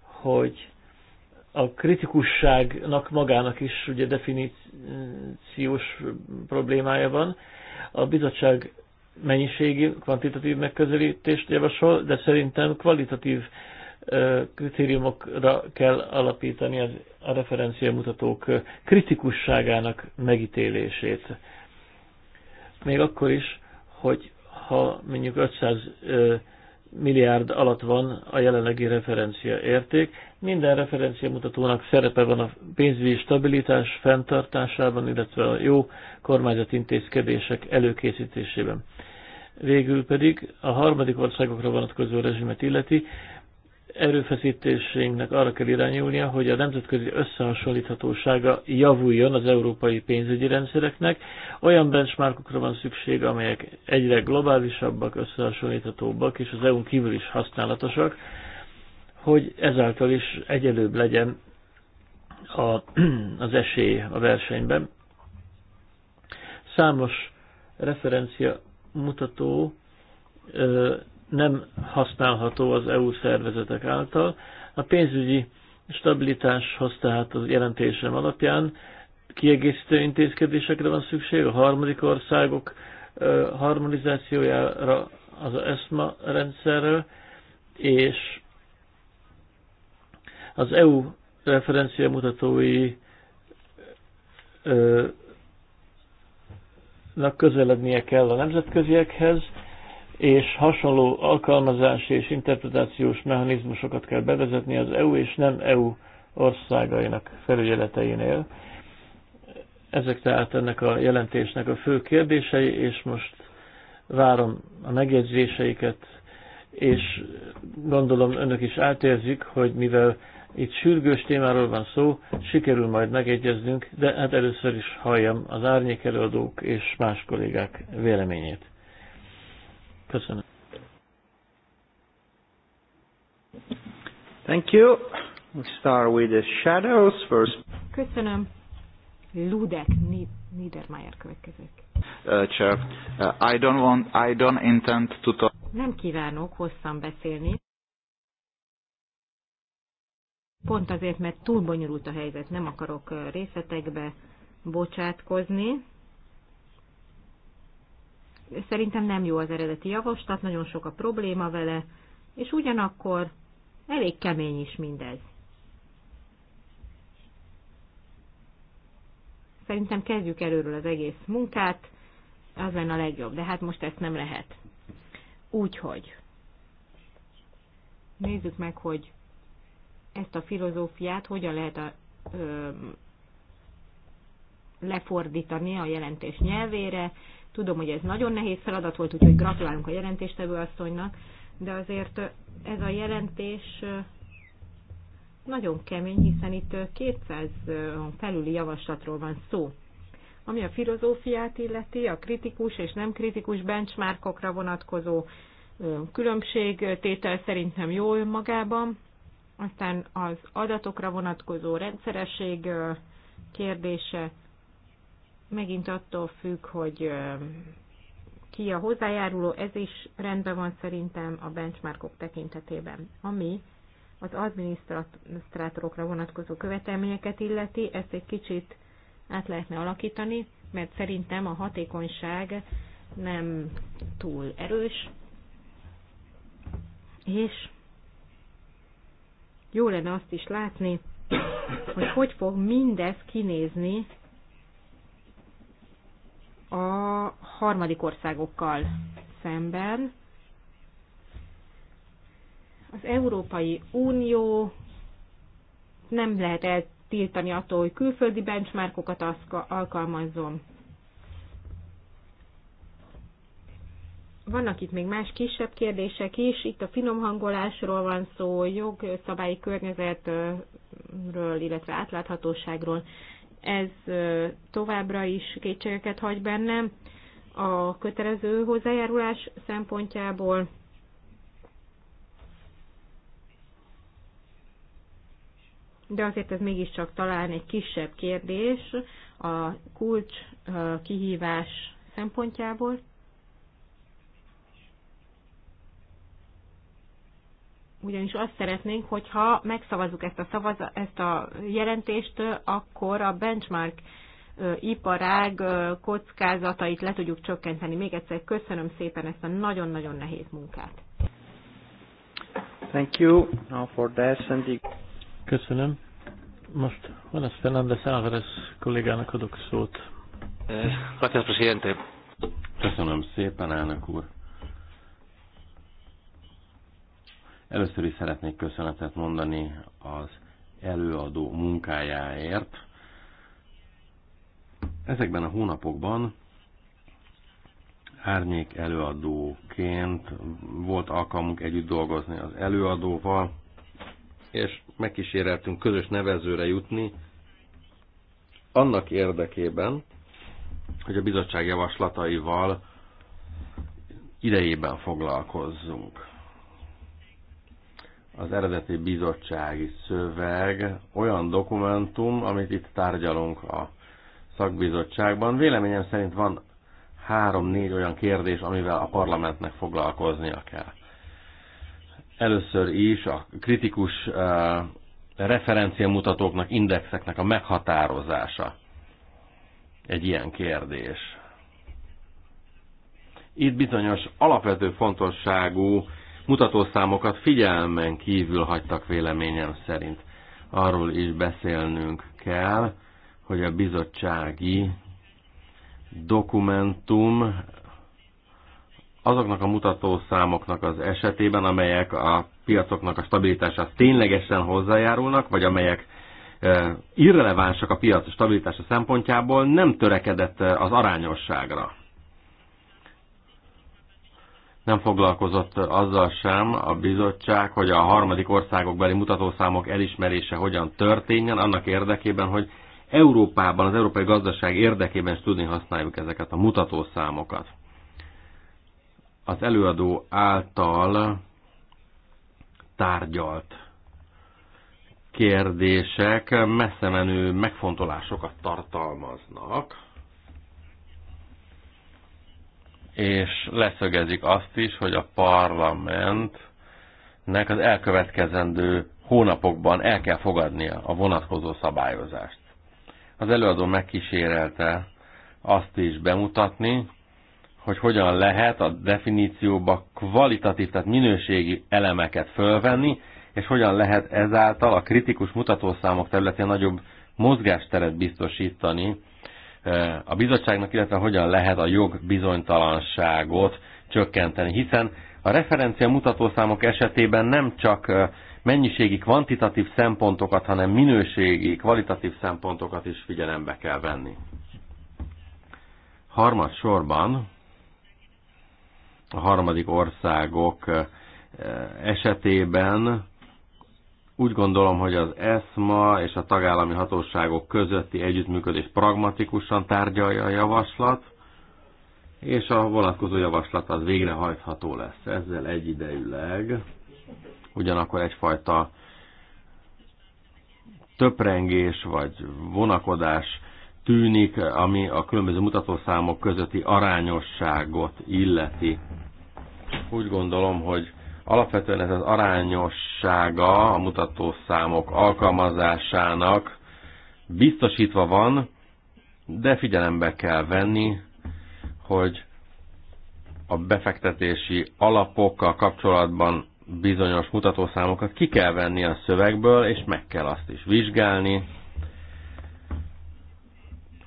hogy a kritikusságnak magának is ugye definíciós problémája van. A bizottság mennyiségi, kvantitatív megközelítést javasol, de szerintem kvalitatív kritériumokra kell alapítani az, a referenciamutatók kritikusságának megítélését. Még akkor is, hogy ha mondjuk 500 milliárd alatt van a jelenlegi referencia érték. Minden referencia mutatónak szerepe van a pénzügyi stabilitás fenntartásában, illetve a jó kormányzati intézkedések előkészítésében. Végül pedig a harmadik országokra vonatkozó rezsimet illeti, erőfeszítésünknek arra kell irányulnia, hogy a nemzetközi összehasonlíthatósága javuljon az európai pénzügyi rendszereknek. Olyan benchmarkokra van szükség, amelyek egyre globálisabbak, összehasonlíthatóbbak, és az EU-n kívül is használatosak, hogy ezáltal is egyelőbb legyen a, az esély a versenyben. Számos referencia mutató nem használható az EU szervezetek által. A pénzügyi stabilitáshoz tehát az jelentésem alapján kiegészítő intézkedésekre van szükség, a harmadik országok harmonizációjára az ESMA rendszerrel, és az EU referencia mutatói közelednie kell a nemzetköziekhez, és hasonló alkalmazási és interpretációs mechanizmusokat kell bevezetni az EU és nem EU országainak felügyeleteinél. Ezek tehát ennek a jelentésnek a fő kérdései, és most várom a megjegyzéseiket, és gondolom önök is átérzik, hogy mivel itt sürgős témáról van szó, sikerül majd megegyeznünk, de hát először is halljam az árnyékelőadók és más kollégák véleményét. Köszönöm. Thank you. We start with the shadows first. Köszönöm. Ludek Niedermayer következik. Uh, chair, uh, I don't want, I don't intend to talk. Nem kívánok hosszan beszélni. Pont azért, mert túl bonyolult a helyzet, nem akarok uh, részletekbe bocsátkozni. Szerintem nem jó az eredeti javaslat, nagyon sok a probléma vele, és ugyanakkor elég kemény is mindez. Szerintem kezdjük előről az egész munkát, az lenne a legjobb, de hát most ezt nem lehet. Úgyhogy nézzük meg, hogy ezt a filozófiát hogyan lehet a, ö, lefordítani a jelentés nyelvére, Tudom, hogy ez nagyon nehéz feladat volt, úgyhogy gratulálunk a jelentéstevő asszonynak, de azért ez a jelentés nagyon kemény, hiszen itt 200 felüli javaslatról van szó. Ami a filozófiát illeti, a kritikus és nem kritikus benchmarkokra vonatkozó különbségtétel szerintem jó önmagában, aztán az adatokra vonatkozó rendszeresség kérdése, megint attól függ, hogy ki a hozzájáruló, ez is rendben van szerintem a benchmarkok tekintetében. Ami az adminisztrátorokra vonatkozó követelményeket illeti, ezt egy kicsit át lehetne alakítani, mert szerintem a hatékonyság nem túl erős, és jó lenne azt is látni, hogy hogy fog mindez kinézni a harmadik országokkal szemben. Az Európai Unió nem lehet eltiltani attól, hogy külföldi benchmarkokat alkalmazzon. Vannak itt még más kisebb kérdések is, itt a finomhangolásról van szó, jogszabályi környezetről, illetve átláthatóságról ez továbbra is kétségeket hagy bennem a kötelező hozzájárulás szempontjából. De azért ez mégiscsak talán egy kisebb kérdés a kulcs kihívás szempontjából. ugyanis azt szeretnénk, hogyha megszavazzuk ezt a, szavaz, ezt a jelentést, akkor a benchmark iparág kockázatait le tudjuk csökkenteni. Még egyszer köszönöm szépen ezt a nagyon-nagyon nehéz munkát. Thank you Now for the Köszönöm. Most van ez Fernández Álvarez kollégának adok szót. Eh, köszönöm szépen, elnök úr. Először is szeretnék köszönetet mondani az előadó munkájáért. Ezekben a hónapokban árnyék előadóként volt alkalmunk együtt dolgozni az előadóval, és megkíséreltünk közös nevezőre jutni, annak érdekében, hogy a bizottság javaslataival idejében foglalkozzunk az eredeti bizottsági szöveg olyan dokumentum, amit itt tárgyalunk a szakbizottságban. Véleményem szerint van három-négy olyan kérdés, amivel a parlamentnek foglalkoznia kell. Először is a kritikus eh, referenciamutatóknak, indexeknek a meghatározása. Egy ilyen kérdés. Itt bizonyos alapvető fontosságú mutatószámokat figyelmen kívül hagytak véleményem szerint. Arról is beszélnünk kell, hogy a bizottsági dokumentum azoknak a mutatószámoknak az esetében, amelyek a piacoknak a stabilitását ténylegesen hozzájárulnak, vagy amelyek e, irrelevánsak a piac stabilitása szempontjából, nem törekedett e, az arányosságra nem foglalkozott azzal sem a bizottság, hogy a harmadik országok beli mutatószámok elismerése hogyan történjen, annak érdekében, hogy Európában, az európai gazdaság érdekében is tudni használjuk ezeket a mutatószámokat. Az előadó által tárgyalt kérdések messze menő megfontolásokat tartalmaznak, és leszögezik azt is, hogy a parlamentnek az elkövetkezendő hónapokban el kell fogadnia a vonatkozó szabályozást. Az előadó megkísérelte azt is bemutatni, hogy hogyan lehet a definícióba kvalitatív, tehát minőségi elemeket fölvenni, és hogyan lehet ezáltal a kritikus mutatószámok területén nagyobb mozgásteret biztosítani a bizottságnak, illetve hogyan lehet a jog bizonytalanságot csökkenteni, hiszen a referencia mutatószámok esetében nem csak mennyiségi, kvantitatív szempontokat, hanem minőségi, kvalitatív szempontokat is figyelembe kell venni. Harmad sorban a harmadik országok esetében úgy gondolom, hogy az ESMA és a tagállami hatóságok közötti együttműködés pragmatikusan tárgyalja a javaslat, és a vonatkozó javaslat az végrehajtható lesz. Ezzel egyidejűleg ugyanakkor egyfajta töprengés vagy vonakodás tűnik, ami a különböző mutatószámok közötti arányosságot illeti. Úgy gondolom, hogy Alapvetően ez az arányossága a mutatószámok alkalmazásának biztosítva van, de figyelembe kell venni, hogy a befektetési alapokkal kapcsolatban bizonyos mutatószámokat ki kell venni a szövegből, és meg kell azt is vizsgálni,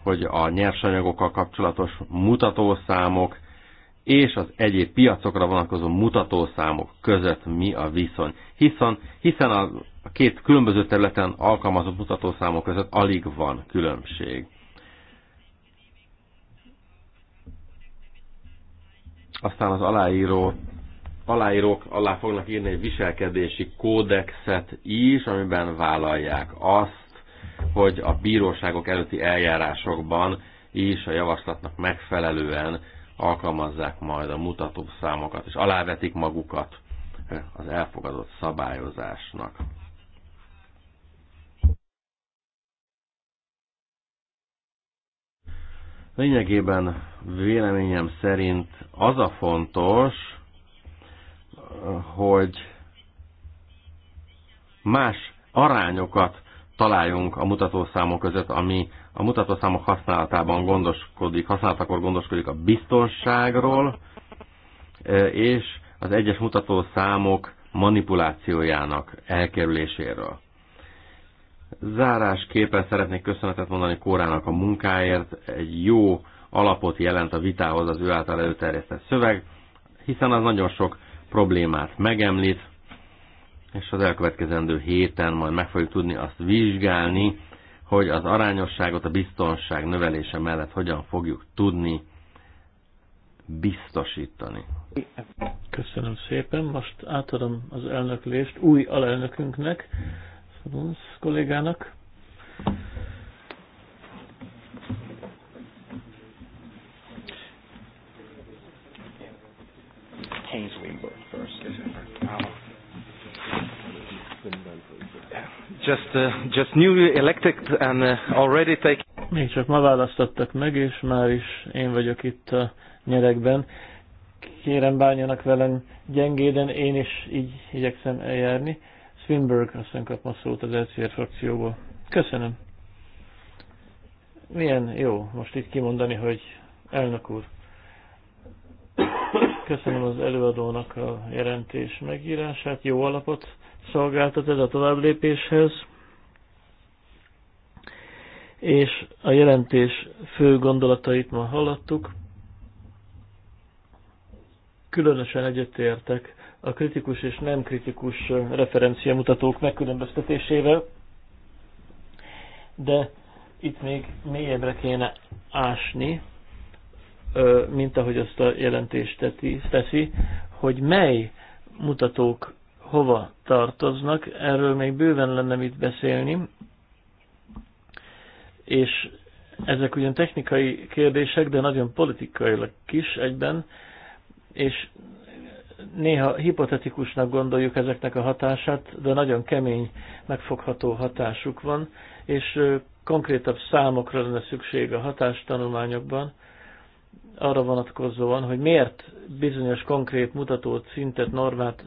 hogy a nyersanyagokkal kapcsolatos mutatószámok és az egyéb piacokra vonatkozó mutatószámok között mi a viszony. Hiszen, hiszen a két különböző területen alkalmazott mutatószámok között alig van különbség. Aztán az aláíró, aláírók alá fognak írni egy viselkedési kódexet is, amiben vállalják azt, hogy a bíróságok előtti eljárásokban is a javaslatnak megfelelően alkalmazzák majd a mutató számokat, és alávetik magukat az elfogadott szabályozásnak. Lényegében véleményem szerint az a fontos, hogy más arányokat találjunk a mutatószámok között, ami a mutatószámok használatában gondoskodik, használatakor gondoskodik a biztonságról, e, és az egyes mutatószámok manipulációjának elkerüléséről. Zárásképpen szeretnék köszönetet mondani Kórának a munkáért, egy jó alapot jelent a vitához az ő által előterjesztett szöveg, hiszen az nagyon sok problémát megemlít, és az elkövetkezendő héten majd meg fogjuk tudni azt vizsgálni, hogy az arányosságot a biztonság növelése mellett hogyan fogjuk tudni biztosítani. Köszönöm szépen. Most átadom az elnöklést új alelnökünknek, Szorunsz kollégának. just, uh, just newly elected and uh, already take... Még csak ma választottak meg, és már is én vagyok itt a nyerekben. Kérem bánjanak velem gyengéden, én is így igyekszem eljárni. Swinburg aztán kap ma szót az LCR e frakcióból. Köszönöm. Milyen jó most itt kimondani, hogy elnök úr. Köszönöm az előadónak a jelentés megírását, jó alapot szolgáltat ez a továbblépéshez, és a jelentés fő gondolatait ma hallottuk. Különösen egyetértek a kritikus és nem kritikus referenciamutatók megkülönböztetésével, de itt még mélyebbre kéne ásni, mint ahogy azt a jelentést teszi, hogy mely mutatók hova tartoznak, erről még bőven lenne mit beszélni, és ezek ugyan technikai kérdések, de nagyon politikailag kis egyben, és néha hipotetikusnak gondoljuk ezeknek a hatását, de nagyon kemény, megfogható hatásuk van, és konkrétabb számokra lenne szükség a hatástanulmányokban, arra vonatkozóan, hogy miért bizonyos konkrét mutatót, szintet, normát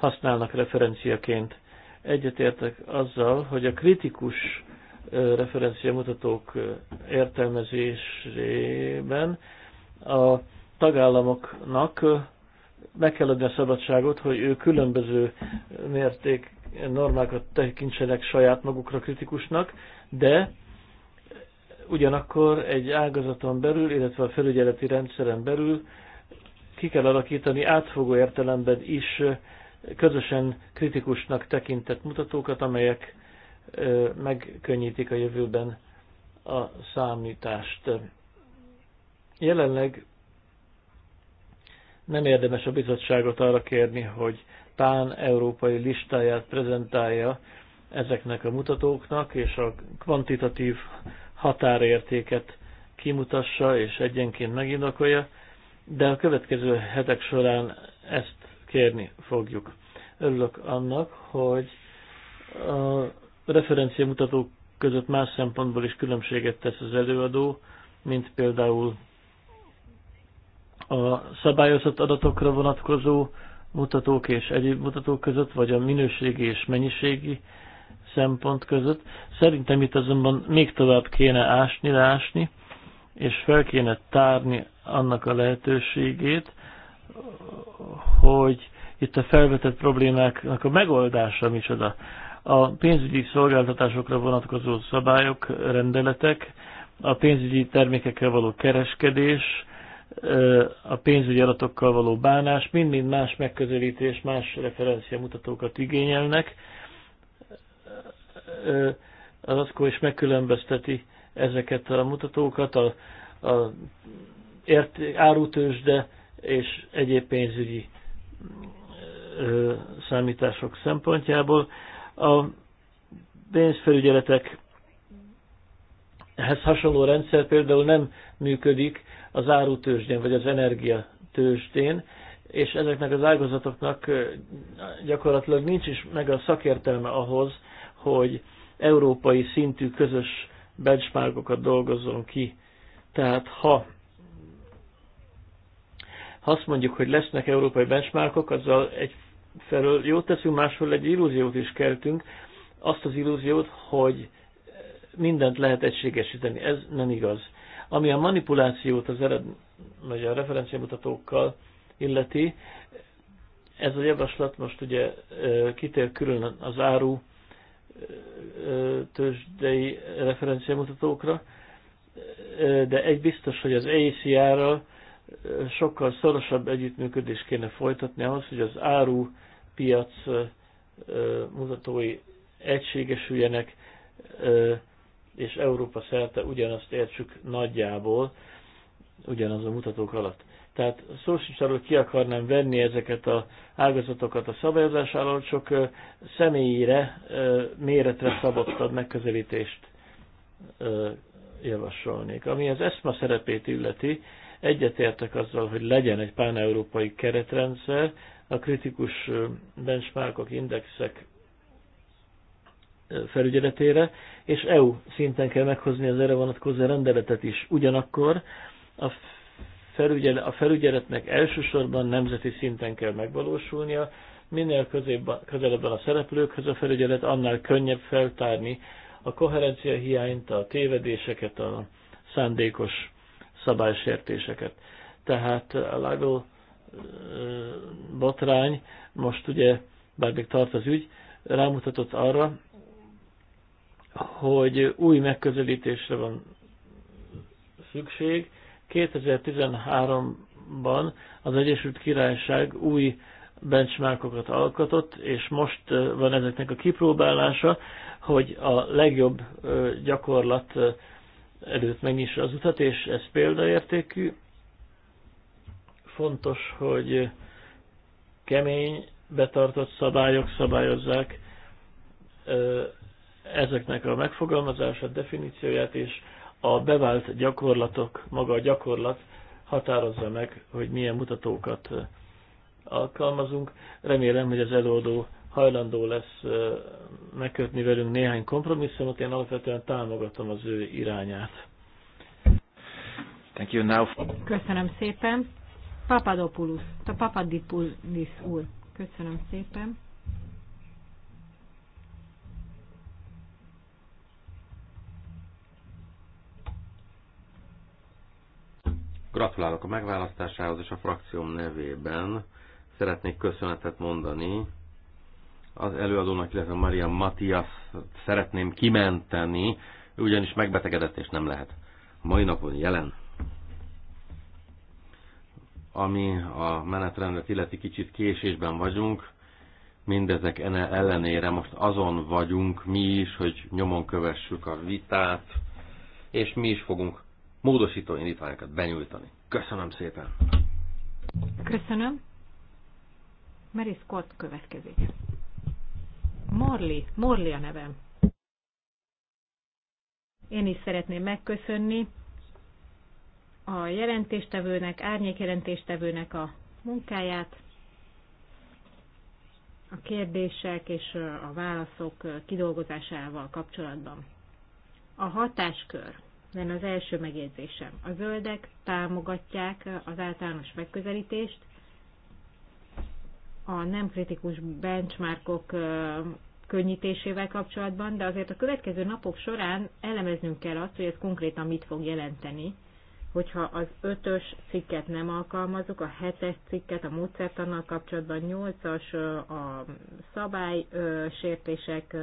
használnak referenciaként. Egyetértek azzal, hogy a kritikus referenciamutatók értelmezésében a tagállamoknak meg kell adni a szabadságot, hogy ők különböző mérték normákat tekintsenek saját magukra kritikusnak, de ugyanakkor egy ágazaton belül, illetve a felügyeleti rendszeren belül ki kell alakítani átfogó értelemben is közösen kritikusnak tekintett mutatókat, amelyek megkönnyítik a jövőben a számítást. Jelenleg nem érdemes a bizottságot arra kérni, hogy pán-európai listáját prezentálja ezeknek a mutatóknak, és a kvantitatív határértéket kimutassa és egyenként megindokolja, de a következő hetek során ezt kérni fogjuk. Örülök annak, hogy a referencia mutatók között más szempontból is különbséget tesz az előadó, mint például a szabályozott adatokra vonatkozó mutatók és egyéb mutatók között, vagy a minőségi és mennyiségi szempont között. Szerintem itt azonban még tovább kéne ásni, lásni, és fel kéne tárni annak a lehetőségét, hogy itt a felvetett problémáknak a megoldása micsoda. A pénzügyi szolgáltatásokra vonatkozó szabályok, rendeletek, a pénzügyi termékekkel való kereskedés, a pénzügyi adatokkal való bánás, mind-mind más megközelítés, más referencia mutatókat igényelnek. Az ASZKO is megkülönbözteti ezeket a mutatókat, a, a ért, de és egyéb pénzügyi számítások szempontjából. A pénzfelügyeletekhez hasonló rendszer például nem működik az árutőzsdén vagy az energiatőzsdén, és ezeknek az ágazatoknak gyakorlatilag nincs is meg a szakértelme ahhoz, hogy európai szintű közös benchmarkokat dolgozzon ki. Tehát ha ha azt mondjuk, hogy lesznek európai benchmarkok, azzal felől jót teszünk, másfelől egy illúziót is keltünk, azt az illúziót, hogy mindent lehet egységesíteni. Ez nem igaz. Ami a manipulációt az ered, vagy a referenciamutatókkal illeti, ez a javaslat most ugye kitér külön az áru tőzsdei referenciamutatókra, de egy biztos, hogy az ACR-ral sokkal szorosabb együttműködést kéne folytatni ahhoz, hogy az áru piac mutatói egységesüljenek, és Európa szerte ugyanazt értsük nagyjából, ugyanaz a mutatók alatt. Tehát szó sincs arról, ki akarnám venni ezeket a ágazatokat a szabályozás alól, csak személyére, méretre szabottabb megközelítést javasolnék. Ami az ESMA szerepét illeti, Egyetértek azzal, hogy legyen egy páneurópai keretrendszer, a kritikus benchmarkok, indexek felügyeletére, és EU szinten kell meghozni az erre vonatkozó rendeletet is. Ugyanakkor a, felügyel, a felügyeletnek elsősorban nemzeti szinten kell megvalósulnia, minél közelebb van a szereplőkhöz a felügyelet, annál könnyebb feltárni a koherencia hiányt, a tévedéseket, a szándékos szabálysértéseket. Tehát a eh, Lago eh, botrány most ugye, bár még tart az ügy, rámutatott arra, hogy új megközelítésre van szükség. 2013-ban az Egyesült Királyság új benchmarkokat alkotott, és most eh, van ezeknek a kipróbálása, hogy a legjobb gyakorlat előtt megnyissa az utat, és ez példaértékű. Fontos, hogy kemény, betartott szabályok szabályozzák ezeknek a megfogalmazását, definícióját, és a bevált gyakorlatok, maga a gyakorlat határozza meg, hogy milyen mutatókat alkalmazunk. Remélem, hogy az előadó hajlandó lesz megkötni velünk néhány kompromisszumot, én alapvetően támogatom az ő irányát. Thank you now. Köszönöm szépen. Papadopoulos, a Papadipoulos úr. Köszönöm szépen. Gratulálok a megválasztásához, és a frakcióm nevében szeretnék köszönetet mondani az előadónak, illetve Maria Matias szeretném kimenteni, ugyanis megbetegedett és nem lehet mai napon jelen. Ami a menetrendet illeti kicsit késésben vagyunk, mindezek ellenére most azon vagyunk mi is, hogy nyomon kövessük a vitát, és mi is fogunk módosító indítványokat benyújtani. Köszönöm szépen! Köszönöm! Mary Scott következik. Morli, Morli a nevem. Én is szeretném megköszönni a jelentéstevőnek, árnyékjelentéstevőnek a munkáját, a kérdések és a válaszok kidolgozásával kapcsolatban. A hatáskör lenne az első megjegyzésem. A zöldek támogatják az általános megközelítést, a nem kritikus benchmarkok könnyítésével kapcsolatban, de azért a következő napok során elemeznünk kell azt, hogy ez konkrétan mit fog jelenteni, hogyha az ötös cikket nem alkalmazok, a hetes cikket a módszertannal kapcsolatban, nyolcas a szabálysértések,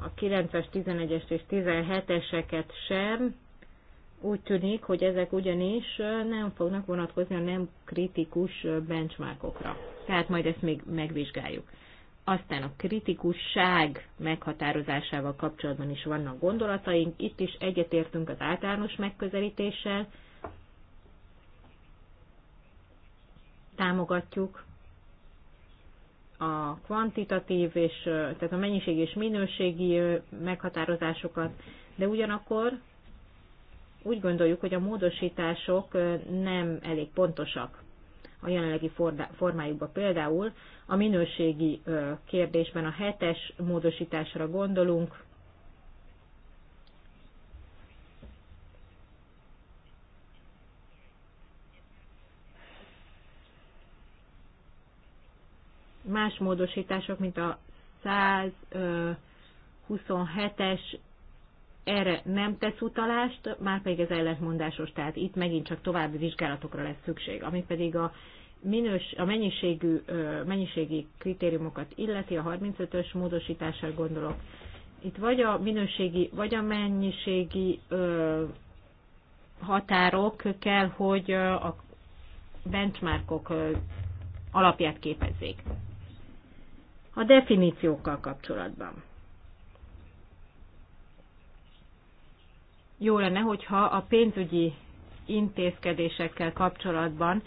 a 9-es, 11-es és 17-eseket sem, úgy tűnik, hogy ezek ugyanis nem fognak vonatkozni a nem kritikus benchmarkokra. Tehát majd ezt még megvizsgáljuk. Aztán a kritikusság meghatározásával kapcsolatban is vannak gondolataink. Itt is egyetértünk az általános megközelítéssel. Támogatjuk a kvantitatív, és, tehát a mennyiség és minőségi meghatározásokat, de ugyanakkor úgy gondoljuk, hogy a módosítások nem elég pontosak a jelenlegi formájukban. Például a minőségi kérdésben a hetes módosításra gondolunk, más módosítások, mint a 127-es erre nem tesz utalást, már pedig ez ellentmondásos, tehát itt megint csak további vizsgálatokra lesz szükség, ami pedig a minős, a mennyiségű, mennyiségi kritériumokat illeti, a 35-ös módosítással gondolok. Itt vagy a minőségi, vagy a mennyiségi határok kell, hogy a benchmarkok alapját képezzék. A definíciókkal kapcsolatban. jó lenne, hogyha a pénzügyi intézkedésekkel kapcsolatban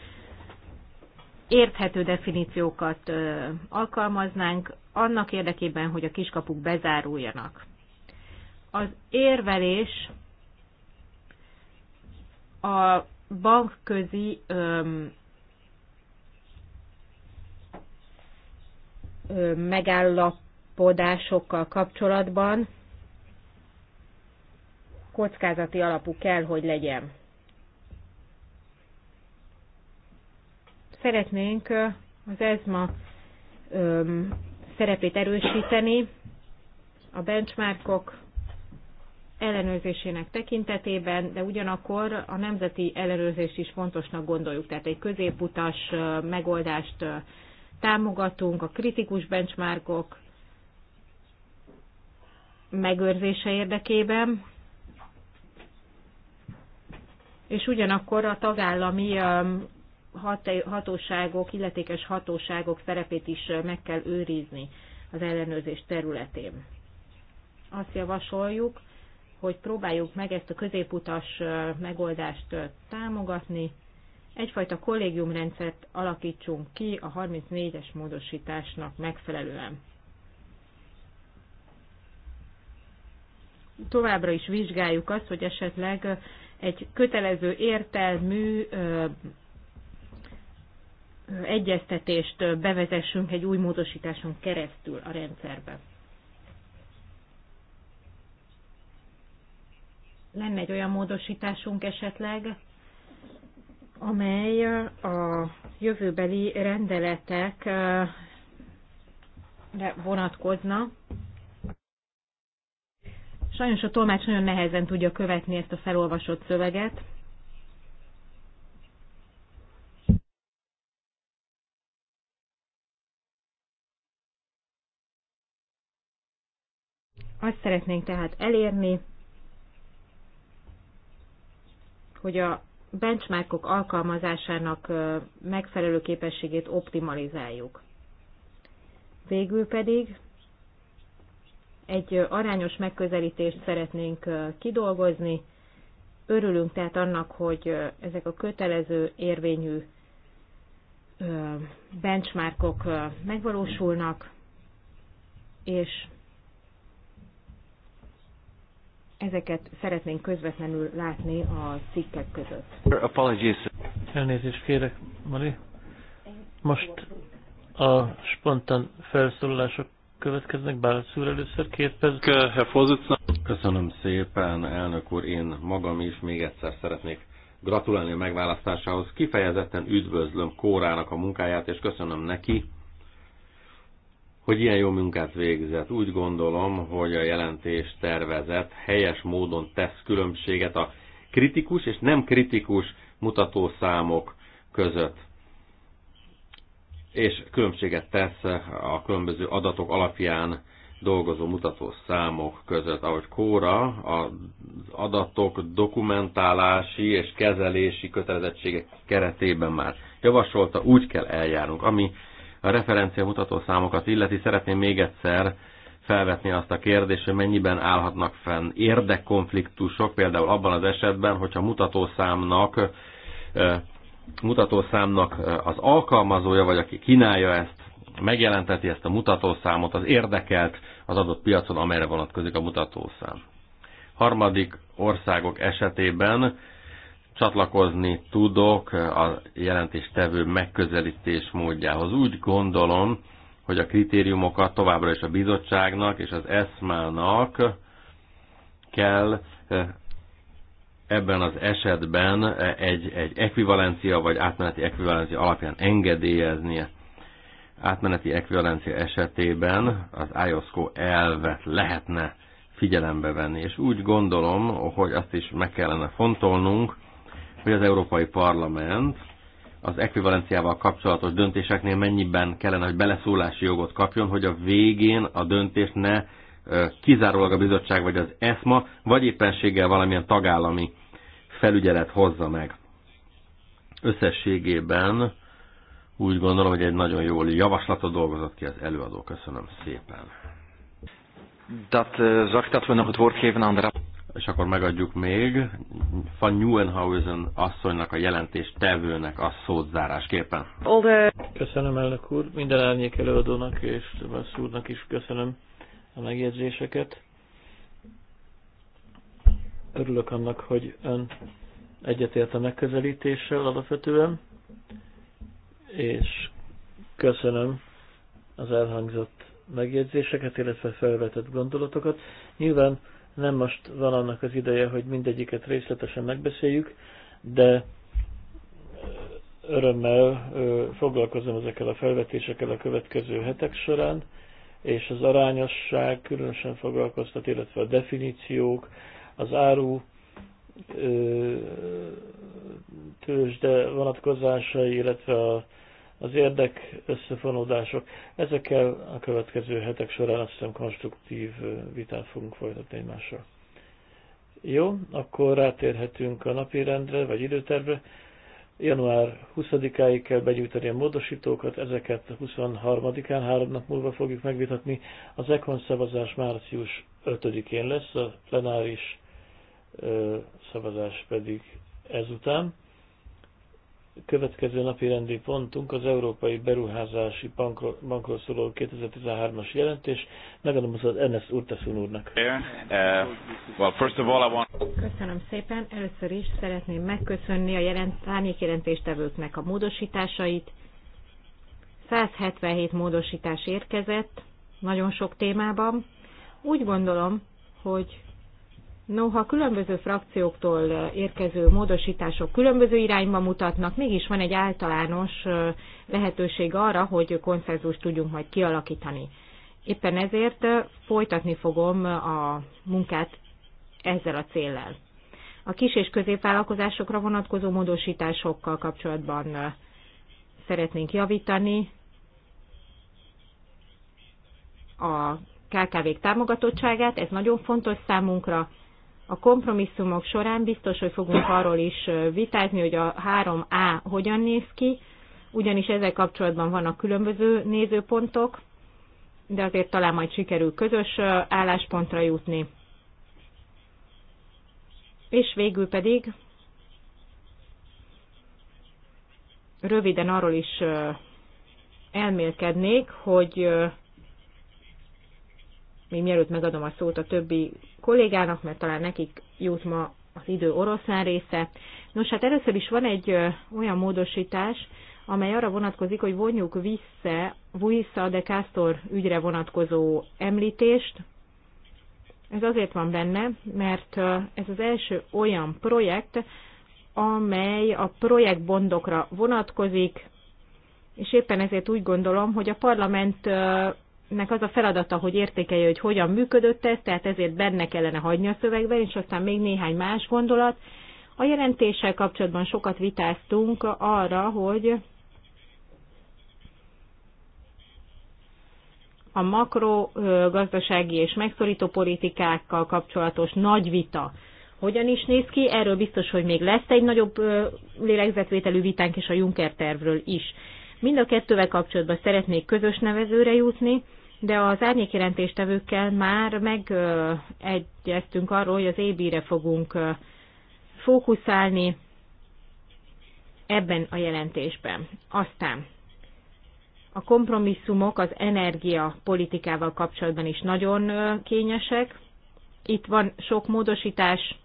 érthető definíciókat alkalmaznánk annak érdekében, hogy a kiskapuk bezáruljanak. Az érvelés a bankközi megállapodásokkal kapcsolatban kockázati alapú kell, hogy legyen. Szeretnénk az ESMA szerepét erősíteni a benchmarkok ellenőrzésének tekintetében, de ugyanakkor a nemzeti ellenőrzést is fontosnak gondoljuk. Tehát egy középutas megoldást támogatunk, a kritikus benchmarkok megőrzése érdekében, és ugyanakkor a tagállami hatóságok, illetékes hatóságok szerepét is meg kell őrizni az ellenőrzés területén. Azt javasoljuk, hogy próbáljuk meg ezt a középutas megoldást támogatni, egyfajta kollégiumrendszert alakítsunk ki a 34-es módosításnak megfelelően. Továbbra is vizsgáljuk azt, hogy esetleg egy kötelező értelmű egyeztetést bevezessünk egy új módosításon keresztül a rendszerbe. Lenne egy olyan módosításunk esetleg, amely a jövőbeli rendeletekre vonatkozna, Sajnos a tolmács nagyon nehezen tudja követni ezt a felolvasott szöveget. Azt szeretnénk tehát elérni, hogy a benchmarkok alkalmazásának megfelelő képességét optimalizáljuk. Végül pedig egy arányos megközelítést szeretnénk kidolgozni. Örülünk tehát annak, hogy ezek a kötelező érvényű benchmarkok megvalósulnak, és ezeket szeretnénk közvetlenül látni a cikkek között. Apologies. Elnézést kérek, Mari. Most a spontán felszólalások következnek, Bálszúr először két perc. Köszönöm szépen, elnök úr, én magam is még egyszer szeretnék gratulálni a megválasztásához. Kifejezetten üdvözlöm Kórának a munkáját, és köszönöm neki, hogy ilyen jó munkát végzett. Úgy gondolom, hogy a jelentés tervezet helyes módon tesz különbséget a kritikus és nem kritikus mutatószámok között és különbséget tesz a különböző adatok alapján dolgozó mutató számok között, ahogy Kóra az adatok dokumentálási és kezelési kötelezettségek keretében már javasolta, úgy kell eljárnunk. Ami a referencia mutató számokat illeti, szeretném még egyszer felvetni azt a kérdést, hogy mennyiben állhatnak fenn érdekkonfliktusok, például abban az esetben, hogyha mutatószámnak mutatószámnak eh, az alkalmazója, vagy aki kínálja ezt, megjelenteti ezt a mutatószámot, az érdekelt az adott piacon, amelyre vonatkozik a mutatószám. Harmadik országok esetében csatlakozni tudok a jelentéstevő megközelítés módjához. Úgy gondolom, hogy a kritériumokat továbbra is a bizottságnak és az eszmának nak kell eh, ebben az esetben egy, egy ekvivalencia vagy átmeneti ekvivalencia alapján engedélyeznie. Átmeneti ekvivalencia esetében az IOSCO elvet lehetne figyelembe venni, és úgy gondolom, hogy azt is meg kellene fontolnunk, hogy az Európai Parlament az ekvivalenciával kapcsolatos döntéseknél mennyiben kellene, hogy beleszólási jogot kapjon, hogy a végén a döntés ne kizárólag a bizottság vagy az ESMA, vagy éppenséggel valamilyen tagállami felügyelet hozza meg. Összességében úgy gondolom, hogy egy nagyon jól javaslatot dolgozott ki az előadó. Köszönöm szépen. Dat uh, zorgt dat we nog het woord geven aan de És akkor megadjuk még Van Newenhausen asszonynak, a jelentés tevőnek a szót zárásképpen. Köszönöm elnök úr, minden árnyék előadónak és Töbász úrnak is köszönöm a megjegyzéseket. Örülök annak, hogy ön egyetért a megközelítéssel alapvetően, és köszönöm az elhangzott megjegyzéseket, illetve felvetett gondolatokat. Nyilván nem most van annak az ideje, hogy mindegyiket részletesen megbeszéljük, de örömmel foglalkozom ezekkel a felvetésekkel a következő hetek során, és az arányosság különösen foglalkoztat, illetve a definíciók, az áru tőzsde vonatkozásai, illetve a, az érdek összefonódások. Ezekkel a következő hetek során azt hiszem konstruktív vitát fogunk folytatni egymással. Jó, akkor rátérhetünk a napi rendre, vagy időtervre január 20-áig kell begyűjteni a módosítókat, ezeket 23-án, három nap múlva fogjuk megvitatni. Az ECON szavazás március 5-én lesz, a plenáris ö, szavazás pedig ezután következő napi rendi pontunk az Európai Beruházási Bankról, szóló 2013-as jelentés. Megadom az Enes Urtasun úrnak. Uh, Köszönöm szépen. Először is szeretném megköszönni a jelent, árnyékjelentéstevőknek a módosításait. 177 módosítás érkezett, nagyon sok témában. Úgy gondolom, hogy Noha különböző frakcióktól eh, érkező módosítások különböző irányba mutatnak, mégis van egy általános eh, lehetőség arra, hogy konszenzust tudjunk majd kialakítani. Éppen ezért eh, folytatni fogom a munkát ezzel a céllel. A kis és középvállalkozásokra vonatkozó módosításokkal kapcsolatban szeretnénk javítani a KKV-k támogatottságát, ez nagyon fontos számunkra, a kompromisszumok során biztos, hogy fogunk arról is vitázni, hogy a 3A hogyan néz ki, ugyanis ezzel kapcsolatban vannak különböző nézőpontok, de azért talán majd sikerül közös álláspontra jutni. És végül pedig röviden arról is elmélkednék, hogy még mielőtt megadom a szót a többi kollégának, mert talán nekik jut ma az idő oroszlán része. Nos, hát először is van egy olyan módosítás, amely arra vonatkozik, hogy vonjuk vissza, vissza de Castor ügyre vonatkozó említést. Ez azért van benne, mert ez az első olyan projekt, amely a projektbondokra vonatkozik, és éppen ezért úgy gondolom, hogy a parlament nek az a feladata, hogy értékelje, hogy hogyan működött ez, tehát ezért benne kellene hagyni a szövegben, és aztán még néhány más gondolat. A jelentéssel kapcsolatban sokat vitáztunk arra, hogy a makrogazdasági és megszorító politikákkal kapcsolatos nagy vita hogyan is néz ki, erről biztos, hogy még lesz egy nagyobb lélegzetvételű vitánk is a Juncker tervről is. Mind a kettővel kapcsolatban szeretnék közös nevezőre jutni, de az árnyékjelentéstevőkkel már megegyeztünk arról, hogy az EB-re fogunk fókuszálni ebben a jelentésben. Aztán a kompromisszumok az energiapolitikával kapcsolatban is nagyon kényesek. Itt van sok módosítás.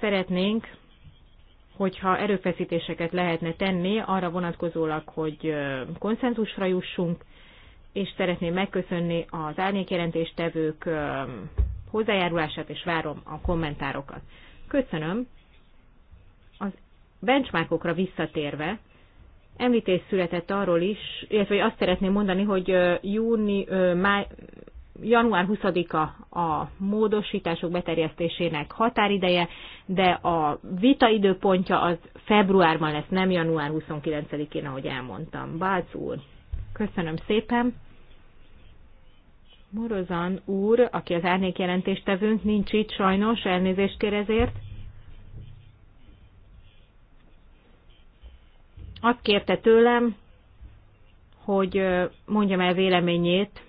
Szeretnénk, hogyha erőfeszítéseket lehetne tenni arra vonatkozólag, hogy konszenzusra jussunk, és szeretném megköszönni az árnyékjelentéstevők hozzájárulását, és várom a kommentárokat. Köszönöm. Az benchmarkokra visszatérve, említés született arról is, illetve azt szeretném mondani, hogy júni, máj, január 20-a a módosítások beterjesztésének határideje, de a vita időpontja az februárban lesz, nem január 29-én, ahogy elmondtam. Bálc úr! Köszönöm szépen. Morozan úr, aki az tevünk, nincs itt sajnos, elnézést kér ezért. Azt kérte tőlem, hogy mondjam el véleményét,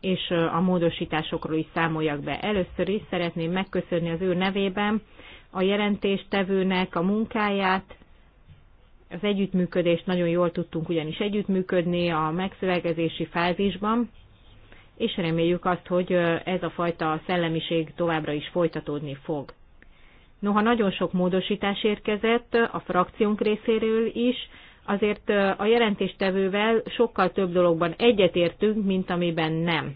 és a módosításokról is számoljak be. Először is szeretném megköszönni az ő nevében a jelentéstevőnek a munkáját, az együttműködést nagyon jól tudtunk ugyanis együttműködni a megszövegezési fázisban, és reméljük azt, hogy ez a fajta szellemiség továbbra is folytatódni fog. Noha nagyon sok módosítás érkezett a frakciónk részéről is, azért a jelentéstevővel sokkal több dologban egyetértünk, mint amiben nem.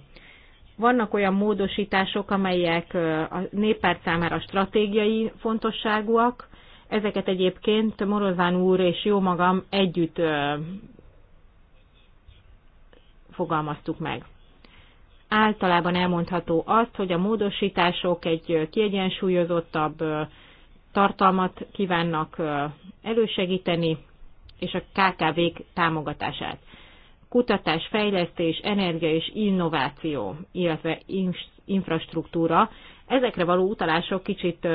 Vannak olyan módosítások, amelyek a néppárt számára stratégiai fontosságúak, Ezeket egyébként Morozán úr és jó magam együtt fogalmaztuk meg. Általában elmondható azt, hogy a módosítások egy kiegyensúlyozottabb tartalmat kívánnak elősegíteni, és a KKV-k támogatását. Kutatás, fejlesztés, energia és innováció, illetve infrastruktúra. Ezekre való utalások kicsit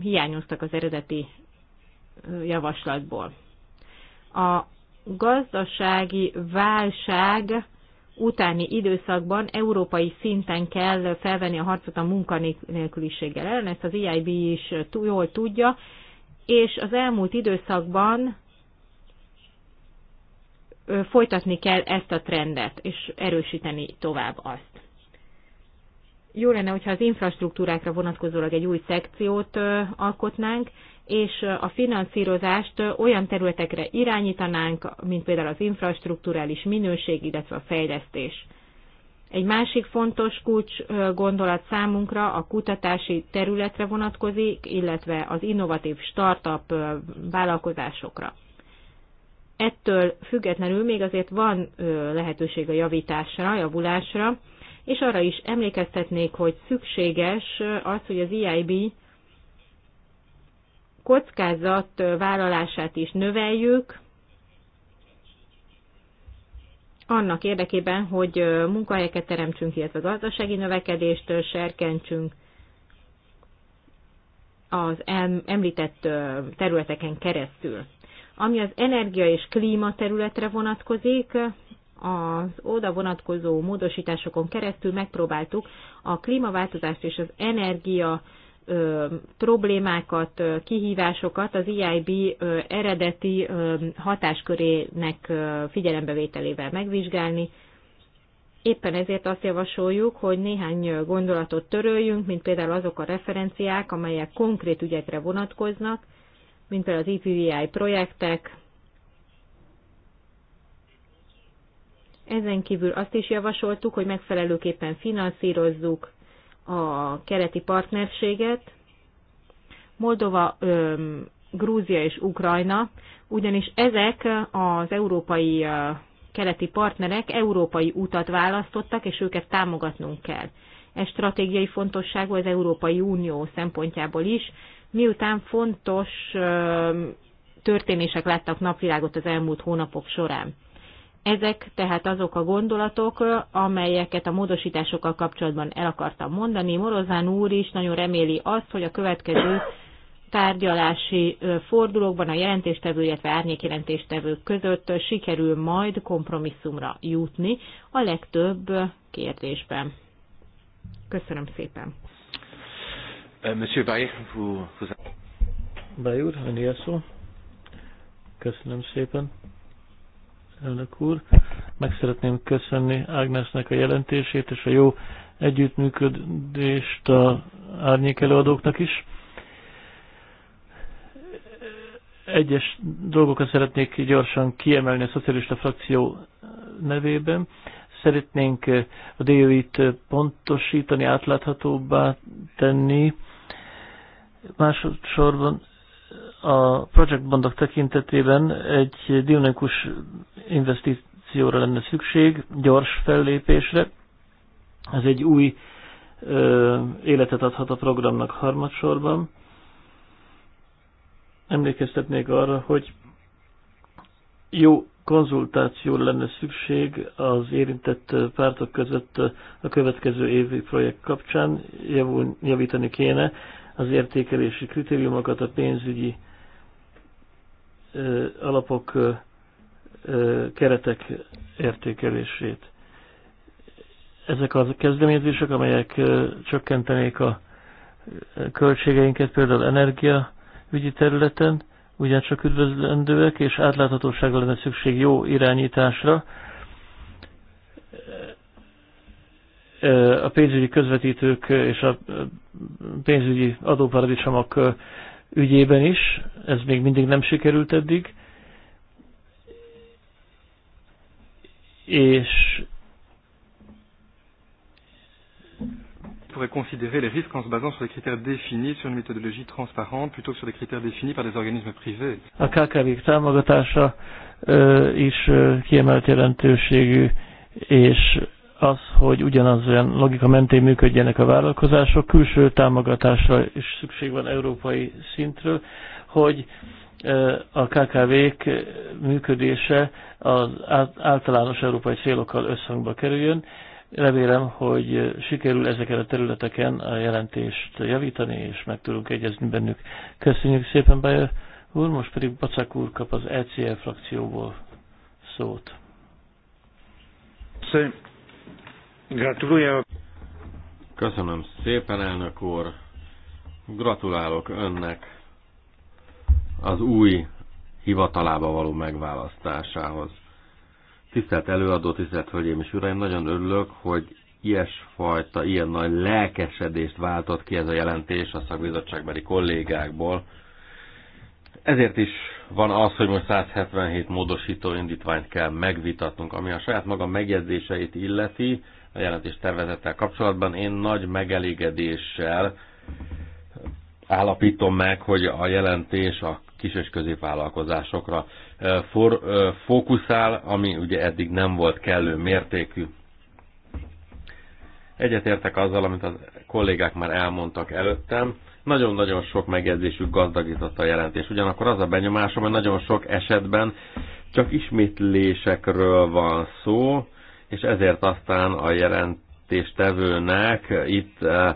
hiányoztak az eredeti javaslatból. A gazdasági válság utáni időszakban európai szinten kell felvenni a harcot a munkanélküliséggel ellen, ezt az EIB is jól tudja, és az elmúlt időszakban folytatni kell ezt a trendet, és erősíteni tovább azt jó lenne, hogyha az infrastruktúrákra vonatkozólag egy új szekciót alkotnánk, és a finanszírozást olyan területekre irányítanánk, mint például az infrastruktúrális minőség, illetve a fejlesztés. Egy másik fontos kulcs gondolat számunkra a kutatási területre vonatkozik, illetve az innovatív startup vállalkozásokra. Ettől függetlenül még azért van lehetőség a javításra, javulásra, és arra is emlékeztetnék, hogy szükséges az, hogy az EIB kockázat vállalását is növeljük, annak érdekében, hogy munkahelyeket teremtsünk, illetve gazdasági növekedést serkentsünk az említett területeken keresztül. Ami az energia és klíma területre vonatkozik, az oda vonatkozó módosításokon keresztül megpróbáltuk a klímaváltozást és az energia problémákat, kihívásokat az EIB eredeti hatáskörének figyelembevételével megvizsgálni. Éppen ezért azt javasoljuk, hogy néhány gondolatot töröljünk, mint például azok a referenciák, amelyek konkrét ügyekre vonatkoznak, mint például az IPVI projektek, Ezen kívül azt is javasoltuk, hogy megfelelőképpen finanszírozzuk a keleti partnerséget. Moldova, Grúzia és Ukrajna, ugyanis ezek az európai keleti partnerek európai utat választottak, és őket támogatnunk kell. Ez stratégiai fontosságú az Európai Unió szempontjából is, miután fontos történések láttak napvilágot az elmúlt hónapok során. Ezek tehát azok a gondolatok, amelyeket a módosításokkal kapcsolatban el akartam mondani. Morozán úr is nagyon reméli azt, hogy a következő tárgyalási fordulókban a jelentéstevő, illetve árnyékjelentéstevők között sikerül majd kompromisszumra jutni a legtöbb kérdésben. Köszönöm szépen. Euh, Monsieur Bay, vous... Bay úr, szó. Köszönöm szépen elnök úr. Meg szeretném köszönni Ágnesnek a jelentését és a jó együttműködést a árnyék előadóknak is. Egyes dolgokat szeretnék gyorsan kiemelni a szocialista frakció nevében. Szeretnénk a DOI-t pontosítani, átláthatóbbá tenni. Másodszorban a project bondok tekintetében egy dinamikus investícióra lenne szükség, gyors fellépésre. Ez egy új ö, életet adhat a programnak harmadsorban. Emlékeztetnék arra, hogy jó konzultáció lenne szükség az érintett pártok között a következő évi projekt kapcsán, javul, javítani kéne az értékelési kritériumokat, a pénzügyi alapok keretek értékelését. Ezek a kezdeményezések, amelyek csökkentenék a költségeinket például energia ügyi területen, ugyancsak üdvözlendőek, és átláthatóságra lenne szükség jó irányításra. A pénzügyi közvetítők és a pénzügyi adóparadicsomok ügyében is, ez még mindig nem sikerült eddig, és pourrait considérer les risques en se basant sur des critères définis, sur une méthodologie transparente, plutôt que sur des critères définis par des organismes privés. A KKV támogatása uh, is uh, kiemelt jelentőségű, és az, hogy ugyanaz olyan logika mentén működjenek a vállalkozások, külső támogatásra is szükség van európai szintről, hogy e, a KKV-k működése az általános európai célokkal összhangba kerüljön. Remélem, hogy sikerül ezeken a területeken a jelentést javítani, és meg tudunk egyezni bennük. Köszönjük szépen, Bajer úr, most pedig Bacak úr kap az ECL frakcióból szót. Gratulujok! Köszönöm szépen, elnök úr! Gratulálok önnek az új hivatalába való megválasztásához. Tisztelt előadó, tisztelt hölgyeim és uraim, nagyon örülök, hogy ilyesfajta, ilyen nagy lelkesedést váltott ki ez a jelentés a szakbizottságbeli kollégákból. Ezért is van az, hogy most 177 módosító indítványt kell megvitatnunk, ami a saját maga megjegyzéseit illeti a jelentés tervezettel kapcsolatban. Én nagy megelégedéssel állapítom meg, hogy a jelentés a kis és középvállalkozásokra for, fókuszál, ami ugye eddig nem volt kellő mértékű. Egyetértek azzal, amit a kollégák már elmondtak előttem. Nagyon-nagyon sok megjegyzésük gazdagította a jelentés. Ugyanakkor az a benyomásom, hogy nagyon sok esetben csak ismétlésekről van szó, és ezért aztán a jelentéstevőnek itt eh,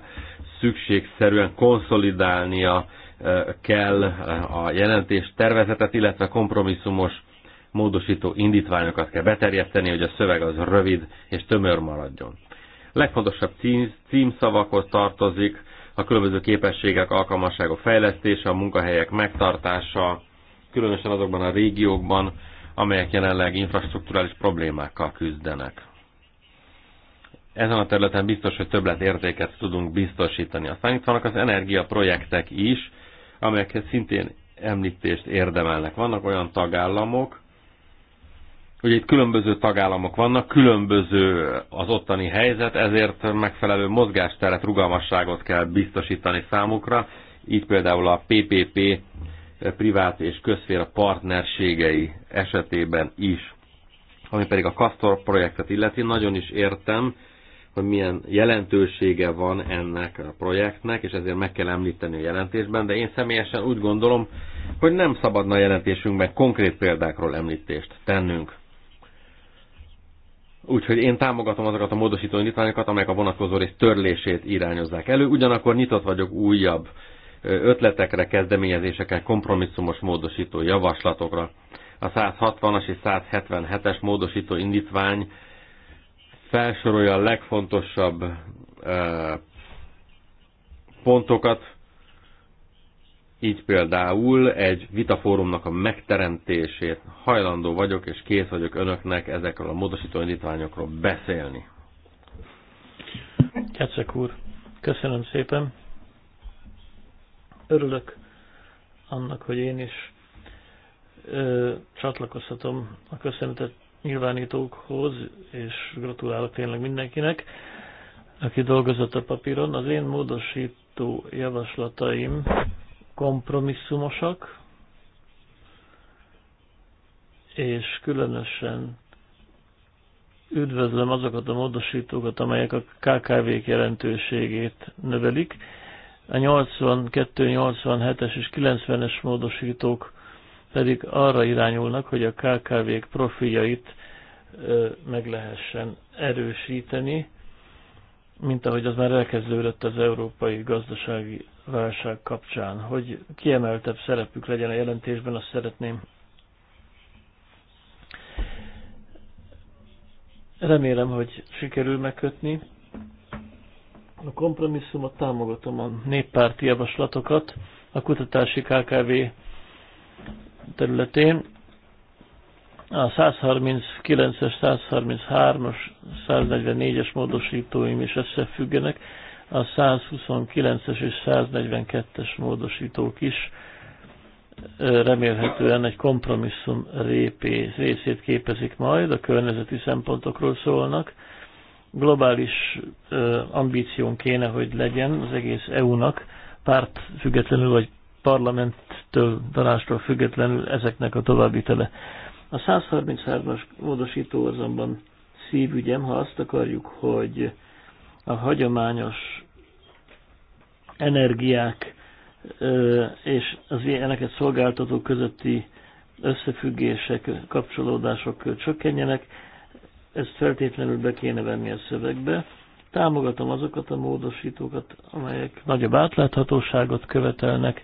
szükségszerűen konszolidálnia eh, kell eh, a jelentés tervezetet, illetve kompromisszumos módosító indítványokat kell beterjeszteni, hogy a szöveg az rövid és tömör maradjon. Legfontosabb cím, címszavakhoz tartozik a különböző képességek, alkalmasságok fejlesztése, a munkahelyek megtartása, különösen azokban a régiókban, amelyek jelenleg infrastruktúrális problémákkal küzdenek. Ezen a területen biztos, hogy többletértéket tudunk biztosítani. Aztán itt vannak az energiaprojektek is, amelyekhez szintén említést érdemelnek. Vannak olyan tagállamok, hogy itt különböző tagállamok vannak, különböző az ottani helyzet, ezért megfelelő mozgásteret, rugalmasságot kell biztosítani számukra. Így például a PPP privát és közféra partnerségei esetében is. Ami pedig a Castor projektet illeti, nagyon is értem, hogy milyen jelentősége van ennek a projektnek, és ezért meg kell említeni a jelentésben, de én személyesen úgy gondolom, hogy nem szabadna a jelentésünkben konkrét példákról említést tennünk. Úgyhogy én támogatom azokat a módosító indítványokat, amelyek a vonatkozó rész törlését irányozzák elő, ugyanakkor nyitott vagyok újabb ötletekre, kezdeményezésekre, kompromisszumos módosító javaslatokra. A 160-as és 177-es módosító indítvány felsorolja a legfontosabb eh, pontokat, így például egy vitafórumnak a megteremtését hajlandó vagyok, és kész vagyok önöknek ezekről a módosító indítványokról beszélni. Kecek úr, köszönöm szépen. Örülök annak, hogy én is ö, csatlakozhatom a köszönetet nyilvánítókhoz, és gratulálok tényleg mindenkinek, aki dolgozott a papíron. Az én módosító javaslataim kompromisszumosak, és különösen üdvözlöm azokat a módosítókat, amelyek a KKV-k jelentőségét növelik, a 82, 87-es és 90-es módosítók pedig arra irányulnak, hogy a KKV-k profiljait meg lehessen erősíteni, mint ahogy az már elkezdődött az európai gazdasági válság kapcsán. Hogy kiemeltebb szerepük legyen a jelentésben, azt szeretném. Remélem, hogy sikerül megkötni a kompromisszumot támogatom a néppárti javaslatokat a kutatási KKV területén. A 139-es, 133-as, 144-es módosítóim is összefüggenek, a 129-es és 142-es módosítók is remélhetően egy kompromisszum répé, részét képezik majd, a környezeti szempontokról szólnak, globális ambíción kéne, hogy legyen az egész EU-nak, párt függetlenül vagy parlamenttől, tanástól függetlenül ezeknek a továbbitele. A 133-as módosító azonban szívügyem, ha azt akarjuk, hogy a hagyományos energiák és az ilyeneket szolgáltatók közötti összefüggések, kapcsolódások csökkenjenek, ezt feltétlenül be kéne venni a szövegbe. Támogatom azokat a módosítókat, amelyek nagyobb átláthatóságot követelnek,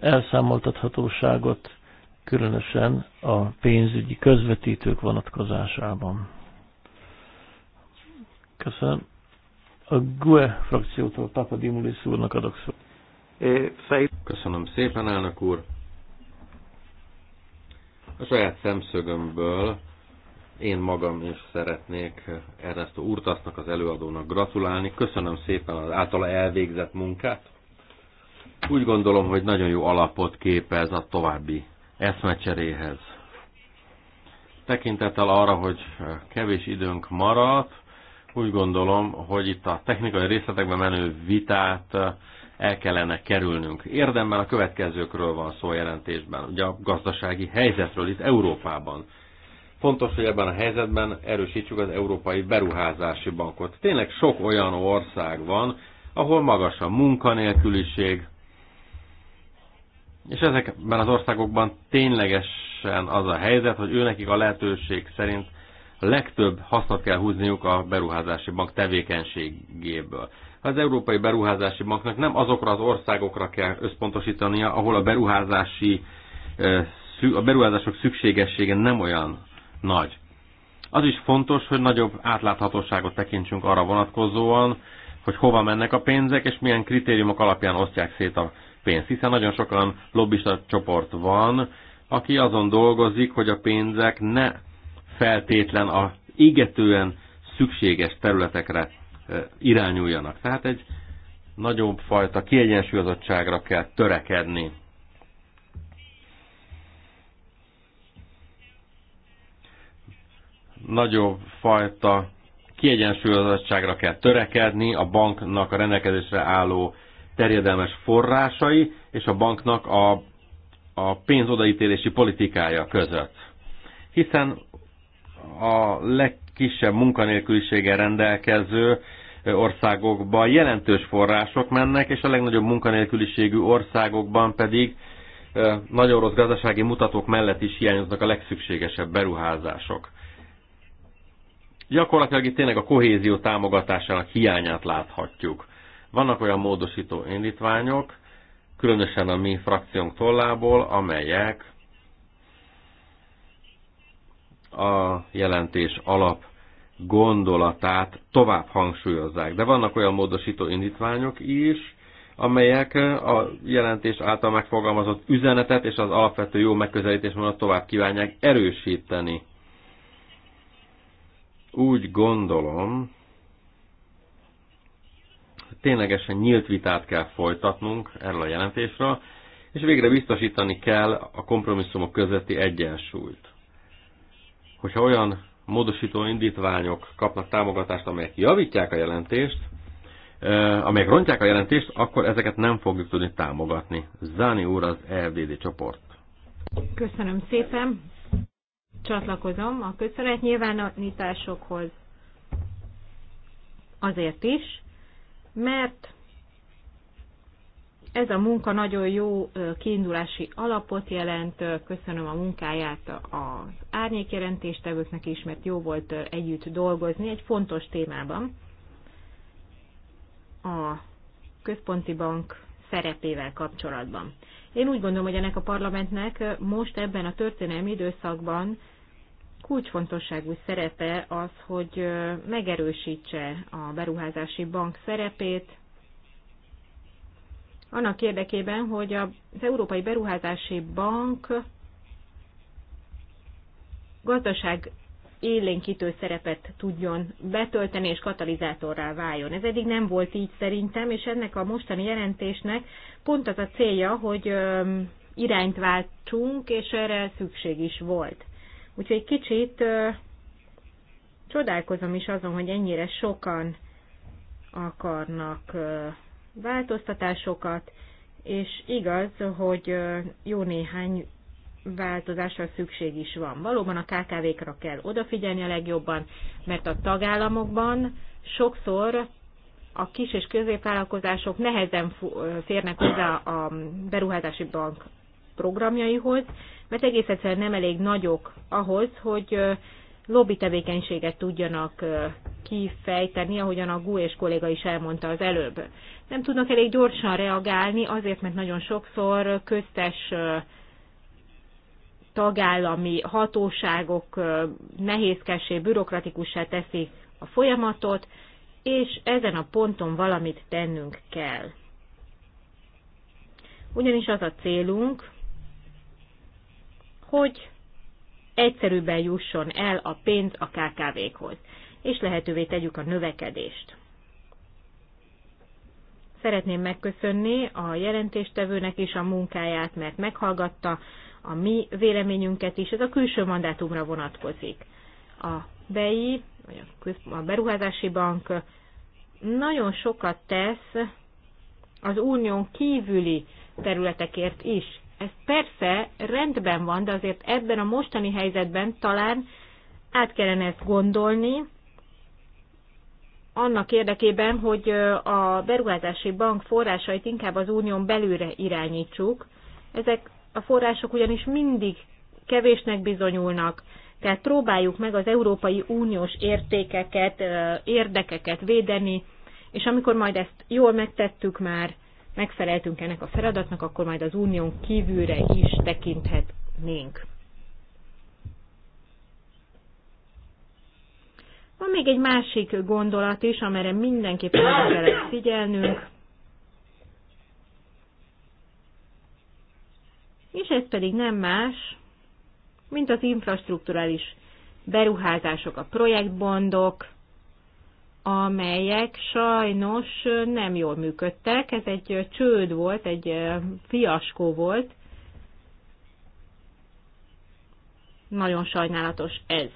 elszámoltathatóságot, különösen a pénzügyi közvetítők vonatkozásában. Köszönöm. A GUE frakciótól Takadimulis úrnak adok szót. Köszönöm szépen, elnök úr. A saját szemszögömből én magam is szeretnék Ernesto Urtasznak, az előadónak gratulálni. Köszönöm szépen az általa elvégzett munkát. Úgy gondolom, hogy nagyon jó alapot képez a további eszmecseréhez. Tekintettel arra, hogy kevés időnk maradt, úgy gondolom, hogy itt a technikai részletekbe menő vitát el kellene kerülnünk. Érdemben a következőkről van szó jelentésben, ugye a gazdasági helyzetről itt Európában. Fontos, hogy ebben a helyzetben erősítsük az Európai Beruházási Bankot. Tényleg sok olyan ország van, ahol magas a munkanélküliség, és ezekben az országokban ténylegesen az a helyzet, hogy őnekik a lehetőség szerint a legtöbb hasznot kell húzniuk a beruházási bank tevékenységéből. Az Európai Beruházási Banknak nem azokra az országokra kell összpontosítania, ahol a beruházási eh, a beruházások szükségessége nem olyan nagy. Az is fontos, hogy nagyobb átláthatóságot tekintsünk arra vonatkozóan, hogy hova mennek a pénzek, és milyen kritériumok alapján osztják szét a pénzt. Hiszen nagyon sokan lobbista csoport van, aki azon dolgozik, hogy a pénzek ne feltétlen a égetően szükséges területekre irányuljanak. Tehát egy nagyobb fajta kiegyensúlyozottságra kell törekedni. nagyobb fajta kiegyensúlyozottságra kell törekedni, a banknak a rendelkezésre álló terjedelmes forrásai és a banknak a, a pénzodaítélési politikája között. Hiszen a legkisebb munkanélküliséggel rendelkező országokban jelentős források mennek, és a legnagyobb munkanélküliségű országokban pedig nagyon rossz gazdasági mutatók mellett is hiányoznak a legszükségesebb beruházások. Gyakorlatilag itt tényleg a kohézió támogatásának hiányát láthatjuk. Vannak olyan módosító indítványok, különösen a mi frakciónk tollából, amelyek a jelentés alap gondolatát tovább hangsúlyozzák. De vannak olyan módosító indítványok is, amelyek a jelentés által megfogalmazott üzenetet és az alapvető jó megközelítés vonat tovább kívánják erősíteni. Úgy gondolom, ténylegesen nyílt vitát kell folytatnunk erről a jelentésről, és végre biztosítani kell a kompromisszumok közötti egyensúlyt. Hogyha olyan módosító indítványok kapnak támogatást, amelyek javítják a jelentést, amelyek rontják a jelentést, akkor ezeket nem fogjuk tudni támogatni. Záni úr az RDD csoport. Köszönöm szépen csatlakozom a köszönet nyilvánításokhoz azért is, mert ez a munka nagyon jó kiindulási alapot jelent. Köszönöm a munkáját az árnyékjelentéstevőknek is, mert jó volt együtt dolgozni egy fontos témában. A központi bank szerepével kapcsolatban. Én úgy gondolom, hogy ennek a parlamentnek most ebben a történelmi időszakban kulcsfontosságú szerepe az, hogy megerősítse a beruházási bank szerepét, annak érdekében, hogy az Európai Beruházási Bank gazdaság élénkítő szerepet tudjon betölteni és katalizátorrá váljon. Ez eddig nem volt így szerintem, és ennek a mostani jelentésnek pont az a célja, hogy irányt váltsunk, és erre szükség is volt. Úgyhogy kicsit csodálkozom is azon, hogy ennyire sokan akarnak változtatásokat, és igaz, hogy jó néhány változásra szükség is van. Valóban a KKV-kra kell odafigyelni a legjobban, mert a tagállamokban sokszor a kis és középvállalkozások nehezen férnek hozzá a beruházási bank programjaihoz, mert egész egyszerűen nem elég nagyok ahhoz, hogy lobby tevékenységet tudjanak kifejteni, ahogyan a GU és kolléga is elmondta az előbb. Nem tudnak elég gyorsan reagálni, azért, mert nagyon sokszor köztes tagállami hatóságok nehézkessé, bürokratikussá teszi a folyamatot, és ezen a ponton valamit tennünk kell. Ugyanis az a célunk, hogy egyszerűbben jusson el a pénz a KKV-khoz, és lehetővé tegyük a növekedést. Szeretném megköszönni a jelentéstevőnek is a munkáját, mert meghallgatta a mi véleményünket is. Ez a külső mandátumra vonatkozik. A BEI, vagy a Beruházási Bank nagyon sokat tesz az unión kívüli területekért is. Ez persze rendben van, de azért ebben a mostani helyzetben talán át kellene ezt gondolni, annak érdekében, hogy a beruházási bank forrásait inkább az unión belülre irányítsuk. Ezek a források ugyanis mindig kevésnek bizonyulnak, tehát próbáljuk meg az Európai Uniós értékeket, érdekeket védeni, és amikor majd ezt jól megtettük már, megfeleltünk ennek a feladatnak, akkor majd az unión kívülre is tekinthetnénk. Van még egy másik gondolat is, amire mindenképpen oda kellett figyelnünk. És ez pedig nem más, mint az infrastruktúrális beruházások, a projektbondok, amelyek sajnos nem jól működtek. Ez egy csőd volt, egy fiaskó volt. Nagyon sajnálatos ez.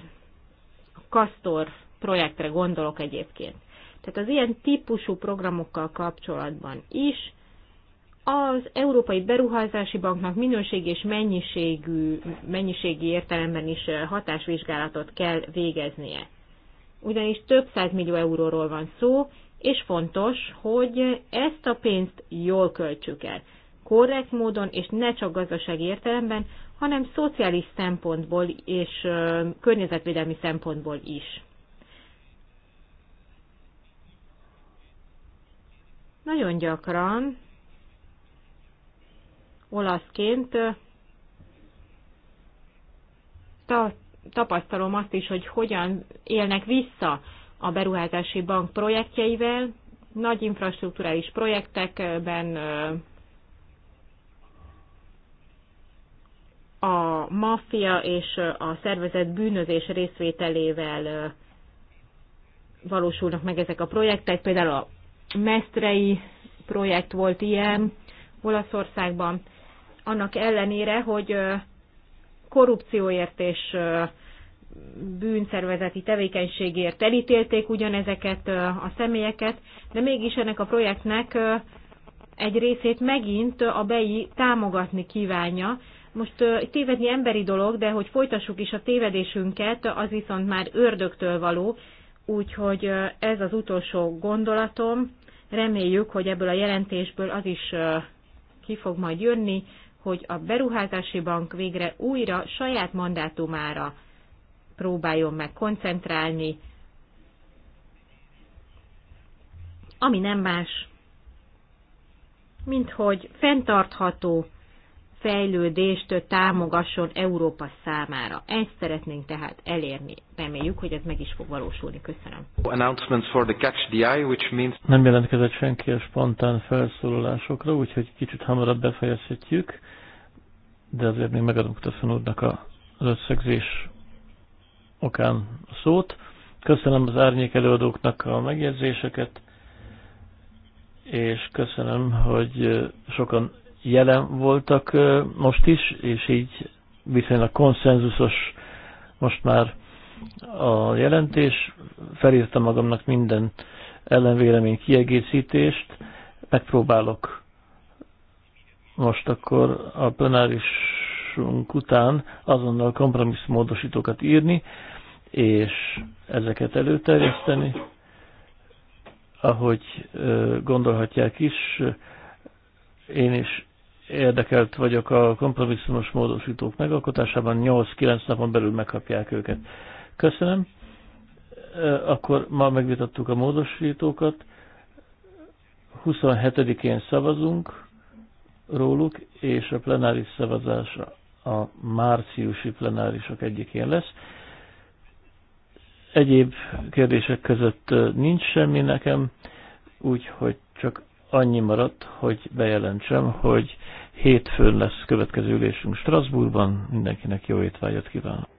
A Kastor projektre gondolok egyébként. Tehát az ilyen típusú programokkal kapcsolatban is az Európai Beruházási Banknak minőség és mennyiségű, mennyiségi értelemben is hatásvizsgálatot kell végeznie ugyanis több millió euróról van szó, és fontos, hogy ezt a pénzt jól költsük el. Korrekt módon, és ne csak gazdasági értelemben, hanem szociális szempontból és környezetvédelmi szempontból is. Nagyon gyakran olaszként tapasztalom azt is, hogy hogyan élnek vissza a beruházási bank projektjeivel, nagy infrastruktúrális projektekben a maffia és a szervezet bűnözés részvételével valósulnak meg ezek a projektek. Például a Mestrei projekt volt ilyen Olaszországban. Annak ellenére, hogy korrupcióért és bűnszervezeti tevékenységért elítélték ugyanezeket a személyeket, de mégis ennek a projektnek egy részét megint a BEI támogatni kívánja. Most tévedni emberi dolog, de hogy folytassuk is a tévedésünket, az viszont már ördögtől való, úgyhogy ez az utolsó gondolatom. Reméljük, hogy ebből a jelentésből az is ki fog majd jönni, hogy a beruházási bank végre újra saját mandátumára próbáljon meg koncentrálni, ami nem más, mint hogy fenntartható fejlődést támogasson Európa számára. Ezt szeretnénk tehát elérni. Reméljük, hogy ez meg is fog valósulni. Köszönöm. Nem jelentkezett senki a spontán felszólalásokra, úgyhogy kicsit hamarabb befejezhetjük, de azért még megadunk Tasson úrnak az összegzés okán a szót. Köszönöm az árnyék előadóknak a megjegyzéseket, és köszönöm, hogy sokan jelen voltak most is, és így viszonylag konszenzusos most már a jelentés. Felírtam magamnak minden ellenvélemény kiegészítést. Megpróbálok most akkor a plenárisunk után azonnal kompromisszumódosítókat írni, és ezeket előterjeszteni. Ahogy gondolhatják is, én is érdekelt vagyok a kompromisszumos módosítók megalkotásában, 8-9 napon belül megkapják őket. Köszönöm. Akkor ma megvitattuk a módosítókat. 27-én szavazunk róluk, és a plenáris szavazás a márciusi plenárisok egyikén lesz. Egyéb kérdések között nincs semmi nekem, úgyhogy csak annyi maradt, hogy bejelentsem, hogy hétfőn lesz következő ülésünk Strasbourgban. Mindenkinek jó étvágyat kívánok!